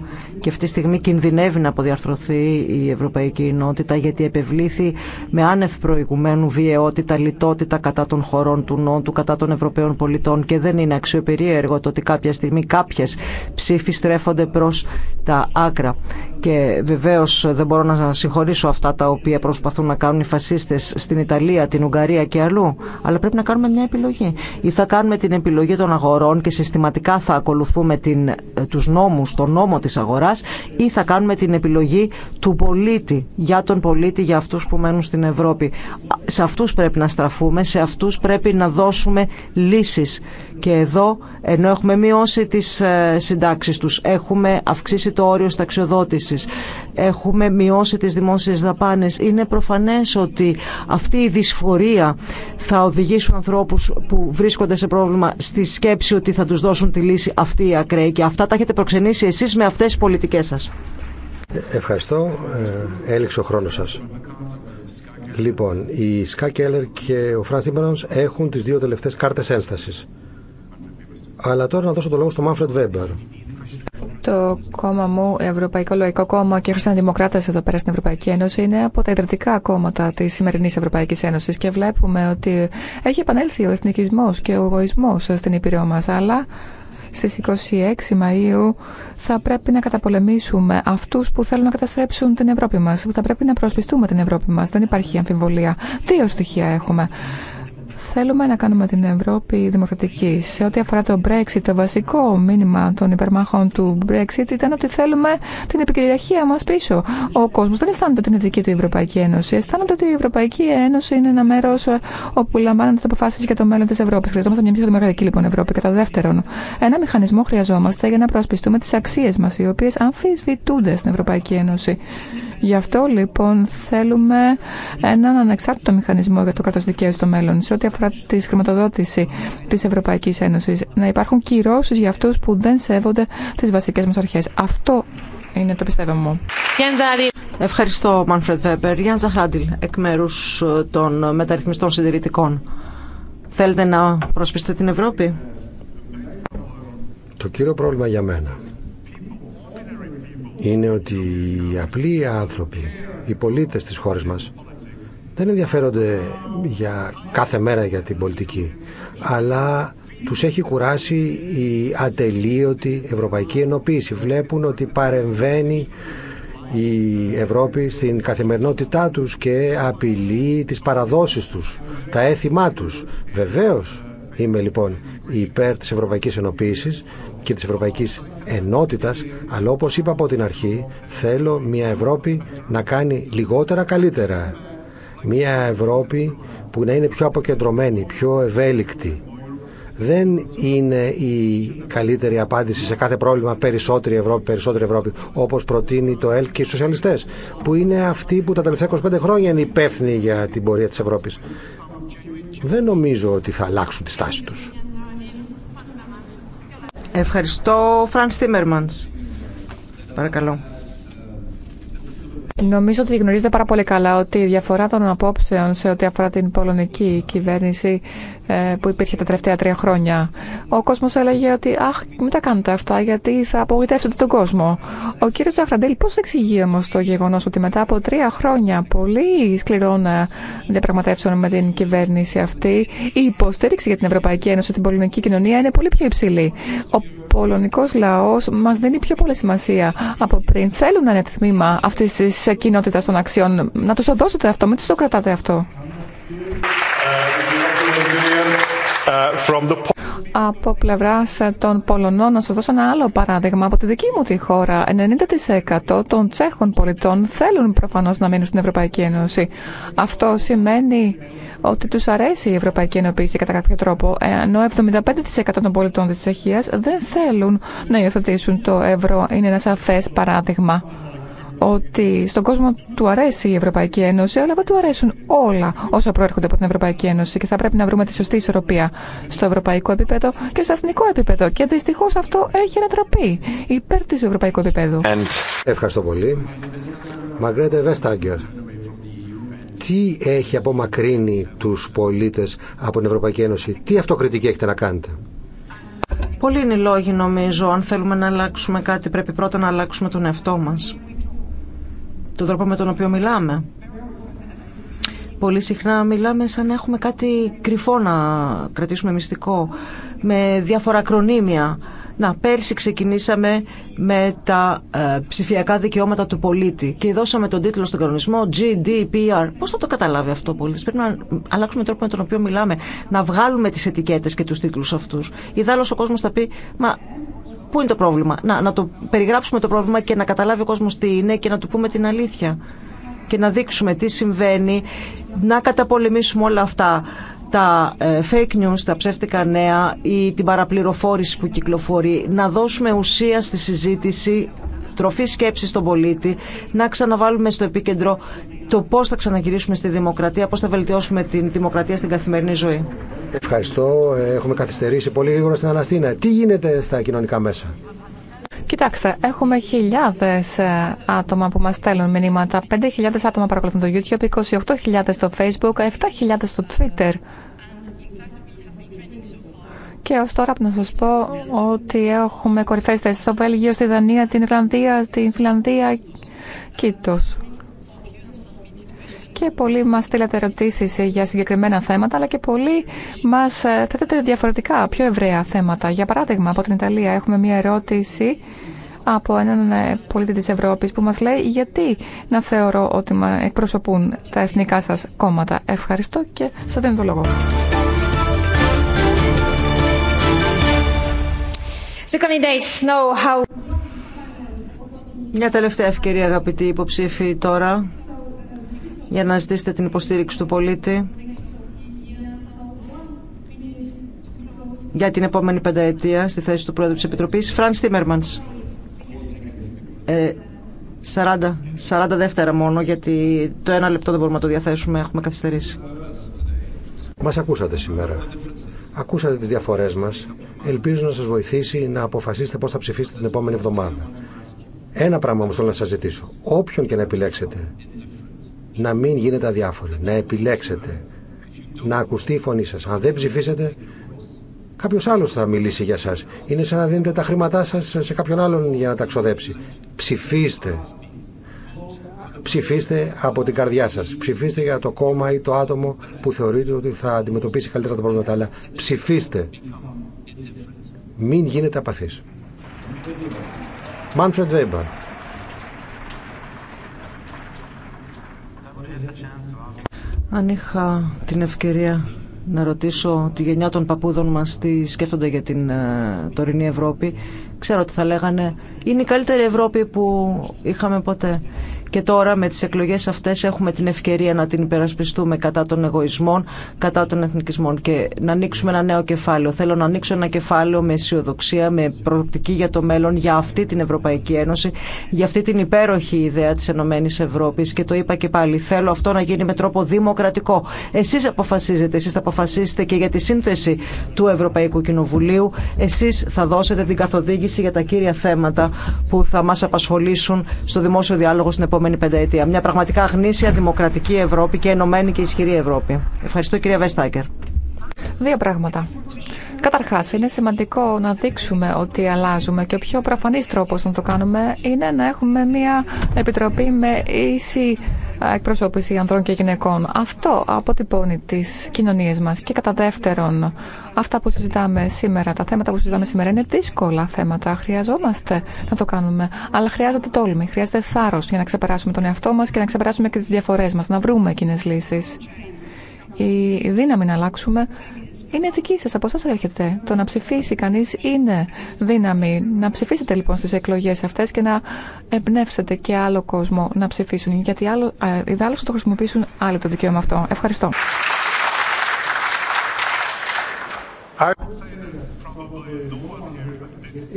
[SPEAKER 1] και αυτή τη στιγμή κινδυνεύει να αποδιαρθρωθεί η Ευρωπαϊκή Ενότητα γιατί επευλήθη με άνευ προηγουμένου βιαιότητα, λιτότητα κατά των χωρών του Νότου, κατά των Ευρωπαίων πολιτών και δεν είναι αξιοπερίεργο το ότι κάποια στιγμή κάποιε ψήφοι στρέφονται προς τα άκρα. Και βεβαίω δεν μπορώ να συγχωρήσω αυτά τα οποία προσπαθούν να κάνουν οι φασίστε στην Ιταλία, την Ουγγαρία και αλλού. Αλλά πρέπει να κάνουμε μια επιλογή. Ή θα κάνουμε την επιλογή των αγορών και συστηματικά θα ακολουθούμε του νόμου, τον νόμο τη αγορά ή θα κάνουμε την επιλογή του πολίτη, για τον πολίτη, για αυτούς που μένουν στην Ευρώπη. Σε αυτούς πρέπει να στραφούμε, σε αυτούς πρέπει να δώσουμε λύσεις. Και εδώ, ενώ έχουμε μειώσει τις ε, συντάξεις τους, έχουμε αυξήσει το όριο σταξιοδότησης, έχουμε μειώσει τις δημόσιες δαπάνες, είναι προφανές ότι αυτή η δυσφορία θα οδηγήσουν ανθρώπους που βρίσκονται σε πρόβλημα στη σκέψη ότι θα τους δώσουν τη λύση αυτή η ακραία. Και αυτά τα έχετε προξενήσει εσείς με αυτές τις πολιτικές
[SPEAKER 2] Ευχαριστώ. Ε, έληξε ο χρόνος σας. Λοιπόν, η Σκά Κέλλερ και ο Φρανς Τίμερανς έχουν τις δύο τελευταίες κάρτες ένστασης. Αλλά τώρα να δώσω το λόγο στο Μάνφρετ Βέμπερ.
[SPEAKER 3] Το κόμμα μου, Ευρωπαϊκό Λαϊκό Κόμμα και Χριστιανοδημοκράτε εδώ πέρα στην Ευρωπαϊκή Ένωση, είναι από τα ιδρυτικά κόμματα τη σημερινή Ευρωπαϊκή Ένωση και βλέπουμε ότι έχει επανέλθει ο εθνικισμό και ο εγωισμό στην Ήπειρο μα. Αλλά στις 26 Μαΐου θα πρέπει να καταπολεμήσουμε αυτούς που θέλουν να καταστρέψουν την Ευρώπη μας, θα πρέπει να προσπιστούμε την Ευρώπη μας. Δεν υπάρχει αμφιβολία. Δύο στοιχεία έχουμε. Θέλουμε να κάνουμε την Ευρώπη δημοκρατική. Σε ό,τι αφορά το Brexit, το βασικό μήνυμα των υπερμαχών του Brexit ήταν ότι θέλουμε την επικυριαρχία μα πίσω. Ο κόσμο δεν αισθάνεται ότι είναι δική του η Ευρωπαϊκή Ένωση. Αισθάνονται ότι η Ευρωπαϊκή Ένωση είναι ένα μέρο ε, όπου λαμβάνονται αποφάσει για το μέλλον τη Ευρώπη. Χρειαζόμαστε μια πιο δημοκρατική λοιπόν Ευρώπη. Κατά δεύτερον, ένα μηχανισμό χρειαζόμαστε για να προασπιστούμε τι αξίε μα, οι οποίε αμφισβητούνται στην Ευρωπαϊκή Ένωση. Γι' αυτό λοιπόν θέλουμε έναν ανεξάρτητο μηχανισμό για το κράτο δικαίου στο μέλλον σε ό,τι αφορά τη χρηματοδότηση τη Ευρωπαϊκή Ένωση. Να υπάρχουν κυρώσει για αυτού που δεν σέβονται τι βασικέ μα αρχέ. Αυτό είναι το πιστεύω μου.
[SPEAKER 1] Ευχαριστώ, Μάνφρετ Βέμπερ. Γιάννη Ζαχράντιλ, εκ μέρου ε, των μεταρρυθμιστών συντηρητικών. Θέλετε να προσπιστείτε την Ευρώπη.
[SPEAKER 2] Το κύριο πρόβλημα για μένα είναι ότι οι απλοί άνθρωποι, οι πολίτες της χώρας μας δεν ενδιαφέρονται για κάθε μέρα για την πολιτική αλλά τους έχει κουράσει η ατελείωτη ευρωπαϊκή ενοποίηση. Βλέπουν ότι παρεμβαίνει η Ευρώπη στην καθημερινότητά τους και απειλεί τις παραδόσεις τους, τα έθιμά τους. Βεβαίως είμαι λοιπόν υπέρ της ευρωπαϊκής ενοποίησης και της ευρωπαϊκής ενότητας, αλλά όπως είπα από την αρχή, θέλω μια Ευρώπη να κάνει λιγότερα καλύτερα. Μια Ευρώπη που να είναι πιο αποκεντρωμένη, πιο ευέλικτη. Δεν είναι η καλύτερη απάντηση σε κάθε πρόβλημα περισσότερη Ευρώπη, περισσότερη Ευρώπη, όπως προτείνει το ΕΛ και οι σοσιαλιστές, που είναι αυτοί που τα τελευταία 25 χρόνια είναι υπεύθυνοι για την πορεία τη Ευρώπη. Δεν νομίζω ότι θα αλλάξουν τη στάση τους.
[SPEAKER 3] Ευχαριστώ, Φραν Τίμερμανς. Παρακαλώ. Νομίζω ότι γνωρίζετε πάρα πολύ καλά ότι η διαφορά των απόψεων σε ό,τι αφορά την πολωνική κυβέρνηση ε, που υπήρχε τα τελευταία τρία χρόνια. Ο κόσμο έλεγε ότι αχ, μην τα κάνετε αυτά γιατί θα απογοητεύσετε τον κόσμο. Ο κύριο Ζαχραντέλη πώ εξηγεί όμω το γεγονό ότι μετά από τρία χρόνια πολύ σκληρών ε, διαπραγματεύσεων με την κυβέρνηση αυτή, η υποστήριξη για την Ευρωπαϊκή Ένωση στην πολωνική κοινωνία είναι πολύ πιο υψηλή. Ο πολωνικό λαό μα δίνει πιο πολύ σημασία από πριν. Θέλουν να είναι τμήμα αυτή τη κοινότητα των αξιών. Να του το δώσετε αυτό, μην του το κρατάτε αυτό. Ε, Uh, Από πλευρά ε, των Πολωνών, να σα δώσω ένα άλλο παράδειγμα. Από τη δική μου τη χώρα, 90% των Τσέχων πολιτών θέλουν προφανώ να μείνουν στην Ευρωπαϊκή Ένωση. Αυτό σημαίνει ότι του αρέσει η Ευρωπαϊκή Ενωποίηση κατά κάποιο τρόπο, ενώ 75% των πολιτών τη Τσεχία δεν θέλουν να υιοθετήσουν το ευρώ. Είναι ένα σαφέ παράδειγμα ότι στον κόσμο του αρέσει η Ευρωπαϊκή Ένωση, αλλά δεν του αρέσουν όλα όσα προέρχονται από την Ευρωπαϊκή Ένωση και θα πρέπει να βρούμε τη σωστή ισορροπία στο ευρωπαϊκό επίπεδο και στο εθνικό επίπεδο. Και δυστυχώ αυτό έχει ανατραπεί υπέρ τη ευρωπαϊκού επίπεδου.
[SPEAKER 2] Ευχαριστώ πολύ. Μαγκρέτε Βεστάγκερ. Τι έχει απομακρύνει του πολίτε από την Ευρωπαϊκή Ένωση, τι αυτοκριτική έχετε να κάνετε.
[SPEAKER 1] Πολλοί είναι οι λόγοι νομίζω. Αν θέλουμε να αλλάξουμε κάτι πρέπει πρώτα να αλλάξουμε τον εαυτό μας τον τρόπο με τον οποίο μιλάμε. Πολύ συχνά μιλάμε σαν να έχουμε κάτι κρυφό να κρατήσουμε μυστικό, με διάφορα κρονίμια. Να, πέρσι ξεκινήσαμε με τα ε, ψηφιακά δικαιώματα του πολίτη και δώσαμε τον τίτλο στον κανονισμό GDPR. Πώς θα το καταλάβει αυτό ο πολίτης. Πρέπει να αλλάξουμε τρόπο με τον οποίο μιλάμε, να βγάλουμε τις ετικέτες και τους τίτλους αυτούς. Ιδάλλως ο κόσμος θα πει, μα Πού είναι το πρόβλημα. Να, να το περιγράψουμε το πρόβλημα και να καταλάβει ο κόσμο τι είναι και να του πούμε την αλήθεια. Και να δείξουμε τι συμβαίνει, να καταπολεμήσουμε όλα αυτά τα ε, fake news, τα ψεύτικα νέα ή την παραπληροφόρηση που κυκλοφορεί, να δώσουμε ουσία στη συζήτηση, τροφή σκέψη στον πολίτη, να ξαναβάλουμε στο επίκεντρο το πώ θα ξαναγυρίσουμε στη δημοκρατία, πώ θα βελτιώσουμε τη δημοκρατία στην καθημερινή ζωή.
[SPEAKER 2] Ευχαριστώ. Έχουμε καθυστερήσει πολύ γρήγορα στην Αναστήνα. Τι γίνεται στα κοινωνικά μέσα.
[SPEAKER 3] Κοιτάξτε, έχουμε χιλιάδε ε, άτομα που μα στέλνουν μηνύματα. 5.000 άτομα παρακολουθούν το YouTube, 28.000 στο Facebook, 7.000 στο Twitter. Και ω τώρα να σα πω ότι έχουμε κορυφαίε θέσει στο Βέλγιο, στη Δανία, την Ιρλανδία, στην Φιλανδία, Κύπτος και πολλοί μας στείλατε ερωτήσει για συγκεκριμένα θέματα, αλλά και πολλοί μας ε, θέτετε διαφορετικά, πιο ευραία θέματα. Για παράδειγμα, από την Ιταλία έχουμε μία ερώτηση από έναν ε, πολίτη της Ευρώπης που μας λέει γιατί να θεωρώ ότι με εκπροσωπούν τα εθνικά σας κόμματα. Ευχαριστώ και σας δίνω το λόγο.
[SPEAKER 1] Μια τελευταία ευκαιρία αγαπητοί υποψήφοι τώρα για να ζητήσετε την υποστήριξη του πολίτη για την επόμενη πενταετία στη θέση του Πρόεδρου της Επιτροπής, Φραν Τίμερμανς. Ε, 40, 40 δεύτερα μόνο, γιατί το ένα λεπτό δεν μπορούμε να το διαθέσουμε, έχουμε καθυστερήσει.
[SPEAKER 2] Μας ακούσατε σήμερα. Ακούσατε τις διαφορές μας. Ελπίζω να σας βοηθήσει να αποφασίσετε πώς θα ψηφίσετε την επόμενη εβδομάδα. Ένα πράγμα όμως θέλω να σας ζητήσω. Όποιον και να επιλέξετε, να μην γίνετε αδιάφοροι, να επιλέξετε, να ακουστεί η φωνή σας. Αν δεν ψηφίσετε, κάποιος άλλος θα μιλήσει για σας. Είναι σαν να δίνετε τα χρήματά σας σε κάποιον άλλον για να τα ξοδέψει. Ψηφίστε. Ψηφίστε από την καρδιά σας. Ψηφίστε για το κόμμα ή το άτομο που θεωρείτε ότι θα αντιμετωπίσει καλύτερα τα προβλήματα. Αλλά ψηφίστε. Μην γίνετε απαθείς. Manfred Weber.
[SPEAKER 1] Αν είχα την ευκαιρία να ρωτήσω τη γενιά των παππούδων μας τι σκέφτονται για την ε, τωρινή Ευρώπη, ξέρω ότι θα λέγανε είναι η καλύτερη Ευρώπη που είχαμε ποτέ. Και τώρα με τις εκλογές αυτές έχουμε την ευκαιρία να την υπερασπιστούμε κατά των εγωισμών, κατά των εθνικισμών και να ανοίξουμε ένα νέο κεφάλαιο. Θέλω να ανοίξω ένα κεφάλαιο με αισιοδοξία, με προοπτική για το μέλλον, για αυτή την Ευρωπαϊκή Ένωση, για αυτή την υπέροχη ιδέα της Ενωμένης Ευρώπης και το είπα και πάλι. Θέλω αυτό να γίνει με τρόπο δημοκρατικό. Εσείς αποφασίζετε, εσείς θα αποφασίσετε και για τη σύνθεση του Ευρωπαϊκού Κοινοβουλίου. Εσείς θα δώσετε την καθοδήγηση για τα κύρια θέματα που θα μας απασχολήσουν στο δημόσιο διάλογο στην επόμενη πενταετία. Μια πραγματικά γνήσια, δημοκρατική Ευρώπη και ενωμένη και ισχυρή Ευρώπη. Ευχαριστώ κυρία Βεστάκερ.
[SPEAKER 3] Δύο πράγματα. Καταρχά, είναι σημαντικό να δείξουμε ότι αλλάζουμε και ο πιο προφανή τρόπο να το κάνουμε είναι να έχουμε μια επιτροπή με ίση εκπροσώπηση ανδρών και γυναικών. Αυτό αποτυπώνει τις κοινωνίες μας και κατά δεύτερον αυτά που συζητάμε σήμερα, τα θέματα που συζητάμε σήμερα είναι δύσκολα θέματα. Χρειαζόμαστε να το κάνουμε. Αλλά χρειάζεται τόλμη, χρειάζεται θάρρο για να ξεπεράσουμε τον εαυτό μα και να ξεπεράσουμε και τι διαφορέ μα, να βρούμε κοινέ λύσει. Η δύναμη να αλλάξουμε είναι δική σας, από σας έρχεται. Το να ψηφίσει κανείς είναι δύναμη. Να ψηφίσετε λοιπόν στις εκλογές αυτές και να εμπνεύσετε και άλλο κόσμο να ψηφίσουν. Γιατί άλλο, ε, άλλοι θα το χρησιμοποιήσουν άλλοι το δικαίωμα αυτό. Ευχαριστώ.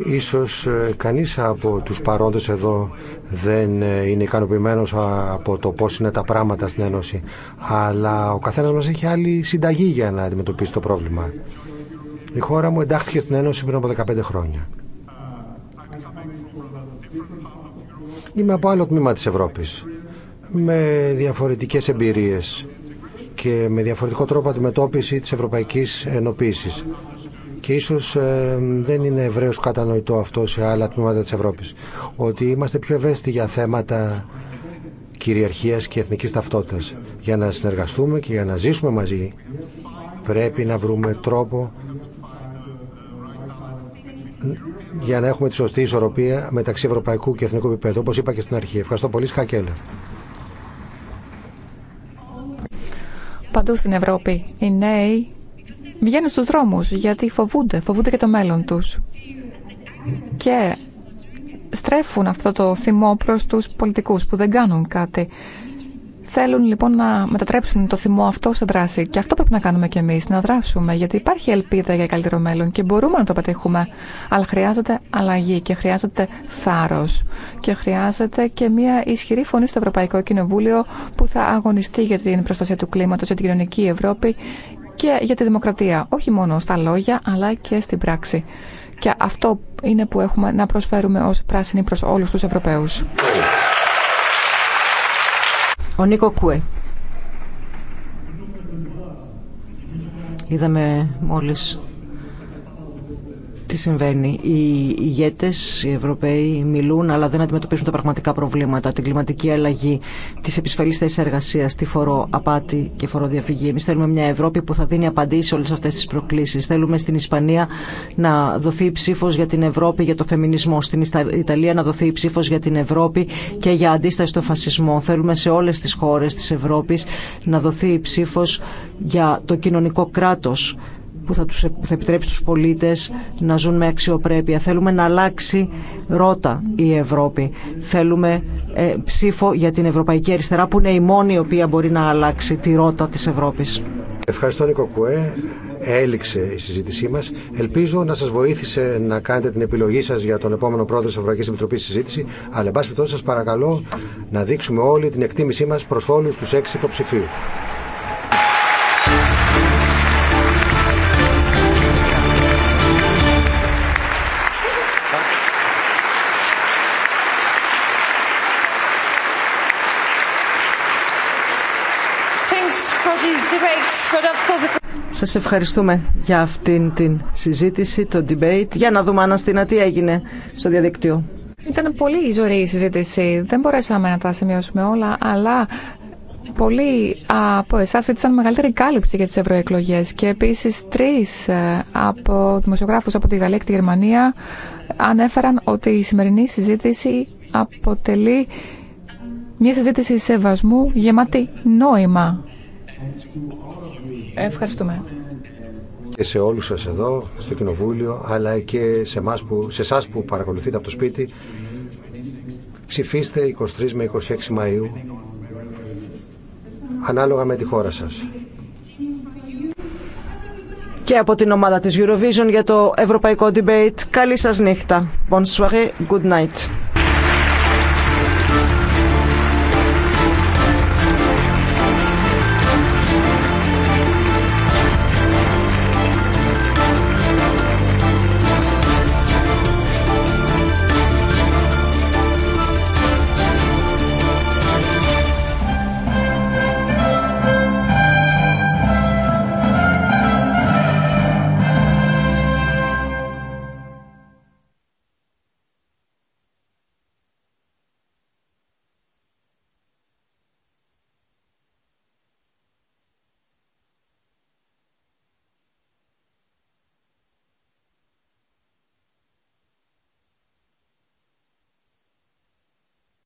[SPEAKER 2] Ίσως ε, κανείς από τους παρόντες εδώ δεν ε, είναι ικανοποιημένος από το πώς είναι τα πράγματα στην Ένωση. Αλλά ο καθένας μας έχει άλλη συνταγή για να αντιμετωπίσει το πρόβλημα. Η χώρα μου εντάχθηκε στην Ένωση πριν από 15 χρόνια. Είμαι από άλλο τμήμα της Ευρώπης. Με διαφορετικές εμπειρίες και με διαφορετικό τρόπο αντιμετώπιση της ευρωπαϊκής ενοποίησης και ίσως ε, δεν είναι ευρέω κατανοητό αυτό σε άλλα τμήματα της Ευρώπης ότι είμαστε πιο ευαίσθητοι για θέματα κυριαρχία και εθνικής ταυτότητας για να συνεργαστούμε και για να ζήσουμε μαζί πρέπει να βρούμε τρόπο για να έχουμε τη σωστή ισορροπία μεταξύ ευρωπαϊκού και εθνικού επίπεδου, όπως είπα και στην αρχή. Ευχαριστώ πολύ, Σχακέλε.
[SPEAKER 3] Παντού στην Ευρώπη οι νέοι βγαίνουν στους δρόμους γιατί φοβούνται, φοβούνται και το μέλλον τους. Και στρέφουν αυτό το θυμό προς τους πολιτικούς που δεν κάνουν κάτι. Θέλουν λοιπόν να μετατρέψουν το θυμό αυτό σε δράση. Και αυτό πρέπει να κάνουμε κι εμείς, να δράσουμε, γιατί υπάρχει ελπίδα για καλύτερο μέλλον και μπορούμε να το πετύχουμε. Αλλά χρειάζεται αλλαγή και χρειάζεται θάρρος. Και χρειάζεται και μια ισχυρή φωνή στο Ευρωπαϊκό Κοινοβούλιο που θα αγωνιστεί για την προστασία του κλίματο για την κοινωνική Ευρώπη, και για τη δημοκρατία. Όχι μόνο στα λόγια, αλλά και στην πράξη. Και αυτό είναι που έχουμε να προσφέρουμε ως πράσινη προς όλους τους Ευρωπαίους. Ο Νίκο
[SPEAKER 1] μόλις τι συμβαίνει. Οι ηγέτε, οι Ευρωπαίοι μιλούν, αλλά δεν αντιμετωπίζουν τα πραγματικά προβλήματα. Την κλιματική αλλαγή, τι επισφαλεί θέσει εργασία, τη φοροαπάτη και φοροδιαφυγή. Εμεί θέλουμε μια Ευρώπη που θα δίνει απαντήσει σε όλε αυτέ τι προκλήσει. Θέλουμε στην Ισπανία να δοθεί ψήφο για την Ευρώπη, για το φεμινισμό. Στην Ιταλία να δοθεί ψήφο για την Ευρώπη και για αντίσταση στο φασισμό. Θέλουμε σε όλε τι χώρε τη Ευρώπη να δοθεί ψήφο για το κοινωνικό κράτο που θα, τους, θα επιτρέψει τους πολίτες να ζουν με αξιοπρέπεια. Θέλουμε να αλλάξει ρότα η Ευρώπη. Θέλουμε ε, ψήφο για την Ευρωπαϊκή Αριστερά που είναι η μόνη η οποία μπορεί να αλλάξει τη ρότα της Ευρώπης.
[SPEAKER 2] Ευχαριστώ Νίκο Κουέ. Έληξε η συζήτησή μα. Ελπίζω να σα βοήθησε να κάνετε την επιλογή σα για τον επόμενο πρόεδρο τη Ευρωπαϊκή Επιτροπή συζήτηση. Αλλά, εν πάση σα παρακαλώ να δείξουμε όλη την εκτίμησή μα προ όλου του έξι υποψηφίου.
[SPEAKER 1] Σας ευχαριστούμε για αυτήν την συζήτηση, το debate. Για να δούμε, Αναστήνα, τι έγινε στο διαδικτύο.
[SPEAKER 3] Ήταν πολύ ζωή η συζήτηση. Δεν μπορέσαμε να τα σημειώσουμε όλα, αλλά πολλοί από εσά ζήτησαν μεγαλύτερη κάλυψη για τι ευρωεκλογέ. Και επίση, τρει ε, από δημοσιογράφου από τη Γαλλία και τη Γερμανία ανέφεραν ότι η σημερινή συζήτηση αποτελεί μια συζήτηση σεβασμού γεμάτη νόημα. Ευχαριστούμε.
[SPEAKER 2] Και σε όλους σας εδώ, στο Κοινοβούλιο, αλλά και σε, εμάς που, σε που παρακολουθείτε από το σπίτι, ψηφίστε 23 με 26 Μαΐου, ανάλογα με τη χώρα σας.
[SPEAKER 1] Και από την ομάδα της Eurovision για το ευρωπαϊκό debate, καλή σας νύχτα. Bonsoir, good night.